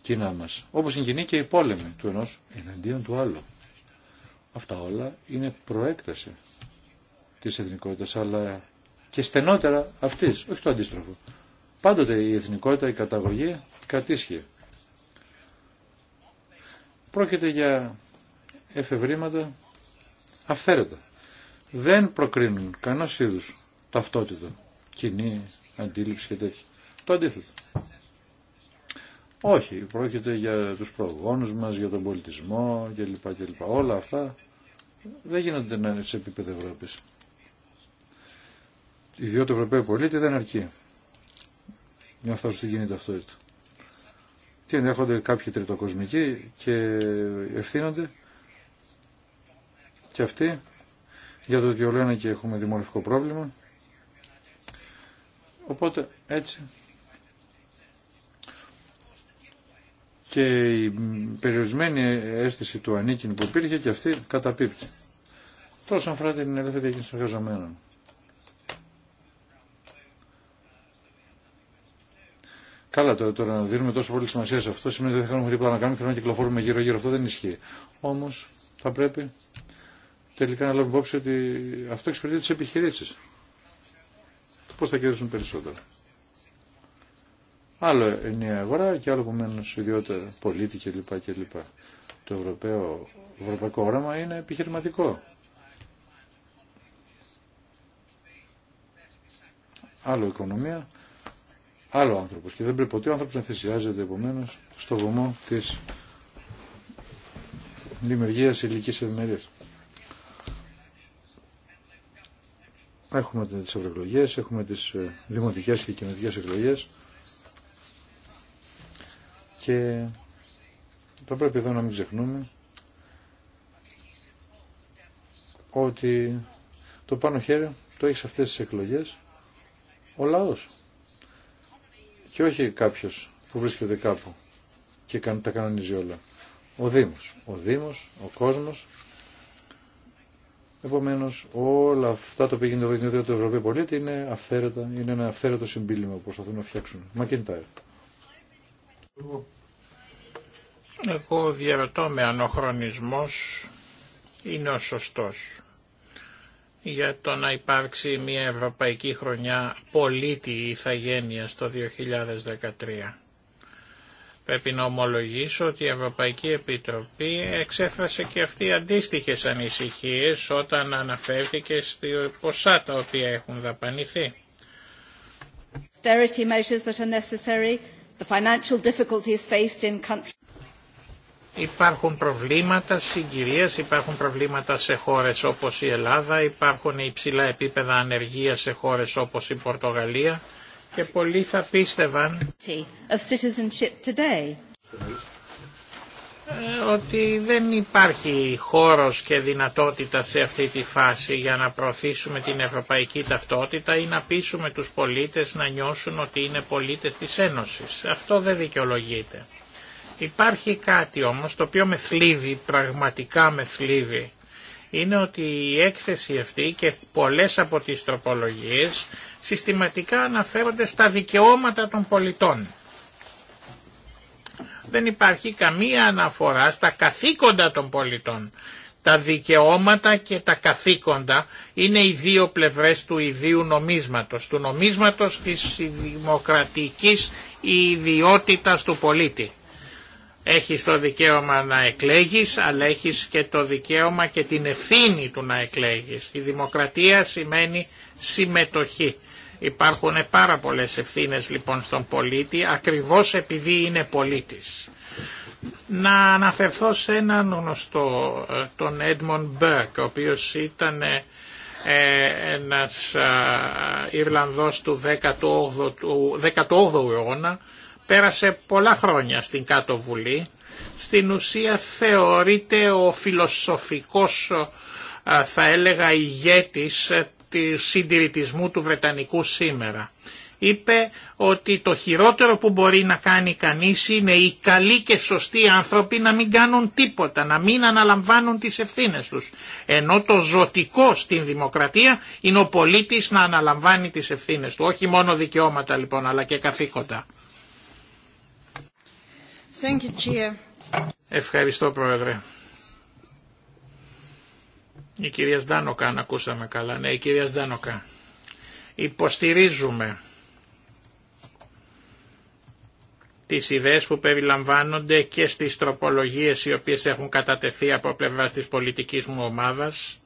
κοινά μας. Όπως είναι κοινή και η πόλεμη του ενός εναντίον του άλλου. Αυτά όλα είναι προέκταση της εθνικότητας, αλλά και στενότερα αυτής, όχι το αντίστροφο. Πάντοτε η εθνικότητα, η καταγωγή κατήσχε. Πρόκειται για εφευρήματα αυθαίρετα δεν προκρίνουν κανένα είδου ταυτότητα, κοινή αντίληψη και τέτοια. Το αντίθετο. Όχι, πρόκειται για τους προγόνους μας, για τον πολιτισμό κλπ. κλπ. Όλα αυτά δεν γίνονται να είναι σε επίπεδο Ευρώπης. Η ιδιότητα του Ευρωπαίου πολίτη δεν αρκεί για να φτάσουν στην κοινή ταυτότητα. Τι ενδέχονται κάποιοι τριτοκοσμικοί και ευθύνονται και αυτοί για το ότι ολένα και έχουμε δημορφικό πρόβλημα. Οπότε έτσι και η περιορισμένη αίσθηση του ανήκειν που υπήρχε και αυτή καταπίπτει. Τόσο σαν αφορά την ελεύθερη διακίνηση των εργαζομένων. Καλά τώρα, τώρα να δίνουμε τόσο πολύ σημασία σε αυτό, σημαίνει ότι δεν θα κάνουμε τίποτα να κάνουμε, θέλουμε να κυκλοφορούμε γύρω-γύρω, αυτό δεν ισχύει. Όμως θα πρέπει τελικά να λάβουμε υπόψη ότι αυτό εξυπηρετεί τις επιχειρήσεις. Πώς θα κερδίσουν περισσότερο. Άλλο ενιαία αγορά και άλλο που μένουν σε ιδιότητα πολίτη κλπ. κλπ. Το ευρωπαίο, ευρωπαϊκό όραμα είναι επιχειρηματικό. Άλλο οικονομία, άλλο άνθρωπος. Και δεν πρέπει ποτέ ο άνθρωπος να θυσιάζεται επομένω στο βωμό τη δημιουργία ηλική ευημερίας. Έχουμε τις ευρωεκλογέ, έχουμε τις ε, δημοτικές και κοινωτικέ εκλογέ. και θα πρέπει εδώ να μην ξεχνούμε ότι το πάνω χέρι το έχει σε αυτές τις εκλογές ο λαός και όχι κάποιος που βρίσκεται κάπου και τα κανονίζει όλα. Ο Δήμος, ο Δήμος, ο κόσμος Επομένως όλα αυτά το οποία το Βενιδιώδιο του Ευρωπαίου Πολίτη είναι αυθαίρετα, είναι ένα αυθαίρετο συμπίλημα που προσπαθούν να φτιάξουν. Μακίνταρ. Εγώ διαρωτώ με αν ο χρονισμός είναι ο σωστός για το να υπάρξει μια Ευρωπαϊκή Χρονιά πολίτη ηθαγένεια το 2013. Πρέπει να ομολογήσω ότι η Ευρωπαϊκή Επιτροπή εξέφρασε και αυτή αντίστοιχες ανησυχίες όταν αναφέρθηκε στη ποσά τα οποία έχουν δαπανηθεί. Υπάρχουν προβλήματα συγκυρίας, υπάρχουν προβλήματα σε χώρες όπως η Ελλάδα, υπάρχουν υψηλά επίπεδα ανεργία σε χώρες όπως η Πορτογαλία και πολλοί θα πίστευαν ε, ότι δεν υπάρχει χώρος και δυνατότητα σε αυτή τη φάση για να προωθήσουμε την ευρωπαϊκή ταυτότητα ή να πείσουμε τους πολίτες να νιώσουν ότι είναι πολίτες της Ένωσης. Αυτό δεν δικαιολογείται. Υπάρχει κάτι όμως το οποίο με θλίβει, πραγματικά με θλίβει είναι ότι η έκθεση αυτή και πολλές από τις τροπολογίες συστηματικά αναφέρονται στα δικαιώματα των πολιτών. Δεν υπάρχει καμία αναφορά στα καθήκοντα των πολιτών. Τα δικαιώματα και τα καθήκοντα είναι οι δύο πλευρές του ιδίου νομίσματος, του νομίσματος της δημοκρατικής ιδιότητας του πολίτη. Έχεις το δικαίωμα να εκλέγεις, αλλά έχεις και το δικαίωμα και την ευθύνη του να εκλέγεις. Η δημοκρατία σημαίνει συμμετοχή. Υπάρχουν πάρα πολλές ευθύνες λοιπόν στον πολίτη, ακριβώς επειδή είναι πολίτης. Να αναφερθώ σε έναν γνωστό, ε, τον Edmund Burke, ο οποίος ήταν ε, ένας ε, Ιρλανδός του 18ου αιώνα, πέρασε πολλά χρόνια στην Κάτω Βουλή. Στην ουσία θεωρείται ο φιλοσοφικός, θα έλεγα, ηγέτης ε, του συντηρητισμού του Βρετανικού σήμερα. Είπε ότι το χειρότερο που μπορεί να κάνει κανείς είναι οι καλοί και σωστοί άνθρωποι να μην κάνουν τίποτα, να μην αναλαμβάνουν τις ευθύνες τους. Ενώ το ζωτικό στην δημοκρατία είναι ο πολίτης να αναλαμβάνει τις ευθύνες του. Όχι μόνο δικαιώματα λοιπόν αλλά και καθήκοντα. Ευχαριστώ Πρόεδρε. Η κυρία Σντάνοκα, αν ακούσαμε καλά. Ναι, η κυρία Σντάνοκα. Υποστηρίζουμε τις ιδέες που περιλαμβάνονται και στις τροπολογίες οι οποίες έχουν κατατεθεί από πλευρά της πολιτικής μου ομάδας.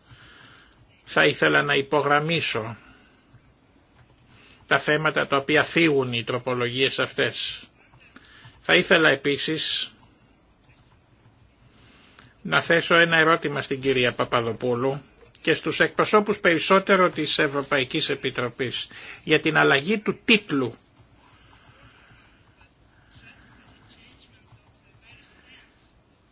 Θα ήθελα να υπογραμμίσω τα θέματα τα οποία φύγουν οι τροπολογίες αυτές θα ήθελα επίσης να θέσω ένα ερώτημα στην κυρία Παπαδοπούλου και στους εκπροσώπους περισσότερο της Ευρωπαϊκής Επιτροπής για την αλλαγή του τίτλου.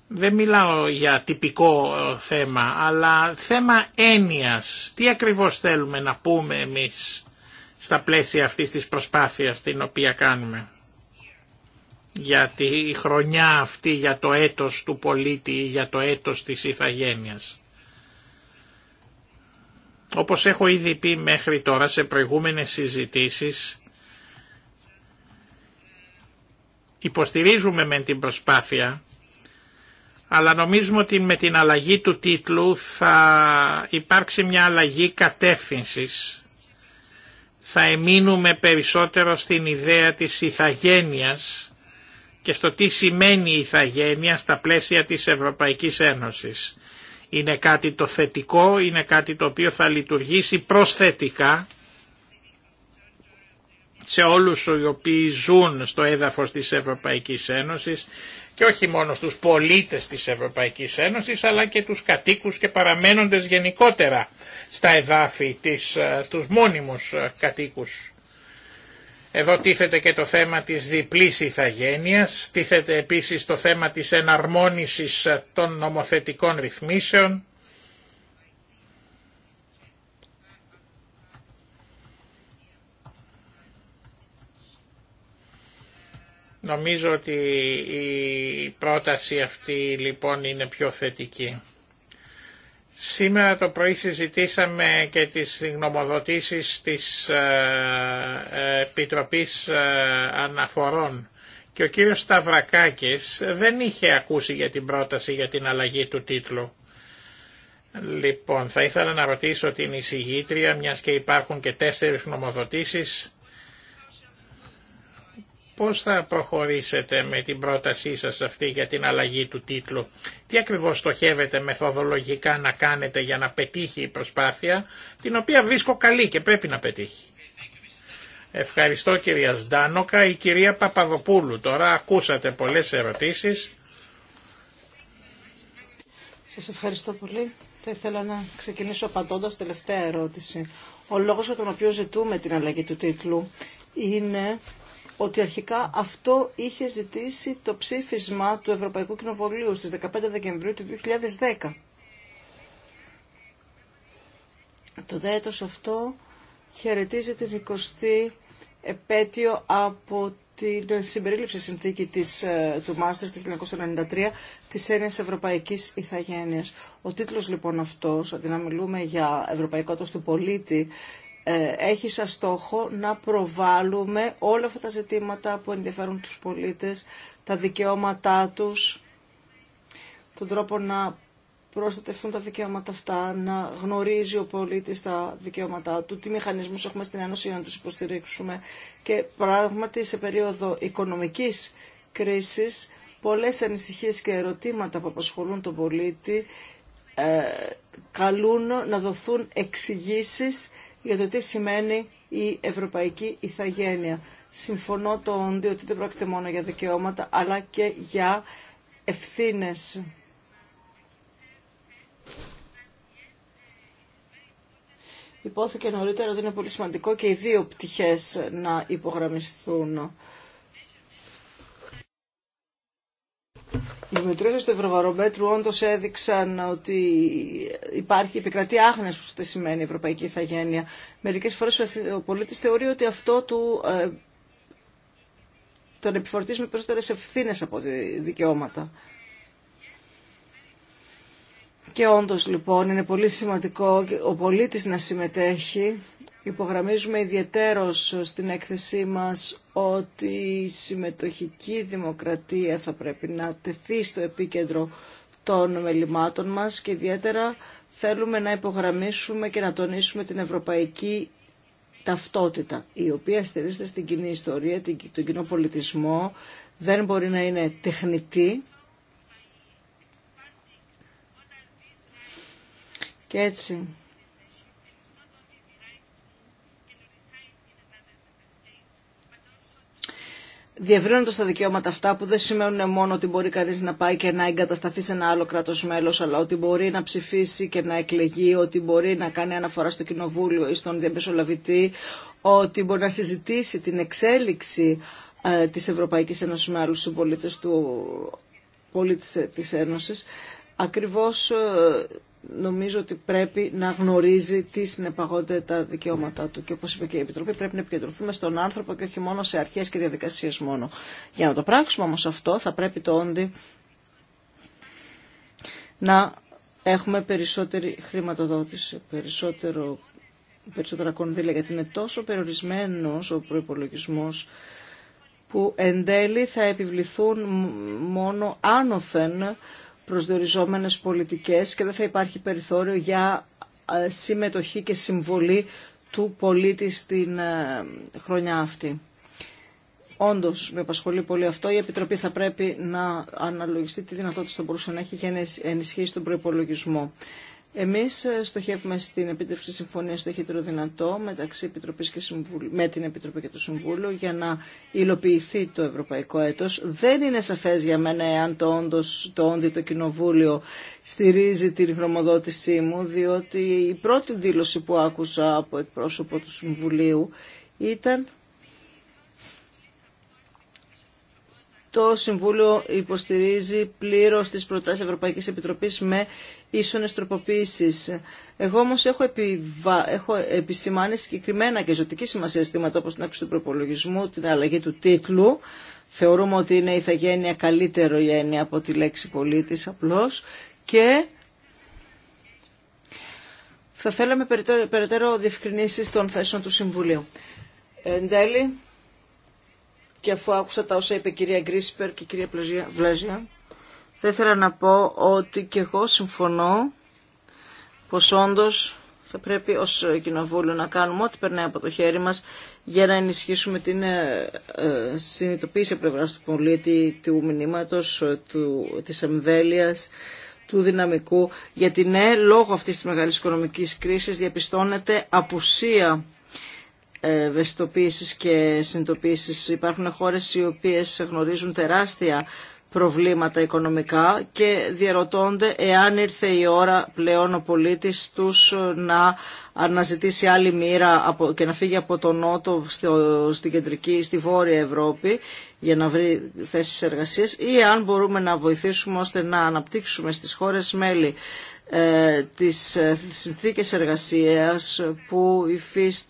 Δεν μιλάω για τυπικό θέμα, αλλά θέμα έννοιας. Τι ακριβώς θέλουμε να πούμε εμείς στα πλαίσια αυτής της προσπάθειας την οποία κάνουμε για τη χρονιά αυτή για το έτος του πολίτη ή για το έτος της ηθαγένειας. Όπως έχω ήδη πει μέχρι τώρα σε προηγούμενες συζητήσεις, υποστηρίζουμε με την προσπάθεια, αλλά νομίζουμε ότι με την αλλαγή του τίτλου θα υπάρξει μια αλλαγή κατεύθυνσης. Θα εμείνουμε περισσότερο στην ιδέα της ηθαγένειας και στο τι σημαίνει η ηθαγένεια στα πλαίσια της Ευρωπαϊκής Ένωσης. Είναι κάτι το θετικό, είναι κάτι το οποίο θα λειτουργήσει προσθετικά σε όλους οι οποίοι ζουν στο έδαφος της Ευρωπαϊκής Ένωσης και όχι μόνο στους πολίτες της Ευρωπαϊκής Ένωσης αλλά και τους κατοίκους και παραμένοντες γενικότερα στα εδάφη, της, ε, στους μόνιμους ε, κατοίκους εδώ τίθεται και το θέμα της διπλής ηθαγένειας, τίθεται επίσης το θέμα της εναρμόνισης των νομοθετικών ρυθμίσεων, Νομίζω ότι η πρόταση αυτή λοιπόν είναι πιο θετική. Σήμερα το πρωί συζητήσαμε και τις γνωμοδοτήσεις της ε, ε, Επιτροπής ε, Αναφορών και ο κύριος Σταυρακάκης δεν είχε ακούσει για την πρόταση για την αλλαγή του τίτλου. Λοιπόν, θα ήθελα να ρωτήσω την εισηγήτρια, μιας και υπάρχουν και τέσσερις γνωμοδοτήσεις, Πώς θα προχωρήσετε με την πρότασή σας αυτή για την αλλαγή του τίτλου. Τι ακριβώς στοχεύετε μεθοδολογικά να κάνετε για να πετύχει η προσπάθεια, την οποία βρίσκω καλή και πρέπει να πετύχει. Ευχαριστώ κυρία Σντάνοκα. Η κυρία Παπαδοπούλου τώρα ακούσατε πολλές ερωτήσεις. Σας ευχαριστώ πολύ. Θα ήθελα να ξεκινήσω απαντώντας τελευταία ερώτηση. Ο λόγος για τον οποίο ζητούμε την αλλαγή του τίτλου είναι ότι αρχικά αυτό είχε ζητήσει το ψήφισμα του Ευρωπαϊκού Κοινοβουλίου στις 15 Δεκεμβρίου του 2010. Το δέτος αυτό χαιρετίζει την 20η επέτειο από την συμπερίληψη συνθήκη της, ε, του Μάστερ του 1993 της έννοιας Ευρωπαϊκής Ιθαγένειας. Ο τίτλος λοιπόν αυτός, αντί να μιλούμε για Ευρωπαϊκότητα του πολίτη ε, έχει σαν στόχο να προβάλλουμε όλα αυτά τα ζητήματα που ενδιαφέρουν τους πολίτες, τα δικαιώματά τους, τον τρόπο να προστατευτούν τα δικαιώματα αυτά, να γνωρίζει ο πολίτης τα δικαιώματά του, τι μηχανισμούς έχουμε στην Ένωση να τους υποστηρίξουμε και πράγματι σε περίοδο οικονομικής κρίσης πολλές ανησυχίες και ερωτήματα που απασχολούν τον πολίτη ε, καλούν να δοθούν εξηγήσεις για το τι σημαίνει η ευρωπαϊκή ηθαγένεια. Συμφωνώ το όντι ότι δεν πρόκειται μόνο για δικαιώματα, αλλά και για ευθύνες. Υπόθηκε νωρίτερα ότι είναι πολύ σημαντικό και οι δύο πτυχές να υπογραμμιστούν Οι μετρήσει του Ευρωβαρομέτρου όντω έδειξαν ότι υπάρχει επικρατή άγνοια που τι σημαίνει η ευρωπαϊκή ηθαγένεια. Μερικές φορές ο πολίτη θεωρεί ότι αυτό του ε, τον επιφορτίζει με περισσότερες ευθύνες από δικαιώματα. Και όντω, λοιπόν είναι πολύ σημαντικό ο πολίτη να συμμετέχει Υπογραμμίζουμε ιδιαιτέρως στην έκθεσή μας ότι η συμμετοχική δημοκρατία θα πρέπει να τεθεί στο επίκεντρο των μελημάτων μας και ιδιαίτερα θέλουμε να υπογραμμίσουμε και να τονίσουμε την ευρωπαϊκή ταυτότητα, η οποία στηρίζεται στην κοινή ιστορία, τον κοινό πολιτισμό, δεν μπορεί να είναι τεχνητή. Και έτσι, διευρύνοντα τα δικαιώματα αυτά που δεν σημαίνουν μόνο ότι μπορεί κανείς να πάει και να εγκατασταθεί σε ένα άλλο κράτος μέλο, αλλά ότι μπορεί να ψηφίσει και να εκλεγεί, ότι μπορεί να κάνει αναφορά στο κοινοβούλιο ή στον διαμεσολαβητή, ότι μπορεί να συζητήσει την εξέλιξη ε, της Ευρωπαϊκής Ένωση με άλλου συμπολίτε του πολίτη της Ακριβώς ε, νομίζω ότι πρέπει να γνωρίζει τι συνεπαγόνται τα δικαιώματά του. Και όπω είπε και η Επιτροπή, πρέπει να επικεντρωθούμε στον άνθρωπο και όχι μόνο σε αρχέ και διαδικασίε μόνο. Για να το πράξουμε όμω αυτό, θα πρέπει το όντι να έχουμε περισσότερη χρηματοδότηση, περισσότερο, περισσότερα κονδύλια, γιατί είναι τόσο περιορισμένος ο προϋπολογισμός που εν τέλει θα επιβληθούν μόνο άνωθεν προσδιοριζόμενες πολιτικές και δεν θα υπάρχει περιθώριο για ε, συμμετοχή και συμβολή του πολίτη στην ε, χρονιά αυτή. Όντω, με απασχολεί πολύ αυτό. Η Επιτροπή θα πρέπει να αναλογιστεί τι δυνατότητε θα μπορούσε να έχει για να ενισχύσει τον προπολογισμό. Εμείς ε, στοχεύουμε στην επίτευξη Συμφωνία στο χύτερο δυνατό μεταξύ Επιτροπής και με την Επιτροπή και το Συμβούλιο για να υλοποιηθεί το ευρωπαϊκό έτος. Δεν είναι σαφές για μένα εάν το, όντως, το όντι το Κοινοβούλιο στηρίζει την γνωμοδότησή μου, διότι η πρώτη δήλωση που άκουσα από εκπρόσωπο του Συμβουλίου ήταν το Συμβούλιο υποστηρίζει πλήρως τις προτάσεις Ευρωπαϊκής Επιτροπής με ίσονε τροποποιήσει. Εγώ όμω έχω, επιβα... έχω επισημάνει συγκεκριμένα και ζωτική σημασία στήματα όπω την άξιση του προπολογισμού, την αλλαγή του τίτλου. Θεωρούμε ότι είναι η θαγένεια καλύτερο η έννοια από τη λέξη πολίτης απλώς και θα θέλαμε περαιτέρω διευκρινήσει των θέσεων του Συμβουλίου. Εν τέλει, και αφού άκουσα τα όσα είπε η κυρία Γκρίσπερ και η κυρία Βλέζια, θα ήθελα να πω ότι και εγώ συμφωνώ πως όντως θα πρέπει ως κοινοβούλιο να κάνουμε ό,τι περνάει από το χέρι μας για να ενισχύσουμε την ε, ε, συνειδητοποίηση πλευρά του πολίτη, του μηνύματος, ε, του, της εμβέλειας, του δυναμικού. Γιατί ναι, λόγω αυτής της μεγάλης οικονομικής κρίσης διαπιστώνεται απουσία ευαισθητοποίησης και συνειδητοποίησης. Υπάρχουν χώρες οι οποίες γνωρίζουν τεράστια προβλήματα οικονομικά και διαρωτώνται εάν ήρθε η ώρα πλέον ο πολίτης τους να αναζητήσει άλλη μοίρα και να φύγει από τον Νότο στην κεντρική, στη Βόρεια Ευρώπη για να βρει θέσεις εργασίας ή αν μπορούμε να βοηθήσουμε ώστε να αναπτύξουμε στις χώρες μέλη ε, τις ε, συνθήκες εργασίας που,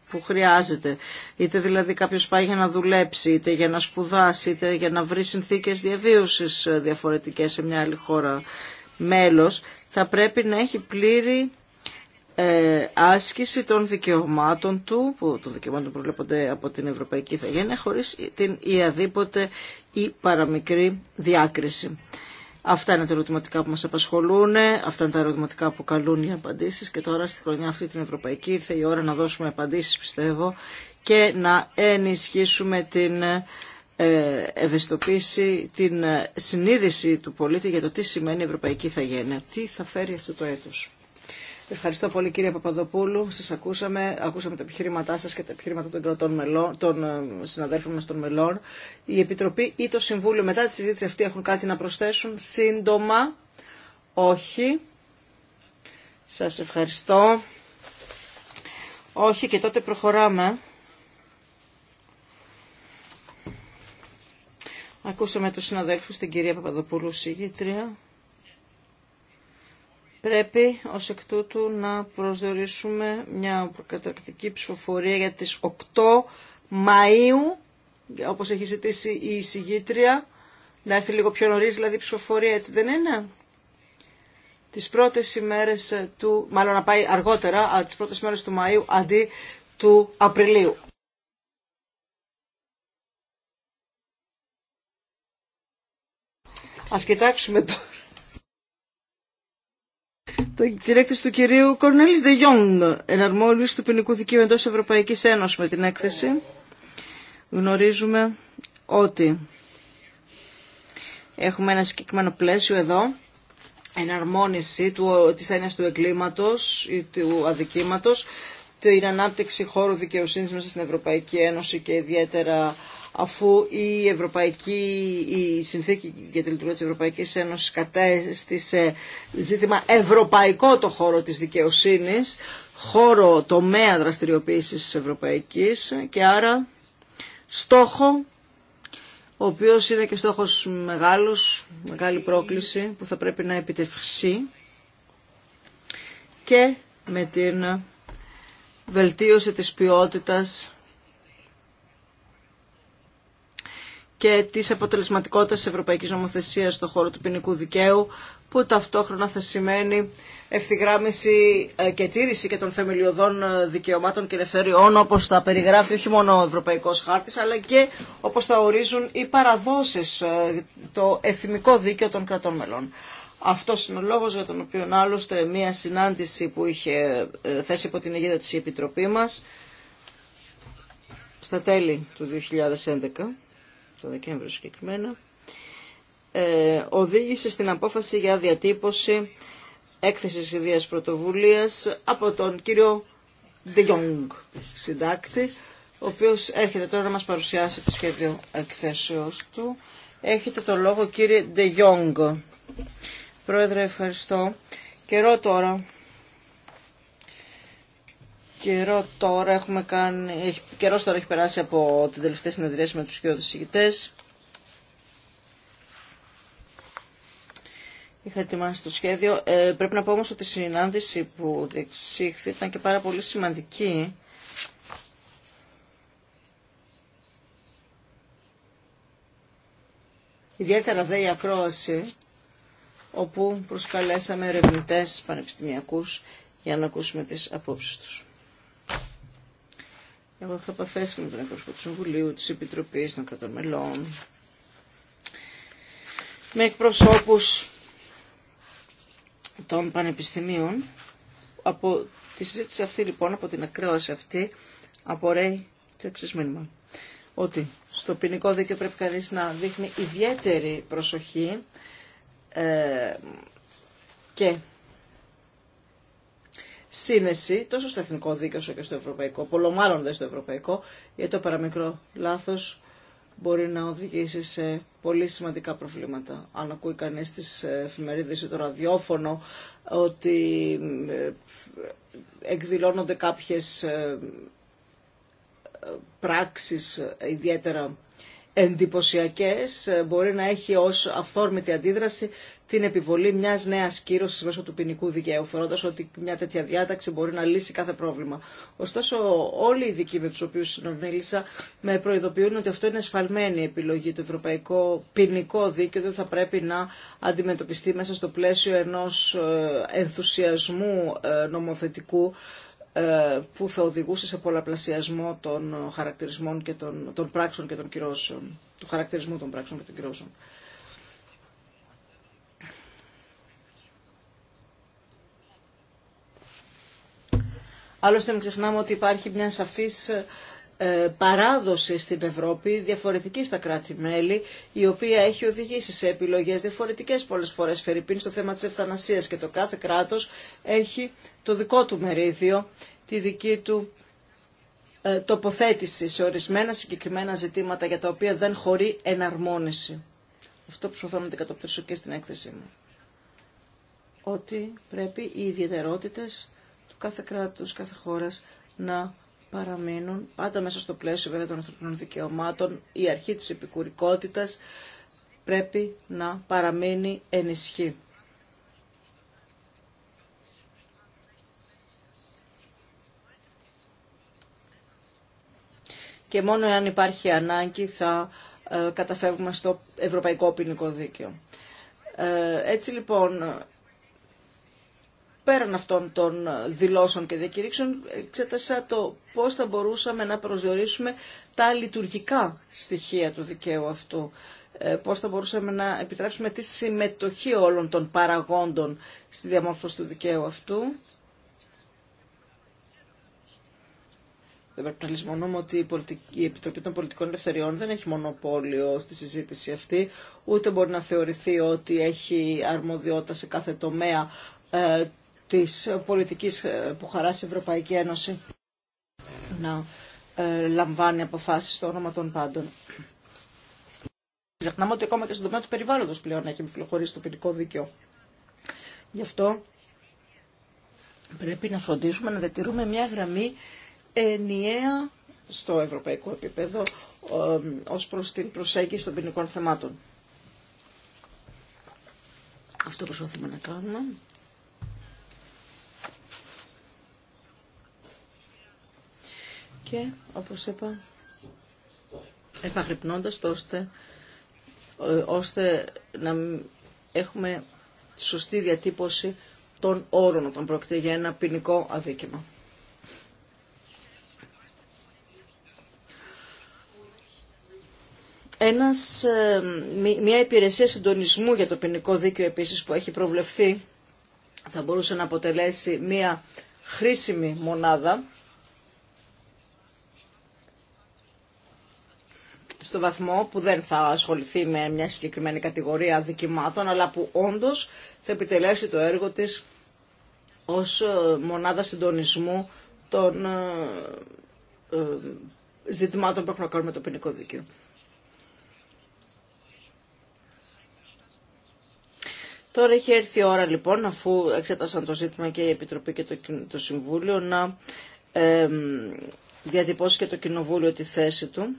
που χρειάζεται. Είτε δηλαδή κάποιος πάει για να δουλέψει, είτε για να σπουδάσει, είτε για να βρει συνθήκες διαβίωσης ε, διαφορετικές σε μια άλλη χώρα μέλος, θα πρέπει να έχει πλήρη άσκηση των δικαιωμάτων του, που των δικαιωμάτων που προβλέπονται από την Ευρωπαϊκή Ιθαγένεια, χωρίς την ιαδήποτε ή παραμικρή διάκριση. Αυτά είναι τα ερωτηματικά που μας απασχολούν, αυτά είναι τα ερωτηματικά που καλούν οι απαντήσεις και τώρα στη χρονιά αυτή την Ευρωπαϊκή ήρθε η ώρα να δώσουμε απαντήσεις πιστεύω και να ενισχύσουμε την ε, ευαισθητοποίηση, την ε, συνείδηση του πολίτη για το τι σημαίνει η Ευρωπαϊκή Θαγένεια, τι θα φέρει αυτό το έτος. Ευχαριστώ πολύ κύριε Παπαδοπούλου. Σας ακούσαμε, ακούσαμε τα επιχειρήματά σας και τα επιχειρήματα των, κρατών μελών, των ε, συναδέλφων μας των μελών. Η Επιτροπή ή το Συμβούλιο μετά τη συζήτηση αυτή έχουν κάτι να προσθέσουν. Σύντομα, όχι. Σας ευχαριστώ. Όχι και τότε προχωράμε. Ακούσαμε τους συναδέλφους, την κυρία Παπαδοπούλου Σίγητρια Πρέπει ως εκ τούτου να προσδιορίσουμε μια προκαταρκτική ψηφοφορία για τις 8 Μαΐου, όπως έχει ζητήσει η εισηγήτρια, να έρθει λίγο πιο νωρίς δηλαδή ψηφοφορία, έτσι δεν είναι τις πρώτες ημέρες του, μάλλον να πάει αργότερα, τις πρώτες ημέρες του Μαΐου αντί του Απριλίου. Ας κοιτάξουμε τώρα το έκθεση του κυρίου Κορνέλης Δε Γιόγκ, του ποινικού δικαίου εντός Ευρωπαϊκής Ένωσης με την έκθεση. Γνωρίζουμε ότι έχουμε ένα συγκεκριμένο πλαίσιο εδώ, εναρμόνιση του, της έννοιας του εγκλήματος ή του αδικήματος, την ανάπτυξη χώρου δικαιοσύνης μέσα στην Ευρωπαϊκή Ένωση και ιδιαίτερα αφού η, Ευρωπαϊκή, η συνθήκη για τη λειτουργία της Ευρωπαϊκής Ένωσης κατέστησε ζήτημα ευρωπαϊκό το χώρο της δικαιοσύνης, χώρο τομέα δραστηριοποίησης της Ευρωπαϊκής και άρα στόχο ο οποίος είναι και στόχος μεγάλος, μεγάλη πρόκληση που θα πρέπει να επιτευχθεί και με την βελτίωση της ποιότητας και τη αποτελεσματικότητα τη Ευρωπαϊκή Νομοθεσία στον χώρο του ποινικού δικαίου, που ταυτόχρονα θα σημαίνει ευθυγράμμιση ε, και τήρηση και των θεμελιωδών ε, δικαιωμάτων και ελευθεριών, όπω τα περιγράφει όχι μόνο ο Ευρωπαϊκό Χάρτη, αλλά και όπω τα ορίζουν οι παραδόσεις, ε, το εθνικό δίκαιο των κρατών μελών. Αυτό είναι ο λόγο για τον οποίο άλλωστε μία συνάντηση που είχε θέσει υπό την αιγύδα τη η Επιτροπή μα στα τέλη του 2011 το Δεκέμβριο συγκεκριμένα, ε, οδήγησε στην απόφαση για διατύπωση έκθεσης ιδία πρωτοβουλίας από τον κύριο De Jong, συντάκτη, ο οποίο έρχεται τώρα να μας παρουσιάσει το σχέδιο εκθέσεω του. Έχετε το λόγο κύριε De Jong. Πρόεδρε, ευχαριστώ. Καιρό τώρα Καιρό τώρα έχουμε κάνει, έχει, καιρός τώρα έχει περάσει από την τελευταία συνεδρία με τους κοιόδους ηγητές. Είχα ετοιμάσει το σχέδιο. Ε, πρέπει να πω όμως ότι η συνάντηση που διεξήχθη ήταν και πάρα πολύ σημαντική. Ιδιαίτερα δε η ακρόαση, όπου προσκαλέσαμε ερευνητές πανεπιστημιακούς για να ακούσουμε τις απόψεις τους. Εγώ είχα επαφές και με τον εκπρόσωπο του Συμβουλίου, της Επιτροπής, των κρατών μελών, με εκπροσώπους των πανεπιστημίων. Από τη συζήτηση αυτή λοιπόν, από την ακρόαση αυτή, απορρέει το εξή μήνυμα. Ότι στο ποινικό δίκαιο πρέπει κανείς να δείχνει ιδιαίτερη προσοχή ε, και σύνεση τόσο στο εθνικό δίκαιο όσο και στο ευρωπαϊκό, πολλομάλλον δεν στο ευρωπαϊκό, γιατί το παραμικρό λάθος μπορεί να οδηγήσει σε πολύ σημαντικά προβλήματα. Αν ακούει κανεί τι εφημερίδε ή το ραδιόφωνο ότι ε, εκδηλώνονται κάποιε ε, ε, πράξεις ιδιαίτερα εντυπωσιακές μπορεί να έχει ως αυθόρμητη αντίδραση την επιβολή μια νέα κύρωση μέσω του ποινικού δικαίου, θεωρώντα ότι μια τέτοια διάταξη μπορεί να λύσει κάθε πρόβλημα. Ωστόσο, όλοι οι ειδικοί με του οποίου συνομίλησα με προειδοποιούν ότι αυτό είναι ασφαλμένη επιλογή. Το ευρωπαϊκό ποινικό δίκαιο δεν θα πρέπει να αντιμετωπιστεί μέσα στο πλαίσιο ενό ε, ενθουσιασμού ε, νομοθετικού ε, που θα οδηγούσε σε πολλαπλασιασμό των χαρακτηρισμών και των, των πράξεων και των κυρώσεων, του χαρακτηρισμού των πράξεων και των κυρώσεων. Άλλωστε μην ξεχνάμε ότι υπάρχει μια σαφής ε, παράδοση στην Ευρώπη, διαφορετική στα κράτη-μέλη, η οποία έχει οδηγήσει σε επιλογές διαφορετικές πολλές φορές, Φερρυπίν, στο θέμα της ευθανασίας και το κάθε κράτος έχει το δικό του μερίδιο, τη δική του ε, τοποθέτηση σε ορισμένα συγκεκριμένα ζητήματα για τα οποία δεν χωρεί εναρμόνιση. Αυτό προσπαθώ να αντικατοπτρίσω και στην έκθεσή μου. Ότι πρέπει οι ιδιαιτερότητες κάθε κράτους, κάθε χώρας να παραμείνουν πάντα μέσα στο πλαίσιο βέβαια των ανθρωπινών δικαιωμάτων. Η αρχή της επικουρικότητας πρέπει να παραμείνει ενισχύ. Και μόνο εάν υπάρχει ανάγκη θα ε, καταφεύγουμε στο Ευρωπαϊκό Ποινικό Δίκαιο. Ε, έτσι λοιπόν πέραν αυτών των δηλώσεων και διακηρύξεων, εξέτασα το πώς θα μπορούσαμε να προσδιορίσουμε τα λειτουργικά στοιχεία του δικαίου αυτού. Ε, πώς θα μπορούσαμε να επιτρέψουμε τη συμμετοχή όλων των παραγόντων στη διαμόρφωση του δικαίου αυτού. Δεν πρέπει να λησμονούμε ότι η, η Επιτροπή των Πολιτικών Ελευθεριών δεν έχει μονοπόλιο στη συζήτηση αυτή, ούτε μπορεί να θεωρηθεί ότι έχει αρμοδιότητα σε κάθε τομέα ε, της πολιτικής ε, που χαράσει η Ευρωπαϊκή Ένωση να ε, λαμβάνει αποφάσεις στο όνομα των πάντων. Ξεχνάμε ότι ακόμα και στον τομέα του περιβάλλοντος πλέον έχει επιφυλοχωρήσει το ποινικό δίκαιο. Γι' αυτό πρέπει να φροντίσουμε να διατηρούμε μια γραμμή ενιαία στο ευρωπαϊκό επίπεδο ε, ως προς την προσέγγιση των ποινικών θεμάτων. Αυτό προσπαθούμε να κάνουμε και όπως είπα επαγρυπνώντας ώστε, ε, ώστε να έχουμε σωστή διατύπωση των όρων όταν πρόκειται για ένα ποινικό αδίκημα. Ένας, ε, μια υπηρεσία συντονισμού για το ποινικό δίκαιο επίσης που έχει προβλεφθεί θα μπορούσε να αποτελέσει μια χρήσιμη μονάδα στο βαθμό που δεν θα ασχοληθεί με μια συγκεκριμένη κατηγορία δικημάτων, αλλά που όντως θα επιτελέσει το έργο της ως ε, μονάδα συντονισμού των ε, ε, ζητημάτων που έχουν να κάνουν με το ποινικό δίκαιο. Τώρα έχει έρθει η ώρα λοιπόν, αφού εξέτασαν το ζήτημα και η Επιτροπή και το Συμβούλιο, να διατυπώσει και το Κοινοβούλιο τη θέση του.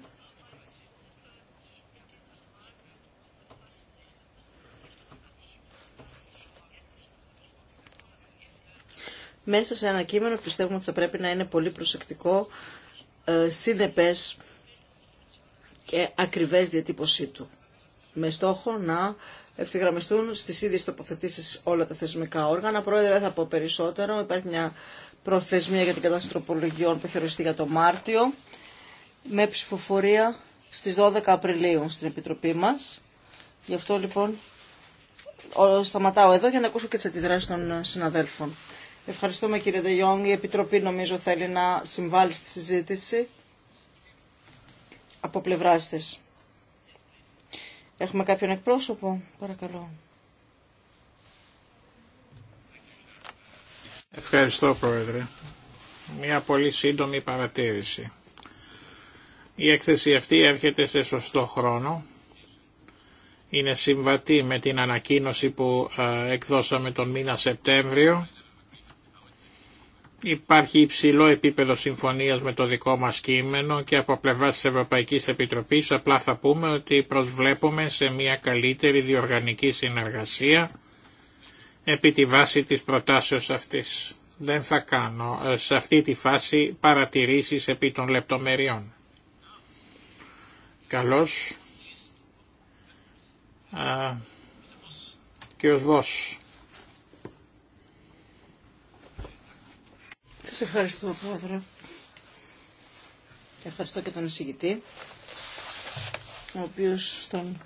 μέσα σε ένα κείμενο που πιστεύουμε ότι θα πρέπει να είναι πολύ προσεκτικό, ε, συνεπές και ακριβές διατύπωσή του. Με στόχο να ευθυγραμμιστούν στις ίδιες τοποθετήσεις όλα τα θεσμικά όργανα. Πρόεδρε, δεν θα πω περισσότερο. Υπάρχει μια προθεσμία για την κατάσταση τροπολογιών που έχει οριστεί για το Μάρτιο με ψηφοφορία στις 12 Απριλίου στην Επιτροπή μας. Γι' αυτό λοιπόν σταματάω εδώ για να ακούσω και τις αντιδράσεις των συναδέλφων. Ευχαριστούμε κύριε Ντεγιόνγκ. Η Επιτροπή νομίζω θέλει να συμβάλλει στη συζήτηση από πλευρά τη. Έχουμε κάποιον εκπρόσωπο, παρακαλώ. Ευχαριστώ Πρόεδρε. Μια πολύ σύντομη παρατήρηση. Η έκθεση αυτή έρχεται σε σωστό χρόνο. Είναι συμβατή με την ανακοίνωση που ε, εκδώσαμε τον μήνα Σεπτέμβριο Υπάρχει υψηλό επίπεδο συμφωνίας με το δικό μας κείμενο και από πλευρά της Ευρωπαϊκής Επιτροπής απλά θα πούμε ότι προσβλέπουμε σε μια καλύτερη διοργανική συνεργασία επί τη βάση της προτάσεως αυτής. Δεν θα κάνω ε, σε αυτή τη φάση παρατηρήσεις επί των λεπτομεριών. Καλώς. Α, κύριος Σας ευχαριστώ, Πρόεδρε. Και ευχαριστώ και τον εισηγητή, ο οποίος στον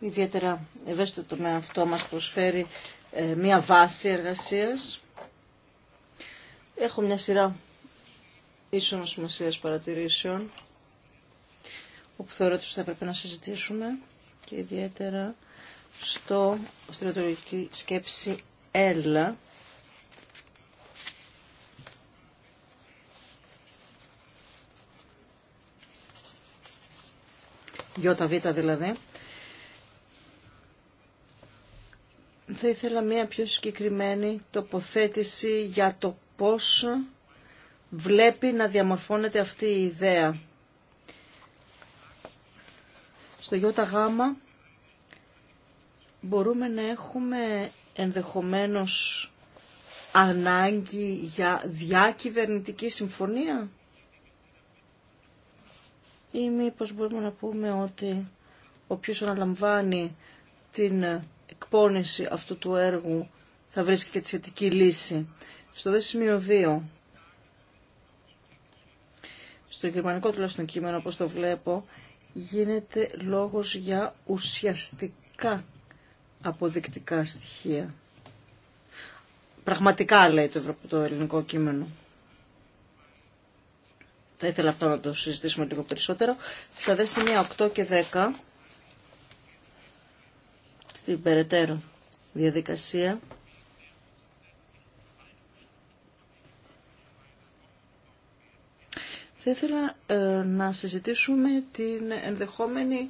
ιδιαίτερα ευαίσθητο τομέα αυτό μας προσφέρει ε, μία βάση εργασίας. Έχω μια σειρά ίσονος σημασία ίσων σημασια όπου θεωρώ ότι θα έπρεπε να συζητήσουμε και ιδιαίτερα στο στρατολογική σκέψη Έλα. ΙΒ δηλαδή. Θα ήθελα μία πιο συγκεκριμένη τοποθέτηση για το πώς βλέπει να διαμορφώνεται αυτή η ιδέα. Στο ΙΓ μπορούμε να έχουμε ενδεχομένως ανάγκη για διακυβερνητική συμφωνία ή μήπως μπορούμε να πούμε ότι όποιος αναλαμβάνει την εκπόνηση αυτού του έργου θα βρίσκει και τη σχετική λύση. Στο δε σημείο 2, στο γερμανικό τουλάχιστον κείμενο όπως το βλέπω, γίνεται λόγος για ουσιαστικά αποδεικτικά στοιχεία. Πραγματικά λέει το ελληνικό κείμενο. Θα ήθελα αυτό να το συζητήσουμε λίγο περισσότερο. Στα δε σημεία 8 και 10, στην περαιτέρω διαδικασία, θα ήθελα ε, να συζητήσουμε την ενδεχόμενη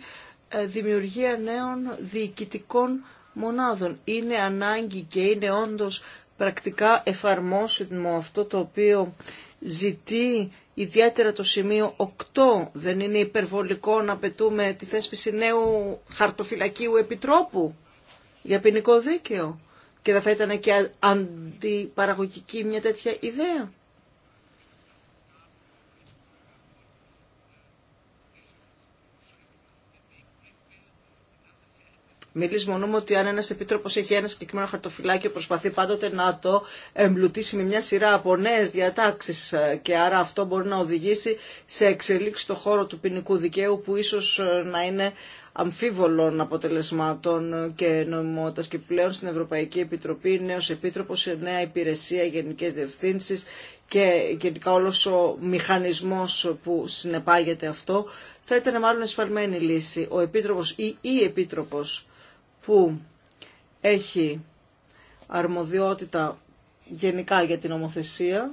ε, δημιουργία νέων διοικητικών μονάδων. Είναι ανάγκη και είναι όντως πρακτικά εφαρμόσιμο αυτό το οποίο ζητεί ιδιαίτερα το σημείο 8 δεν είναι υπερβολικό να απαιτούμε τη θέσπιση νέου χαρτοφυλακίου επιτρόπου για ποινικό δίκαιο και δεν θα ήταν και αντιπαραγωγική μια τέτοια ιδέα. μου ότι αν ένα επίτροπο έχει ένα συγκεκριμένο χαρτοφυλάκιο, προσπαθεί πάντοτε να το εμπλουτίσει με μια σειρά από νέε διατάξει ε, και άρα αυτό μπορεί να οδηγήσει σε εξελίξει στον χώρο του ποινικού δικαίου που ίσω ε, να είναι αμφίβολων αποτελεσμάτων και νομιμότητας και πλέον στην Ευρωπαϊκή Επιτροπή νέος επίτροπος, νέα υπηρεσία, γενικές διευθύνσεις και γενικά όλος ο μηχανισμός που συνεπάγεται αυτό θα ήταν μάλλον εσφαλμένη λύση. Ο επίτροπος ή η επίτροπος που έχει αρμοδιότητα γενικά για την ομοθεσία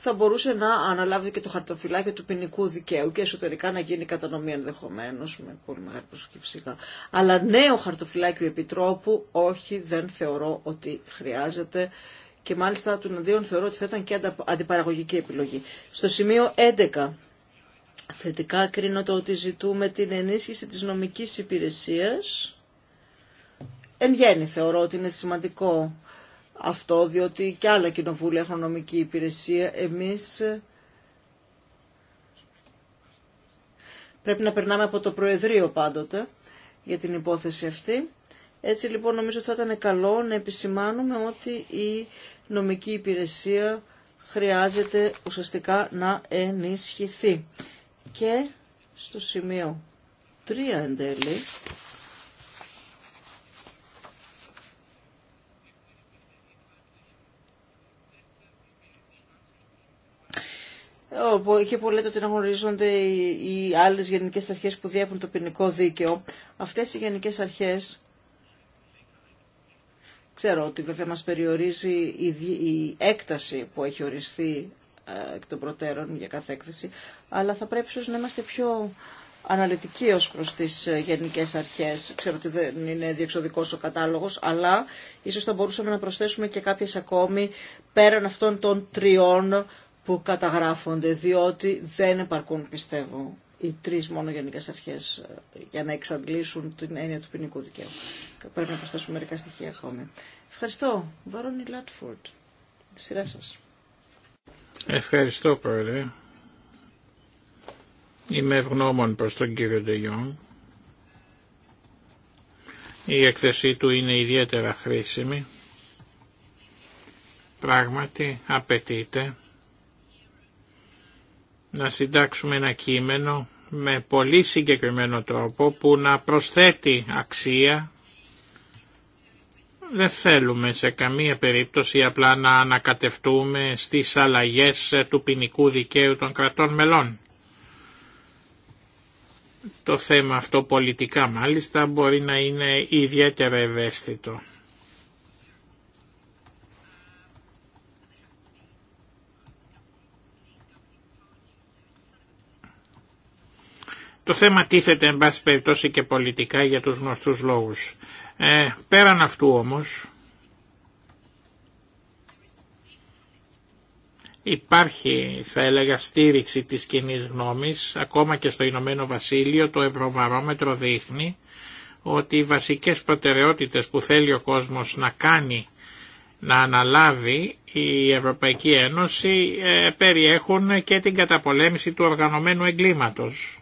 θα μπορούσε να αναλάβει και το χαρτοφυλάκιο του ποινικού δικαίου και εσωτερικά να γίνει κατανομή ενδεχομένω με πολύ μεγάλη προσοχή φυσικά. Αλλά νέο χαρτοφυλάκιο επιτρόπου όχι δεν θεωρώ ότι χρειάζεται και μάλιστα του αντίον θεωρώ ότι θα ήταν και αντιπαραγωγική επιλογή. Στο σημείο 11 θετικά κρίνω το ότι ζητούμε την ενίσχυση της νομικής υπηρεσίας Εν γέννη θεωρώ ότι είναι σημαντικό αυτό, διότι και άλλα κοινοβούλια έχουν νομική υπηρεσία. Εμείς πρέπει να περνάμε από το Προεδρείο πάντοτε για την υπόθεση αυτή. Έτσι λοιπόν νομίζω θα ήταν καλό να επισημάνουμε ότι η νομική υπηρεσία χρειάζεται ουσιαστικά να ενισχυθεί. Και στο σημείο 3 εν τέλει, εκεί που λέτε ότι να γνωρίζονται οι άλλε γενικέ αρχέ που διέπουν το ποινικό δίκαιο, Αυτέ οι γενικές αρχές ξέρω ότι βέβαια μας περιορίζει η έκταση που έχει οριστεί ε, εκ των προτέρων για κάθε έκθεση, αλλά θα πρέπει ίσω να είμαστε πιο αναλυτικοί ως προς τις ε, γενικές αρχές. Ξέρω ότι δεν είναι διεξοδικός ο κατάλογος, αλλά ίσως θα μπορούσαμε να προσθέσουμε και κάποιες ακόμη πέραν αυτών των τριών που καταγράφονται, διότι δεν επαρκούν, πιστεύω, οι τρεις μόνο γενικές αρχές ε, για να εξαντλήσουν την έννοια του ποινικού δικαίου. Πρέπει να προσθέσουμε μερικά στοιχεία ακόμη. Ευχαριστώ. Βαρόνι Λάτφορντ. Σειρά σας. Ευχαριστώ, Πρόεδρε. Είμαι ευγνώμων προς τον κύριο Ντεγιόν. Η έκθεσή του είναι ιδιαίτερα χρήσιμη. Πράγματι απαιτείται να συντάξουμε ένα κείμενο με πολύ συγκεκριμένο τρόπο που να προσθέτει αξία. Δεν θέλουμε σε καμία περίπτωση απλά να ανακατευτούμε στις αλλαγές του ποινικού δικαίου των κρατών μελών. Το θέμα αυτό πολιτικά μάλιστα μπορεί να είναι ιδιαίτερα ευαίσθητο. Το θέμα τίθεται εν πάση περιπτώσει και πολιτικά για τους γνωστούς λόγους. Ε, πέραν αυτού όμως υπάρχει θα έλεγα στήριξη της κοινή γνώμης ακόμα και στο Ηνωμένο Βασίλειο το Ευρωβαρόμετρο δείχνει ότι οι βασικές προτεραιότητες που θέλει ο κόσμος να κάνει να αναλάβει η Ευρωπαϊκή Ένωση ε, περιέχουν και την καταπολέμηση του οργανωμένου εγκλήματος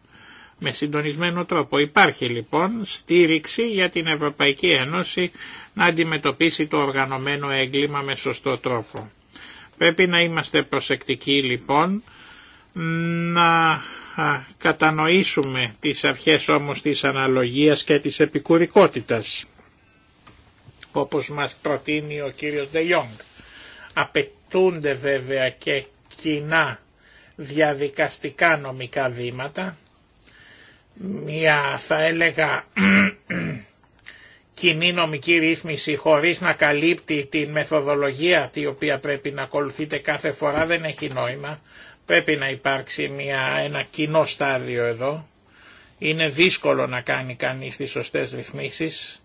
με συντονισμένο τρόπο. Υπάρχει λοιπόν στήριξη για την Ευρωπαϊκή Ένωση να αντιμετωπίσει το οργανωμένο έγκλημα με σωστό τρόπο. Πρέπει να είμαστε προσεκτικοί λοιπόν να κατανοήσουμε τις αρχές όμως της αναλογίας και της επικουρικότητας όπως μας προτείνει ο κύριος Ντε Ιόγκ. Απαιτούνται βέβαια και κοινά διαδικαστικά νομικά βήματα μια θα έλεγα κοινή νομική ρύθμιση χωρίς να καλύπτει την μεθοδολογία τη οποία πρέπει να ακολουθείτε κάθε φορά δεν έχει νόημα. Πρέπει να υπάρξει μια, ένα κοινό στάδιο εδώ. Είναι δύσκολο να κάνει κανείς τις σωστές ρυθμίσεις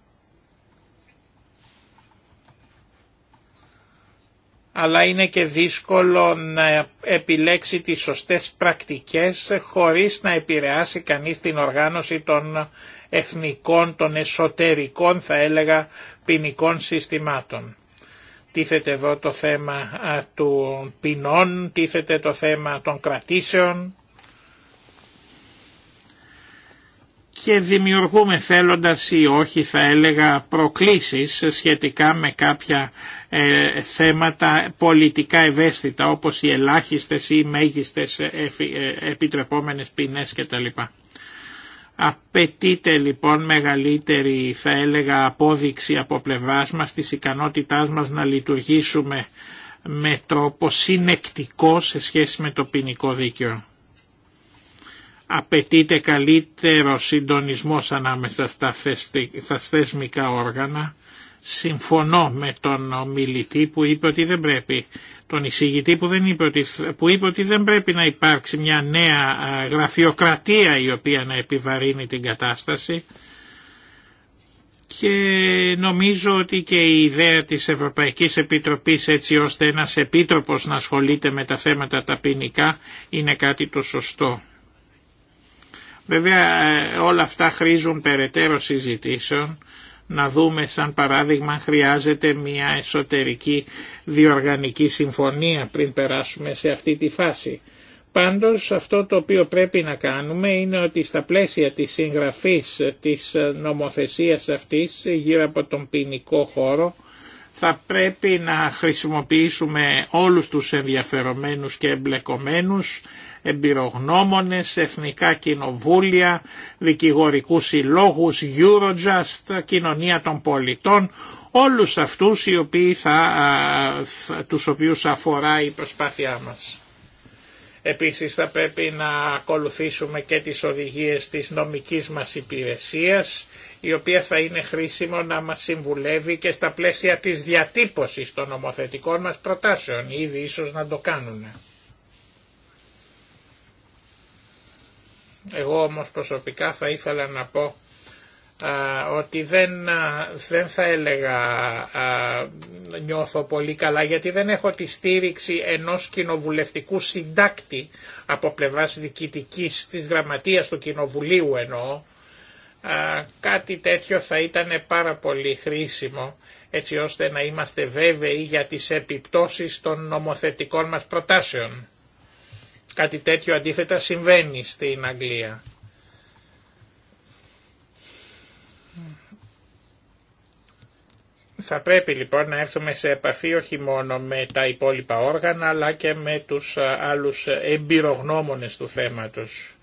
αλλά είναι και δύσκολο να επιλέξει τις σωστές πρακτικές χωρίς να επηρεάσει κανείς την οργάνωση των εθνικών, των εσωτερικών θα έλεγα ποινικών συστημάτων. Τίθεται εδώ το θέμα του ποινών, τίθεται το θέμα των κρατήσεων και δημιουργούμε θέλοντας ή όχι θα έλεγα προκλήσεις σχετικά με κάποια ε, θέματα πολιτικά ευαίσθητα όπως οι ελάχιστες ή οι μέγιστες ε, ε, επιτρεπόμενες ποινές κτλ. Απαιτείται λοιπόν μεγαλύτερη θα έλεγα απόδειξη από πλευράς μας της ικανότητάς μας να λειτουργήσουμε με τρόπο συνεκτικό σε σχέση με το ποινικό δίκαιο απαιτείται καλύτερο συντονισμός ανάμεσα στα θεσμικά όργανα. Συμφωνώ με τον ομιλητή που είπε ότι δεν πρέπει, τον εισηγητή που, δεν είπε ότι, που δεν πρέπει να υπάρξει μια νέα γραφειοκρατία η οποία να επιβαρύνει την κατάσταση και νομίζω ότι και η ιδέα της Ευρωπαϊκής Επιτροπής έτσι ώστε ένας επίτροπος να ασχολείται με τα θέματα τα ποινικά είναι κάτι το σωστό. Βέβαια ε, όλα αυτά χρήζουν περαιτέρω συζητήσεων να δούμε σαν παράδειγμα χρειάζεται μια εσωτερική διοργανική συμφωνία πριν περάσουμε σε αυτή τη φάση. Πάντως αυτό το οποίο πρέπει να κάνουμε είναι ότι στα πλαίσια της συγγραφής της νομοθεσίας αυτής γύρω από τον ποινικό χώρο θα πρέπει να χρησιμοποιήσουμε όλους τους ενδιαφερομένους και εμπλεκομένους εμπειρογνώμονες, εθνικά κοινοβούλια, δικηγορικούς συλλόγους, Eurojust, κοινωνία των πολιτών, όλους αυτούς οι οποίοι θα, τους οποίους αφορά η προσπάθειά μας. Επίσης θα πρέπει να ακολουθήσουμε και τις οδηγίες της νομικής μας υπηρεσίας, η οποία θα είναι χρήσιμο να μας συμβουλεύει και στα πλαίσια της διατύπωσης των νομοθετικών μας προτάσεων, ήδη ίσως να το κάνουν. Εγώ όμως προσωπικά θα ήθελα να πω ότι δεν, δεν θα έλεγα νιώθω πολύ καλά γιατί δεν έχω τη στήριξη ενός κοινοβουλευτικού συντάκτη από πλευράς διοικητικής της γραμματείας του Κοινοβουλίου εννοώ κάτι τέτοιο θα ήταν πάρα πολύ χρήσιμο έτσι ώστε να είμαστε βέβαιοι για τις επιπτώσεις των νομοθετικών μας προτάσεων. Κάτι τέτοιο αντίθετα συμβαίνει στην Αγγλία. Θα πρέπει λοιπόν να έρθουμε σε επαφή όχι μόνο με τα υπόλοιπα όργανα αλλά και με τους άλλους εμπειρογνώμονες του θέματος.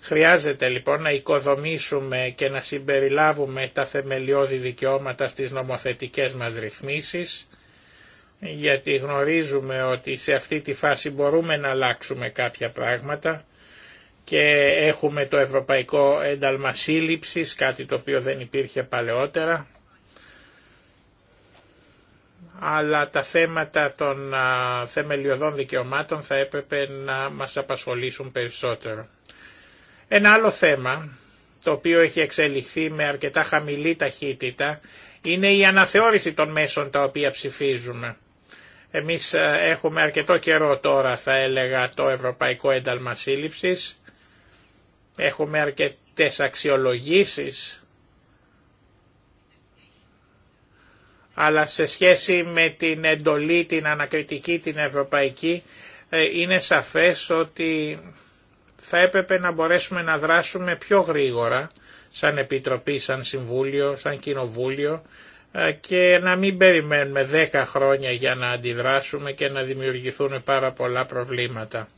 Χρειάζεται λοιπόν να οικοδομήσουμε και να συμπεριλάβουμε τα θεμελιώδη δικαιώματα στις νομοθετικές μας ρυθμίσεις γιατί γνωρίζουμε ότι σε αυτή τη φάση μπορούμε να αλλάξουμε κάποια πράγματα και έχουμε το Ευρωπαϊκό Ένταλμα Σύλληψης, κάτι το οποίο δεν υπήρχε παλαιότερα, αλλά τα θέματα των θεμελιωδών δικαιωμάτων θα έπρεπε να μας απασχολήσουν περισσότερο. Ένα άλλο θέμα, το οποίο έχει εξελιχθεί με αρκετά χαμηλή ταχύτητα, είναι η αναθεώρηση των μέσων τα οποία ψηφίζουμε. Εμείς ε, έχουμε αρκετό καιρό τώρα θα έλεγα το Ευρωπαϊκό Ένταλμα Σύλληψης. Έχουμε αρκετές αξιολογήσεις αλλά σε σχέση με την εντολή, την ανακριτική, την ευρωπαϊκή, ε, είναι σαφές ότι θα έπρεπε να μπορέσουμε να δράσουμε πιο γρήγορα σαν Επιτροπή, σαν Συμβούλιο, σαν Κοινοβούλιο, ε, και να μην περιμένουμε 10 χρόνια για να αντιδράσουμε και να δημιουργηθούν πάρα πολλά προβλήματα.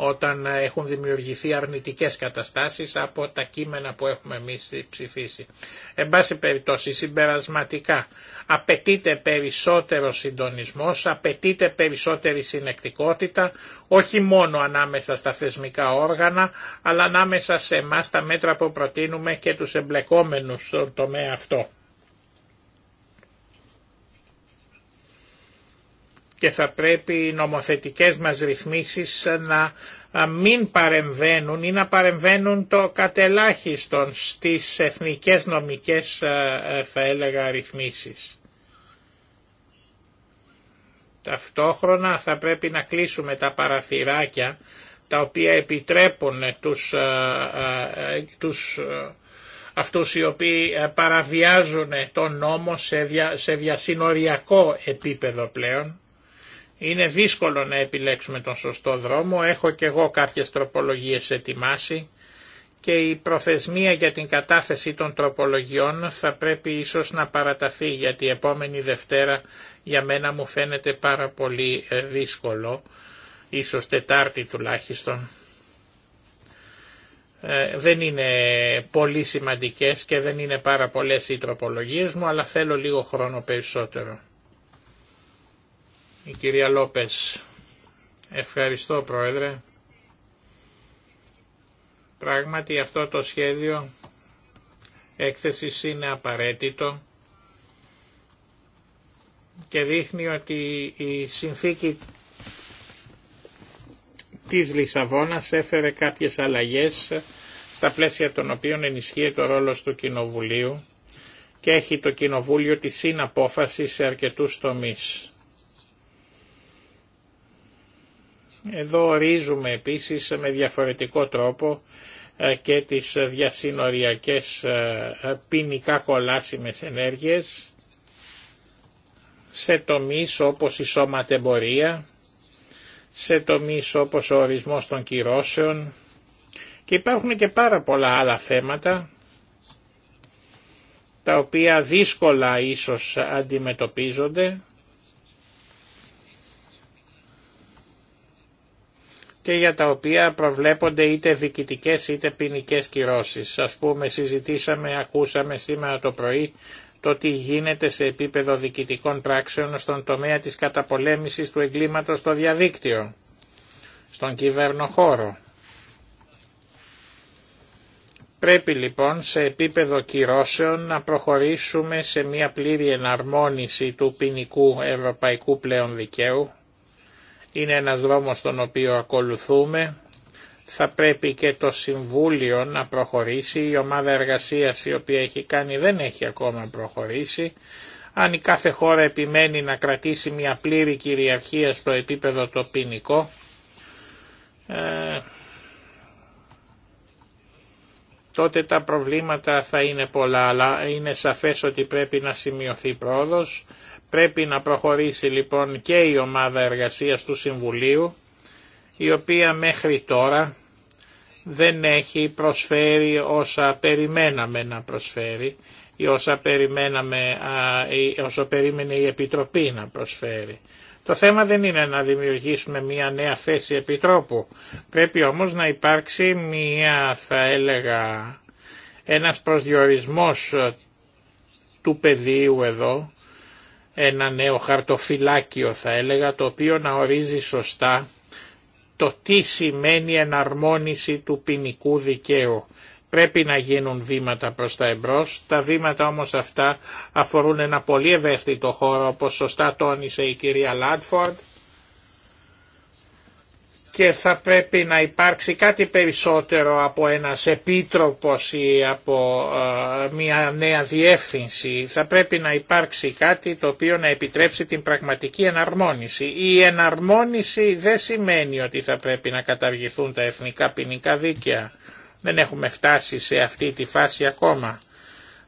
όταν έχουν δημιουργηθεί αρνητικές καταστάσεις από τα κείμενα που έχουμε εμείς ψηφίσει. Εν πάση περιπτώσει, συμπερασματικά, απαιτείται περισσότερο συντονισμός, απαιτείται περισσότερη συνεκτικότητα, όχι μόνο ανάμεσα στα θεσμικά όργανα, αλλά ανάμεσα σε εμά τα μέτρα που προτείνουμε και τους εμπλεκόμενους στον τομέα αυτό. και θα πρέπει οι νομοθετικές μας ρυθμίσεις να μην παρεμβαίνουν ή να παρεμβαίνουν το κατελάχιστον στις εθνικές νομικές θα έλεγα ρυθμίσεις. Ταυτόχρονα θα πρέπει να κλείσουμε τα παραθυράκια τα οποία επιτρέπουν τους, τους αυτούς οι οποίοι παραβιάζουν τον νόμο σε, σε διασυνοριακό επίπεδο πλέον είναι δύσκολο να επιλέξουμε τον σωστό δρόμο, έχω και εγώ κάποιες τροπολογίες ετοιμάσει και η προθεσμία για την κατάθεση των τροπολογιών θα πρέπει ίσως να παραταθεί γιατί η επόμενη Δευτέρα για μένα μου φαίνεται πάρα πολύ ε, δύσκολο, ίσως Τετάρτη τουλάχιστον. Ε, δεν είναι πολύ σημαντικές και δεν είναι πάρα πολλές οι τροπολογίες μου αλλά θέλω λίγο χρόνο περισσότερο. Η κυρία Λόπες. Ευχαριστώ Πρόεδρε. Πράγματι αυτό το σχέδιο έκθεσης είναι απαραίτητο και δείχνει ότι η συνθήκη της Λισαβόνας έφερε κάποιες αλλαγές στα πλαίσια των οποίων ενισχύει το ρόλο του Κοινοβουλίου και έχει το Κοινοβούλιο τη συναπόφαση σε αρκετούς τομείς. Εδώ ορίζουμε επίσης με διαφορετικό τρόπο ε, και τις διασυνοριακές ε, ε, ποινικά κολάσιμες ενέργειες σε τομείς όπως η σώματεμπορία, σε τομείς όπως ο ορισμός των κυρώσεων και υπάρχουν και πάρα πολλά άλλα θέματα τα οποία δύσκολα ίσως αντιμετωπίζονται και για τα οποία προβλέπονται είτε διοικητικές είτε ποινικέ κυρώσεις. Α πούμε συζητήσαμε, ακούσαμε σήμερα το πρωί το τι γίνεται σε επίπεδο διοικητικών πράξεων στον τομέα της καταπολέμησης του εγκλήματος στο διαδίκτυο, στον χώρο. Πρέπει λοιπόν σε επίπεδο κυρώσεων να προχωρήσουμε σε μια πλήρη εναρμόνιση του ποινικού ευρωπαϊκού πλέον δικαίου είναι ένας δρόμος τον οποίο ακολουθούμε. Θα πρέπει και το Συμβούλιο να προχωρήσει. Η ομάδα εργασίας η οποία έχει κάνει δεν έχει ακόμα προχωρήσει. Αν η κάθε χώρα επιμένει να κρατήσει μια πλήρη κυριαρχία στο επίπεδο το ποινικό, ε, τότε τα προβλήματα θα είναι πολλά, αλλά είναι σαφές ότι πρέπει να σημειωθεί πρόοδος. Πρέπει να προχωρήσει λοιπόν και η ομάδα εργασίας του Συμβουλίου, η οποία μέχρι τώρα δεν έχει προσφέρει όσα περιμέναμε να προσφέρει ή όσα περιμέναμε, όσο περίμενε η Επιτροπή να προσφέρει. Το θέμα δεν είναι να δημιουργήσουμε μια νέα θέση επιτρόπου. Πρέπει όμως να υπάρξει μια, θα έλεγα, ένας προσδιορισμός του πεδίου εδώ, ένα νέο χαρτοφυλάκιο θα έλεγα, το οποίο να ορίζει σωστά το τι σημαίνει εναρμόνιση του ποινικού δικαίου. Πρέπει να γίνουν βήματα προς τα εμπρός, τα βήματα όμως αυτά αφορούν ένα πολύ ευαίσθητο χώρο όπως σωστά τόνισε η κυρία Λάντφορντ και θα πρέπει να υπάρξει κάτι περισσότερο από ένας επίτροπος ή από ε, μια νέα διεύθυνση. Θα πρέπει να υπάρξει ένα επιτρέψει την πραγματική εναρμόνιση. Η εναρμόνιση δεν σημαίνει ότι θα πρέπει να καταργηθούν τα εθνικά ποινικά δίκαια. Δεν έχουμε φτάσει σε αυτή τη φάση ακόμα.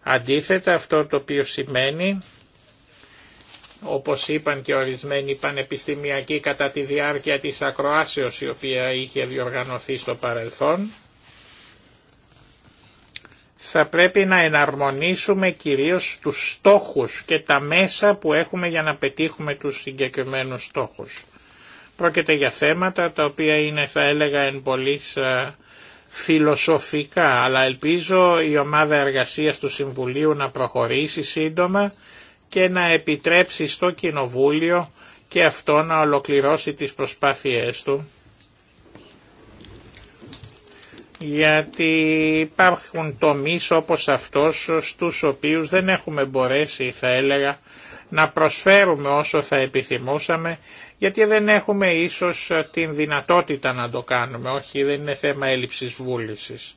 Αντίθετα αυτό το οποίο σημαίνει, όπως είπαν και ορισμένοι πανεπιστημιακοί κατά τη διάρκεια της ακροάσεως η οποία είχε διοργανωθεί στο παρελθόν, θα πρέπει να εναρμονίσουμε κυρίως τους στόχους και τα μέσα που έχουμε για να πετύχουμε τους συγκεκριμένους στόχους. Πρόκειται για θέματα τα οποία είναι θα έλεγα εν πολλής ε, φιλοσοφικά, αλλά ελπίζω η ομάδα εργασίας του Συμβουλίου να προχωρήσει σύντομα και να επιτρέψει στο Κοινοβούλιο και αυτό να ολοκληρώσει τις προσπάθειές του γιατί υπάρχουν τομείς όπως αυτός στους οποίους δεν έχουμε μπορέσει θα έλεγα να προσφέρουμε όσο θα επιθυμούσαμε γιατί δεν έχουμε ίσως ε, την δυνατότητα να το κάνουμε, όχι δεν είναι θέμα έλλειψης βούλησης.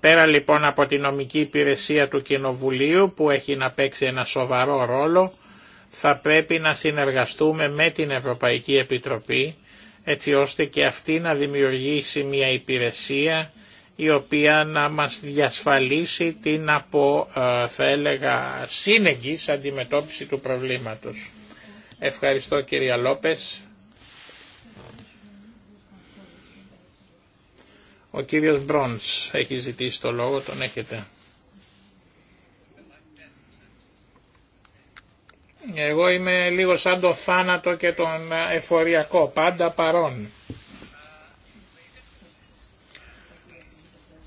Πέρα λοιπόν από τη νομική υπηρεσία του Κοινοβουλίου που έχει να παίξει ένα σοβαρό ρόλο, θα πρέπει να συνεργαστούμε με την Ευρωπαϊκή Επιτροπή έτσι ώστε και αυτή να δημιουργήσει μια υπηρεσία η οποία να μας διασφαλίσει την από, ε, θα έλεγα, σύνεγγης αντιμετώπιση του προβλήματος. Ευχαριστώ κυρία Λόπες. Ο κύριος Μπρόντς έχει ζητήσει το λόγο, τον έχετε. Εγώ είμαι λίγο σαν το θάνατο και τον εφοριακό, πάντα παρόν.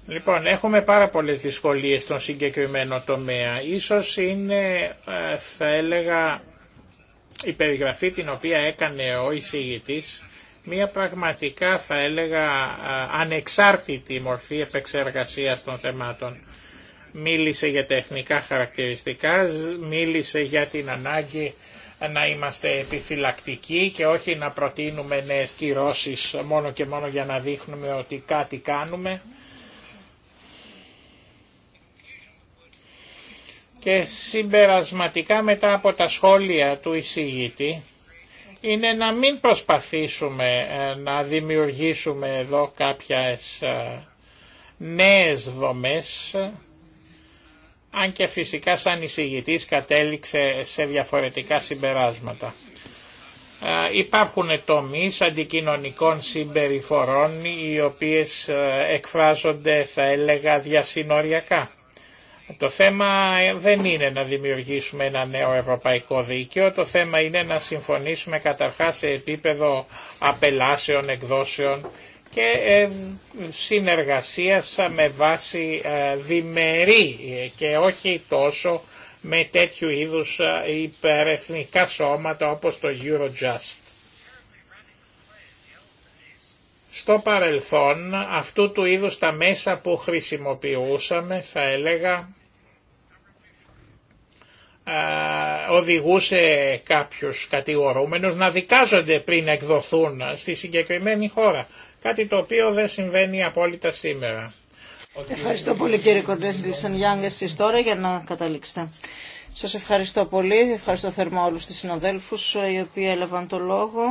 Λοιπόν, έχουμε πάρα πολλές δυσκολίες στον συγκεκριμένο τομέα. Ίσως είναι, ε, θα έλεγα, η περιγραφή την οποία έκανε ο εισηγητής, μια πραγματικά, θα έλεγα, ε, ανεξάρτητη μορφή επεξεργασίας των θεμάτων. Μίλησε για τα εθνικά χαρακτηριστικά, μίλησε για την ανάγκη να είμαστε επιφυλακτικοί και όχι να προτείνουμε νέες κυρώσεις μόνο και μόνο για να δείχνουμε ότι κάτι κάνουμε. Και συμπερασματικά μετά από τα σχόλια του εισηγήτη είναι να μην προσπαθήσουμε ε, να δημιουργήσουμε εδώ κάποιες ε, νέες δομές αν και φυσικά σαν εισηγητής κατέληξε σε διαφορετικά συμπεράσματα. Ε, υπάρχουν τομείς αντικοινωνικών συμπεριφορών οι οποίες εκφράζονται θα έλεγα διασυνοριακά. Το θέμα ε, δεν είναι να δημιουργήσουμε ένα νέο ευρωπαϊκό δίκαιο, το θέμα είναι να συμφωνήσουμε καταρχάς σε επίπεδο απελάσεων, εκδόσεων και ε, συνεργασίας με βάση ε, διμερή και όχι τόσο με τέτοιου είδους υπερεθνικά σώματα όπως το Eurojust. Στο παρελθόν αυτού του είδους τα μέσα που χρησιμοποιούσαμε θα έλεγα οδηγούσε κάποιους κατηγορούμενους να δικάζονται πριν εκδοθούν στη συγκεκριμένη χώρα. Κάτι το οποίο δεν συμβαίνει απόλυτα σήμερα. Ευχαριστώ πολύ κύριε Κορνέσλησεν Γιάνγκ εσείς τώρα για να καταλήξετε. Σας ευχαριστώ πολύ. Ευχαριστώ θερμά όλους τους συναδέλφους ε, οι οποίοι έλαβαν το λόγο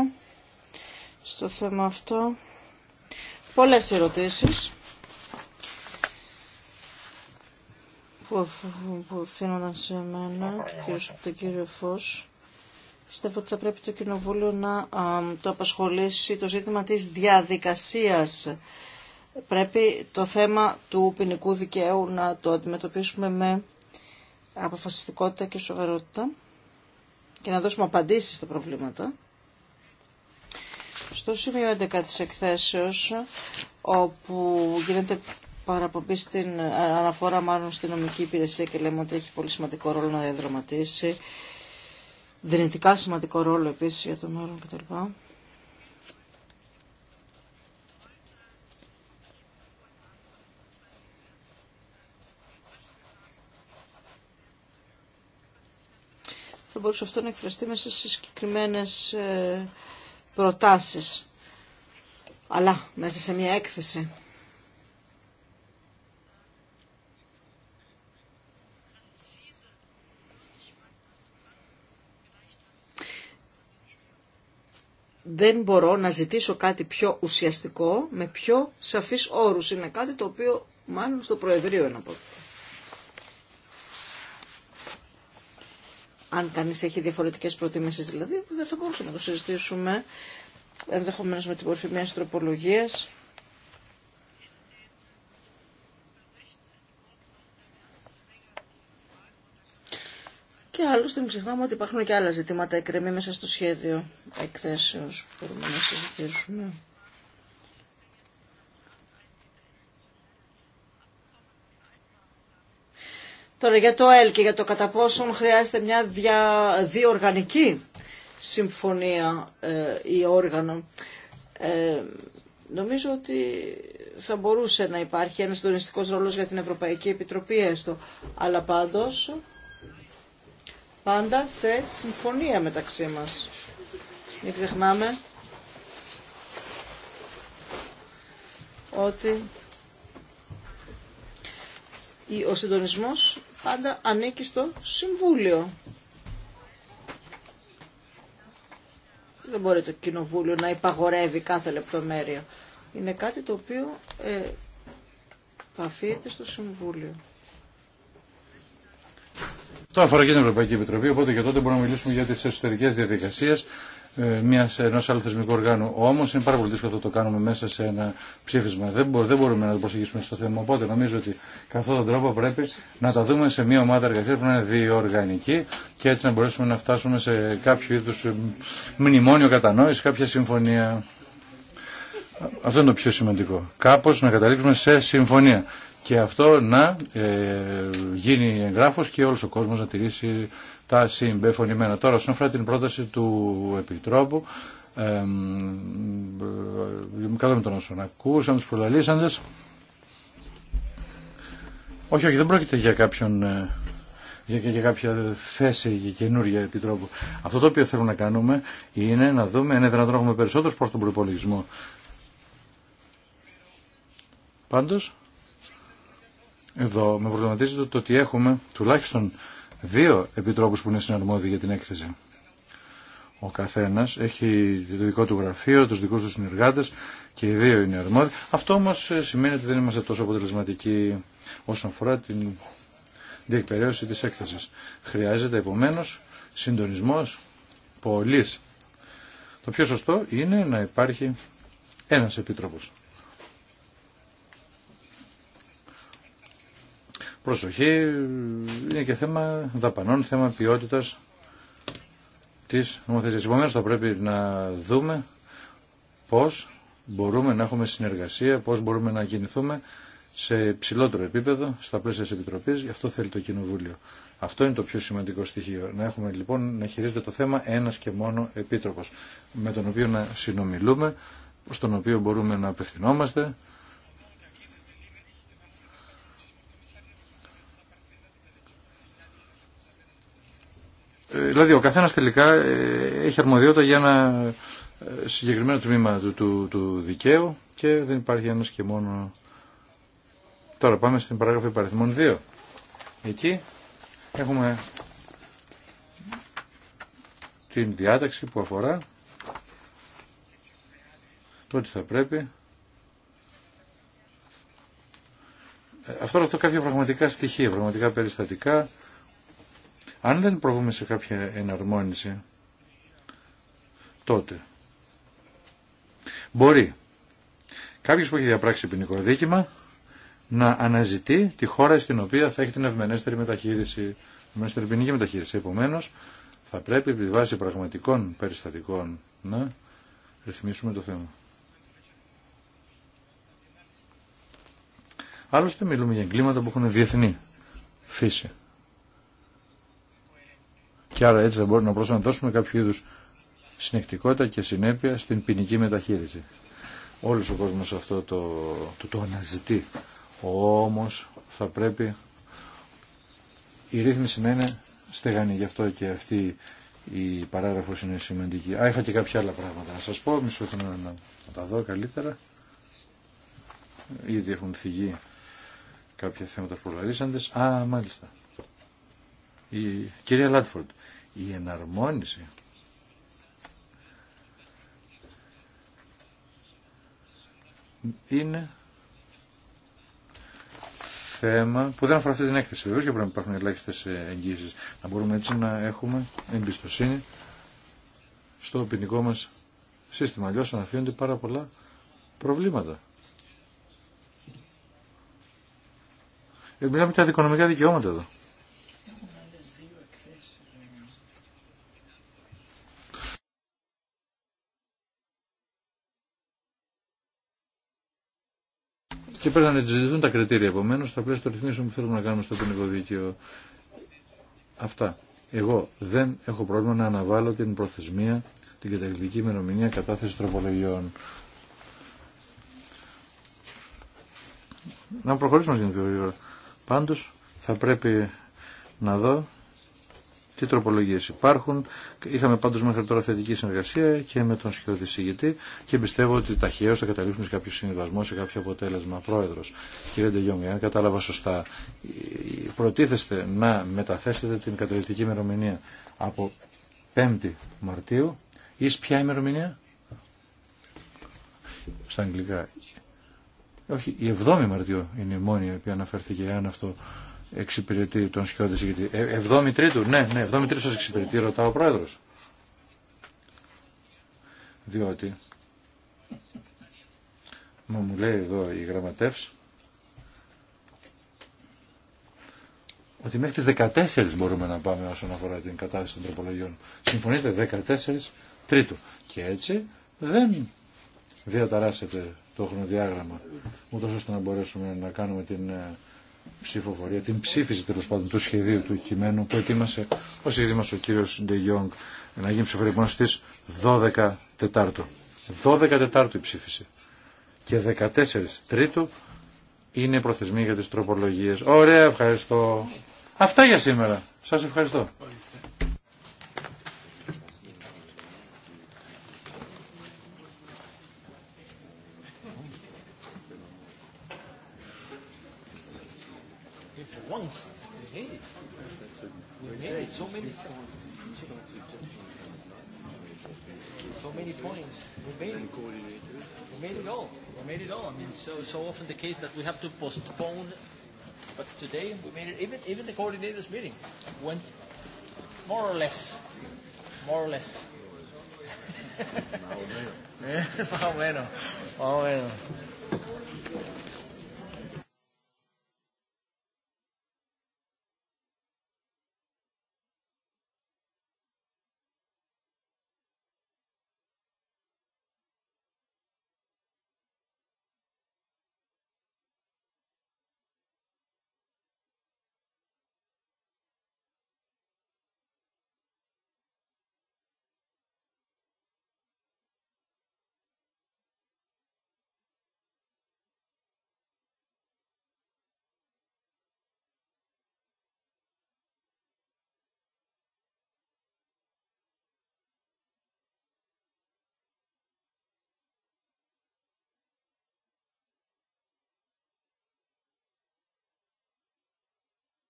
στο θέμα αυτό πολλές ερωτήσεις που, που σε μένα και τον κύριο Φως. Πιστεύω ότι θα πρέπει το Κοινοβούλιο να το απασχολήσει το ζήτημα της διαδικασίας. Πρέπει το θέμα του ποινικού δικαίου να το αντιμετωπίσουμε με αποφασιστικότητα και σοβαρότητα και να δώσουμε απαντήσεις στα προβλήματα στο σημείο 11 της εκθέσεως, όπου γίνεται παραπομπή στην αναφορά μάλλον στην νομική υπηρεσία και λέμε ότι έχει πολύ σημαντικό ρόλο να διαδραματίσει, δυνητικά σημαντικό ρόλο επίσης για τον μέλλον κτλ. θα μπορούσε αυτό να εκφραστεί μέσα σε συγκεκριμένες ε, προτάσεις, αλλά μέσα σε μια έκθεση. δεν μπορώ να ζητήσω κάτι πιο ουσιαστικό με πιο σαφείς όρους. Είναι κάτι το οποίο μάλλον στο Προεδρείο είναι από αν κανείς έχει διαφορετικές προτιμήσεις δηλαδή, δεν θα μπορούσαμε να το συζητήσουμε ενδεχομένως με την μορφή μιας τροπολογίας. Και άλλωστε μην ξεχνάμε ότι υπάρχουν και άλλα ζητήματα εκκρεμή μέσα στο σχέδιο εκθέσεως που μπορούμε να συζητήσουμε. Τώρα για το ΕΛ και για το κατά πόσον χρειάζεται μια διοργανική συμφωνία ε, ή όργανο. Ε, νομίζω ότι θα μπορούσε να υπάρχει ένας συντονιστικός ρόλος για την Ευρωπαϊκή Επιτροπή έστω. Αλλά πάντως, πάντα σε συμφωνία μεταξύ μας. Μην ξεχνάμε ότι ο συντονισμός πάντα ανήκει στο Συμβούλιο. Δεν μπορεί το Κοινοβούλιο να υπαγορεύει κάθε λεπτομέρεια. Είναι κάτι το οποίο ε, παφείται στο Συμβούλιο. Το αφορά και την Ευρωπαϊκή Επιτροπή, οπότε και τότε μπορούμε να μιλήσουμε για τις εσωτερικές διαδικασίες ε, μιας, ενός άλλου θεσμικού οργάνου. Όμως είναι πάρα πολύ δύσκολο να το κάνουμε μέσα σε ένα ψήφισμα. Δεν, μπορούμε, δεν μπορούμε να το προσεγγίσουμε στο θέμα. Οπότε νομίζω ότι κατά αυτόν τον τρόπο πρέπει να τα δούμε σε μια ομάδα εργασία που να είναι διοργανική και έτσι να μπορέσουμε να φτάσουμε σε κάποιο είδους ε, μνημόνιο κατανόηση, κάποια συμφωνία. Αυτό είναι το πιο σημαντικό. Κάπως να καταλήξουμε σε συμφωνία. Και αυτό να ε, γίνει εγγράφος και όλος ο κόσμος να τηρήσει τα συμπεφωνημένα. Τώρα, όσον αφορά την πρόταση του Επιτρόπου, ε, καλό με τον όσον ακούσαμε τους προλαλήσαντες, όχι, όχι, δεν πρόκειται για κάποιον ε, για, για κάποια θέση για καινούργια επιτρόπου. Αυτό το οποίο θέλουμε να κάνουμε είναι να δούμε αν είναι δυνατόν να έχουμε περισσότερους προς τον προπολογισμό. Πάντως, εδώ με προβληματίζει το ότι έχουμε τουλάχιστον δύο επιτρόπους που είναι συναρμόδιοι για την έκθεση. Ο καθένας έχει το δικό του γραφείο, τους δικούς του συνεργάτες και οι δύο είναι αρμόδιοι. Αυτό όμως ε, σημαίνει ότι δεν είμαστε τόσο αποτελεσματικοί όσον αφορά την διεκπαιρέωση της έκθεσης. Χρειάζεται επομένως συντονισμός πολλής. Το πιο σωστό είναι να υπάρχει ένας επιτρόπος. προσοχή, είναι και θέμα δαπανών, θέμα ποιότητας της νομοθεσίας. Επομένω θα πρέπει να δούμε πώς μπορούμε να έχουμε συνεργασία, πώς μπορούμε να κινηθούμε σε ψηλότερο επίπεδο, στα πλαίσια της Επιτροπής, γι' αυτό θέλει το Κοινοβούλιο. Αυτό είναι το πιο σημαντικό στοιχείο. Να έχουμε λοιπόν να χειρίζεται το θέμα ένας και μόνο επίτροπος, με τον οποίο να συνομιλούμε, στον οποίο μπορούμε να απευθυνόμαστε, Δηλαδή ο καθένας τελικά ε, έχει αρμοδιότητα για ένα ε, συγκεκριμένο τμήμα του, του, του δικαίου και δεν υπάρχει ένας και μόνο... Τώρα πάμε στην παράγραφη παριθμών 2. Εκεί έχουμε την διάταξη που αφορά το ότι θα πρέπει ε, αυτό ρωτώ κάποια πραγματικά στοιχεία, πραγματικά περιστατικά αν δεν προβούμε σε κάποια εναρμόνιση, τότε μπορεί κάποιος που έχει διαπράξει ποινικό δίκημα να αναζητεί τη χώρα στην οποία θα έχει την ευμενέστερη μεταχείριση, ευμενέστερη ποινική μεταχείριση. Επομένως, θα πρέπει επί βάση πραγματικών περιστατικών να ρυθμίσουμε το θέμα. Άλλωστε μιλούμε για εγκλήματα που έχουν διεθνή φύση. Και άρα έτσι δεν μπορούμε να δώσουμε κάποιο είδου συνεκτικότητα και συνέπεια στην ποινική μεταχείριση. Όλος ο κόσμος αυτό το, το, το αναζητεί. Όμως θα πρέπει η ρύθμιση να είναι στεγανή. Γι' αυτό και αυτή η παράγραφος είναι σημαντική. Α, είχα και κάποια άλλα πράγματα να σας πω. Μισό να, να, να τα δω καλύτερα. Ήδη έχουν φυγεί κάποια θέματα που Α, μάλιστα. Η κυρία Λάτφορντ, η εναρμόνιση είναι θέμα που δεν αφορά αυτή την έκθεση. Βεβαίω και πρέπει να υπάρχουν ελάχιστε ε, εγγύσεις Να μπορούμε έτσι να έχουμε εμπιστοσύνη στο ποινικό μας σύστημα. Αλλιώς αναφύγονται πάρα πολλά προβλήματα. Ε, μιλάμε για τα δικονομικά δικαιώματα εδώ. Και πρέπει να αντιζητηθούν τα κριτήρια επομένω στα πλαίσια των ρυθμίσεων που θέλουμε να κάνουμε στο ποινικό δίκαιο. Αυτά. Εγώ δεν έχω πρόβλημα να αναβάλω την προθεσμία, την καταγγελική ημερομηνία κατάθεση τροπολογιών. Να προχωρήσουμε στην πιο γρήγορα. Πάντως θα πρέπει να δω τι τροπολογίε υπάρχουν. Είχαμε πάντως μέχρι τώρα θετική συνεργασία και με τον σχεδόν συγητή και πιστεύω ότι ταχαίω θα καταλήξουμε σε κάποιο συμβιβασμό, σε κάποιο αποτέλεσμα. Πρόεδρος, κύριε Ντεγιόνγκ, αν κατάλαβα σωστά, προτίθεστε να μεταθέσετε την καταληκτική ημερομηνία από 5η Μαρτίου ή ποια ημερομηνία? Στα αγγλικά. Όχι, η 7η Μαρτίου είναι η μόνη η οποία αναφέρθηκε, αν αυτό εξυπηρετεί τον Σκιώδη Συγητή. Ε, εβδόμη 7η Τρίτου, ναι, ναι, 7η Τρίτου σας εξυπηρετεί, ρωτά ο Πρόεδρος. Διότι, μα μου λέει εδώ η γραμματεύς, ότι μέχρι τις 14 μπορούμε να πάμε όσον αφορά την κατάσταση των τροπολογιών. Συμφωνείτε, 14 Τρίτου. Και έτσι δεν διαταράσσεται το χρονοδιάγραμμα, ούτως ώστε να μπορέσουμε να κάνουμε την ε, ψηφοφορία, την ψήφιση τέλο πάντων του σχεδίου του κειμένου που ετοίμασε ο σχεδίμας ο κύριος Ντε να γίνει ψηφοφορία μόνο λοιπόν στις 12 Τετάρτου. 12 Τετάρτου η ψήφιση και 14 Τρίτου είναι προθεσμοί για τις τροπολογίες. Ωραία, ευχαριστώ. Αυτά για σήμερα. Σας ευχαριστώ. so many points. We made it. We made it all. We made it all. I mean, so so often the case that we have to postpone, but today we made it. Even even the coordinators' meeting went more or less, more or less. Más o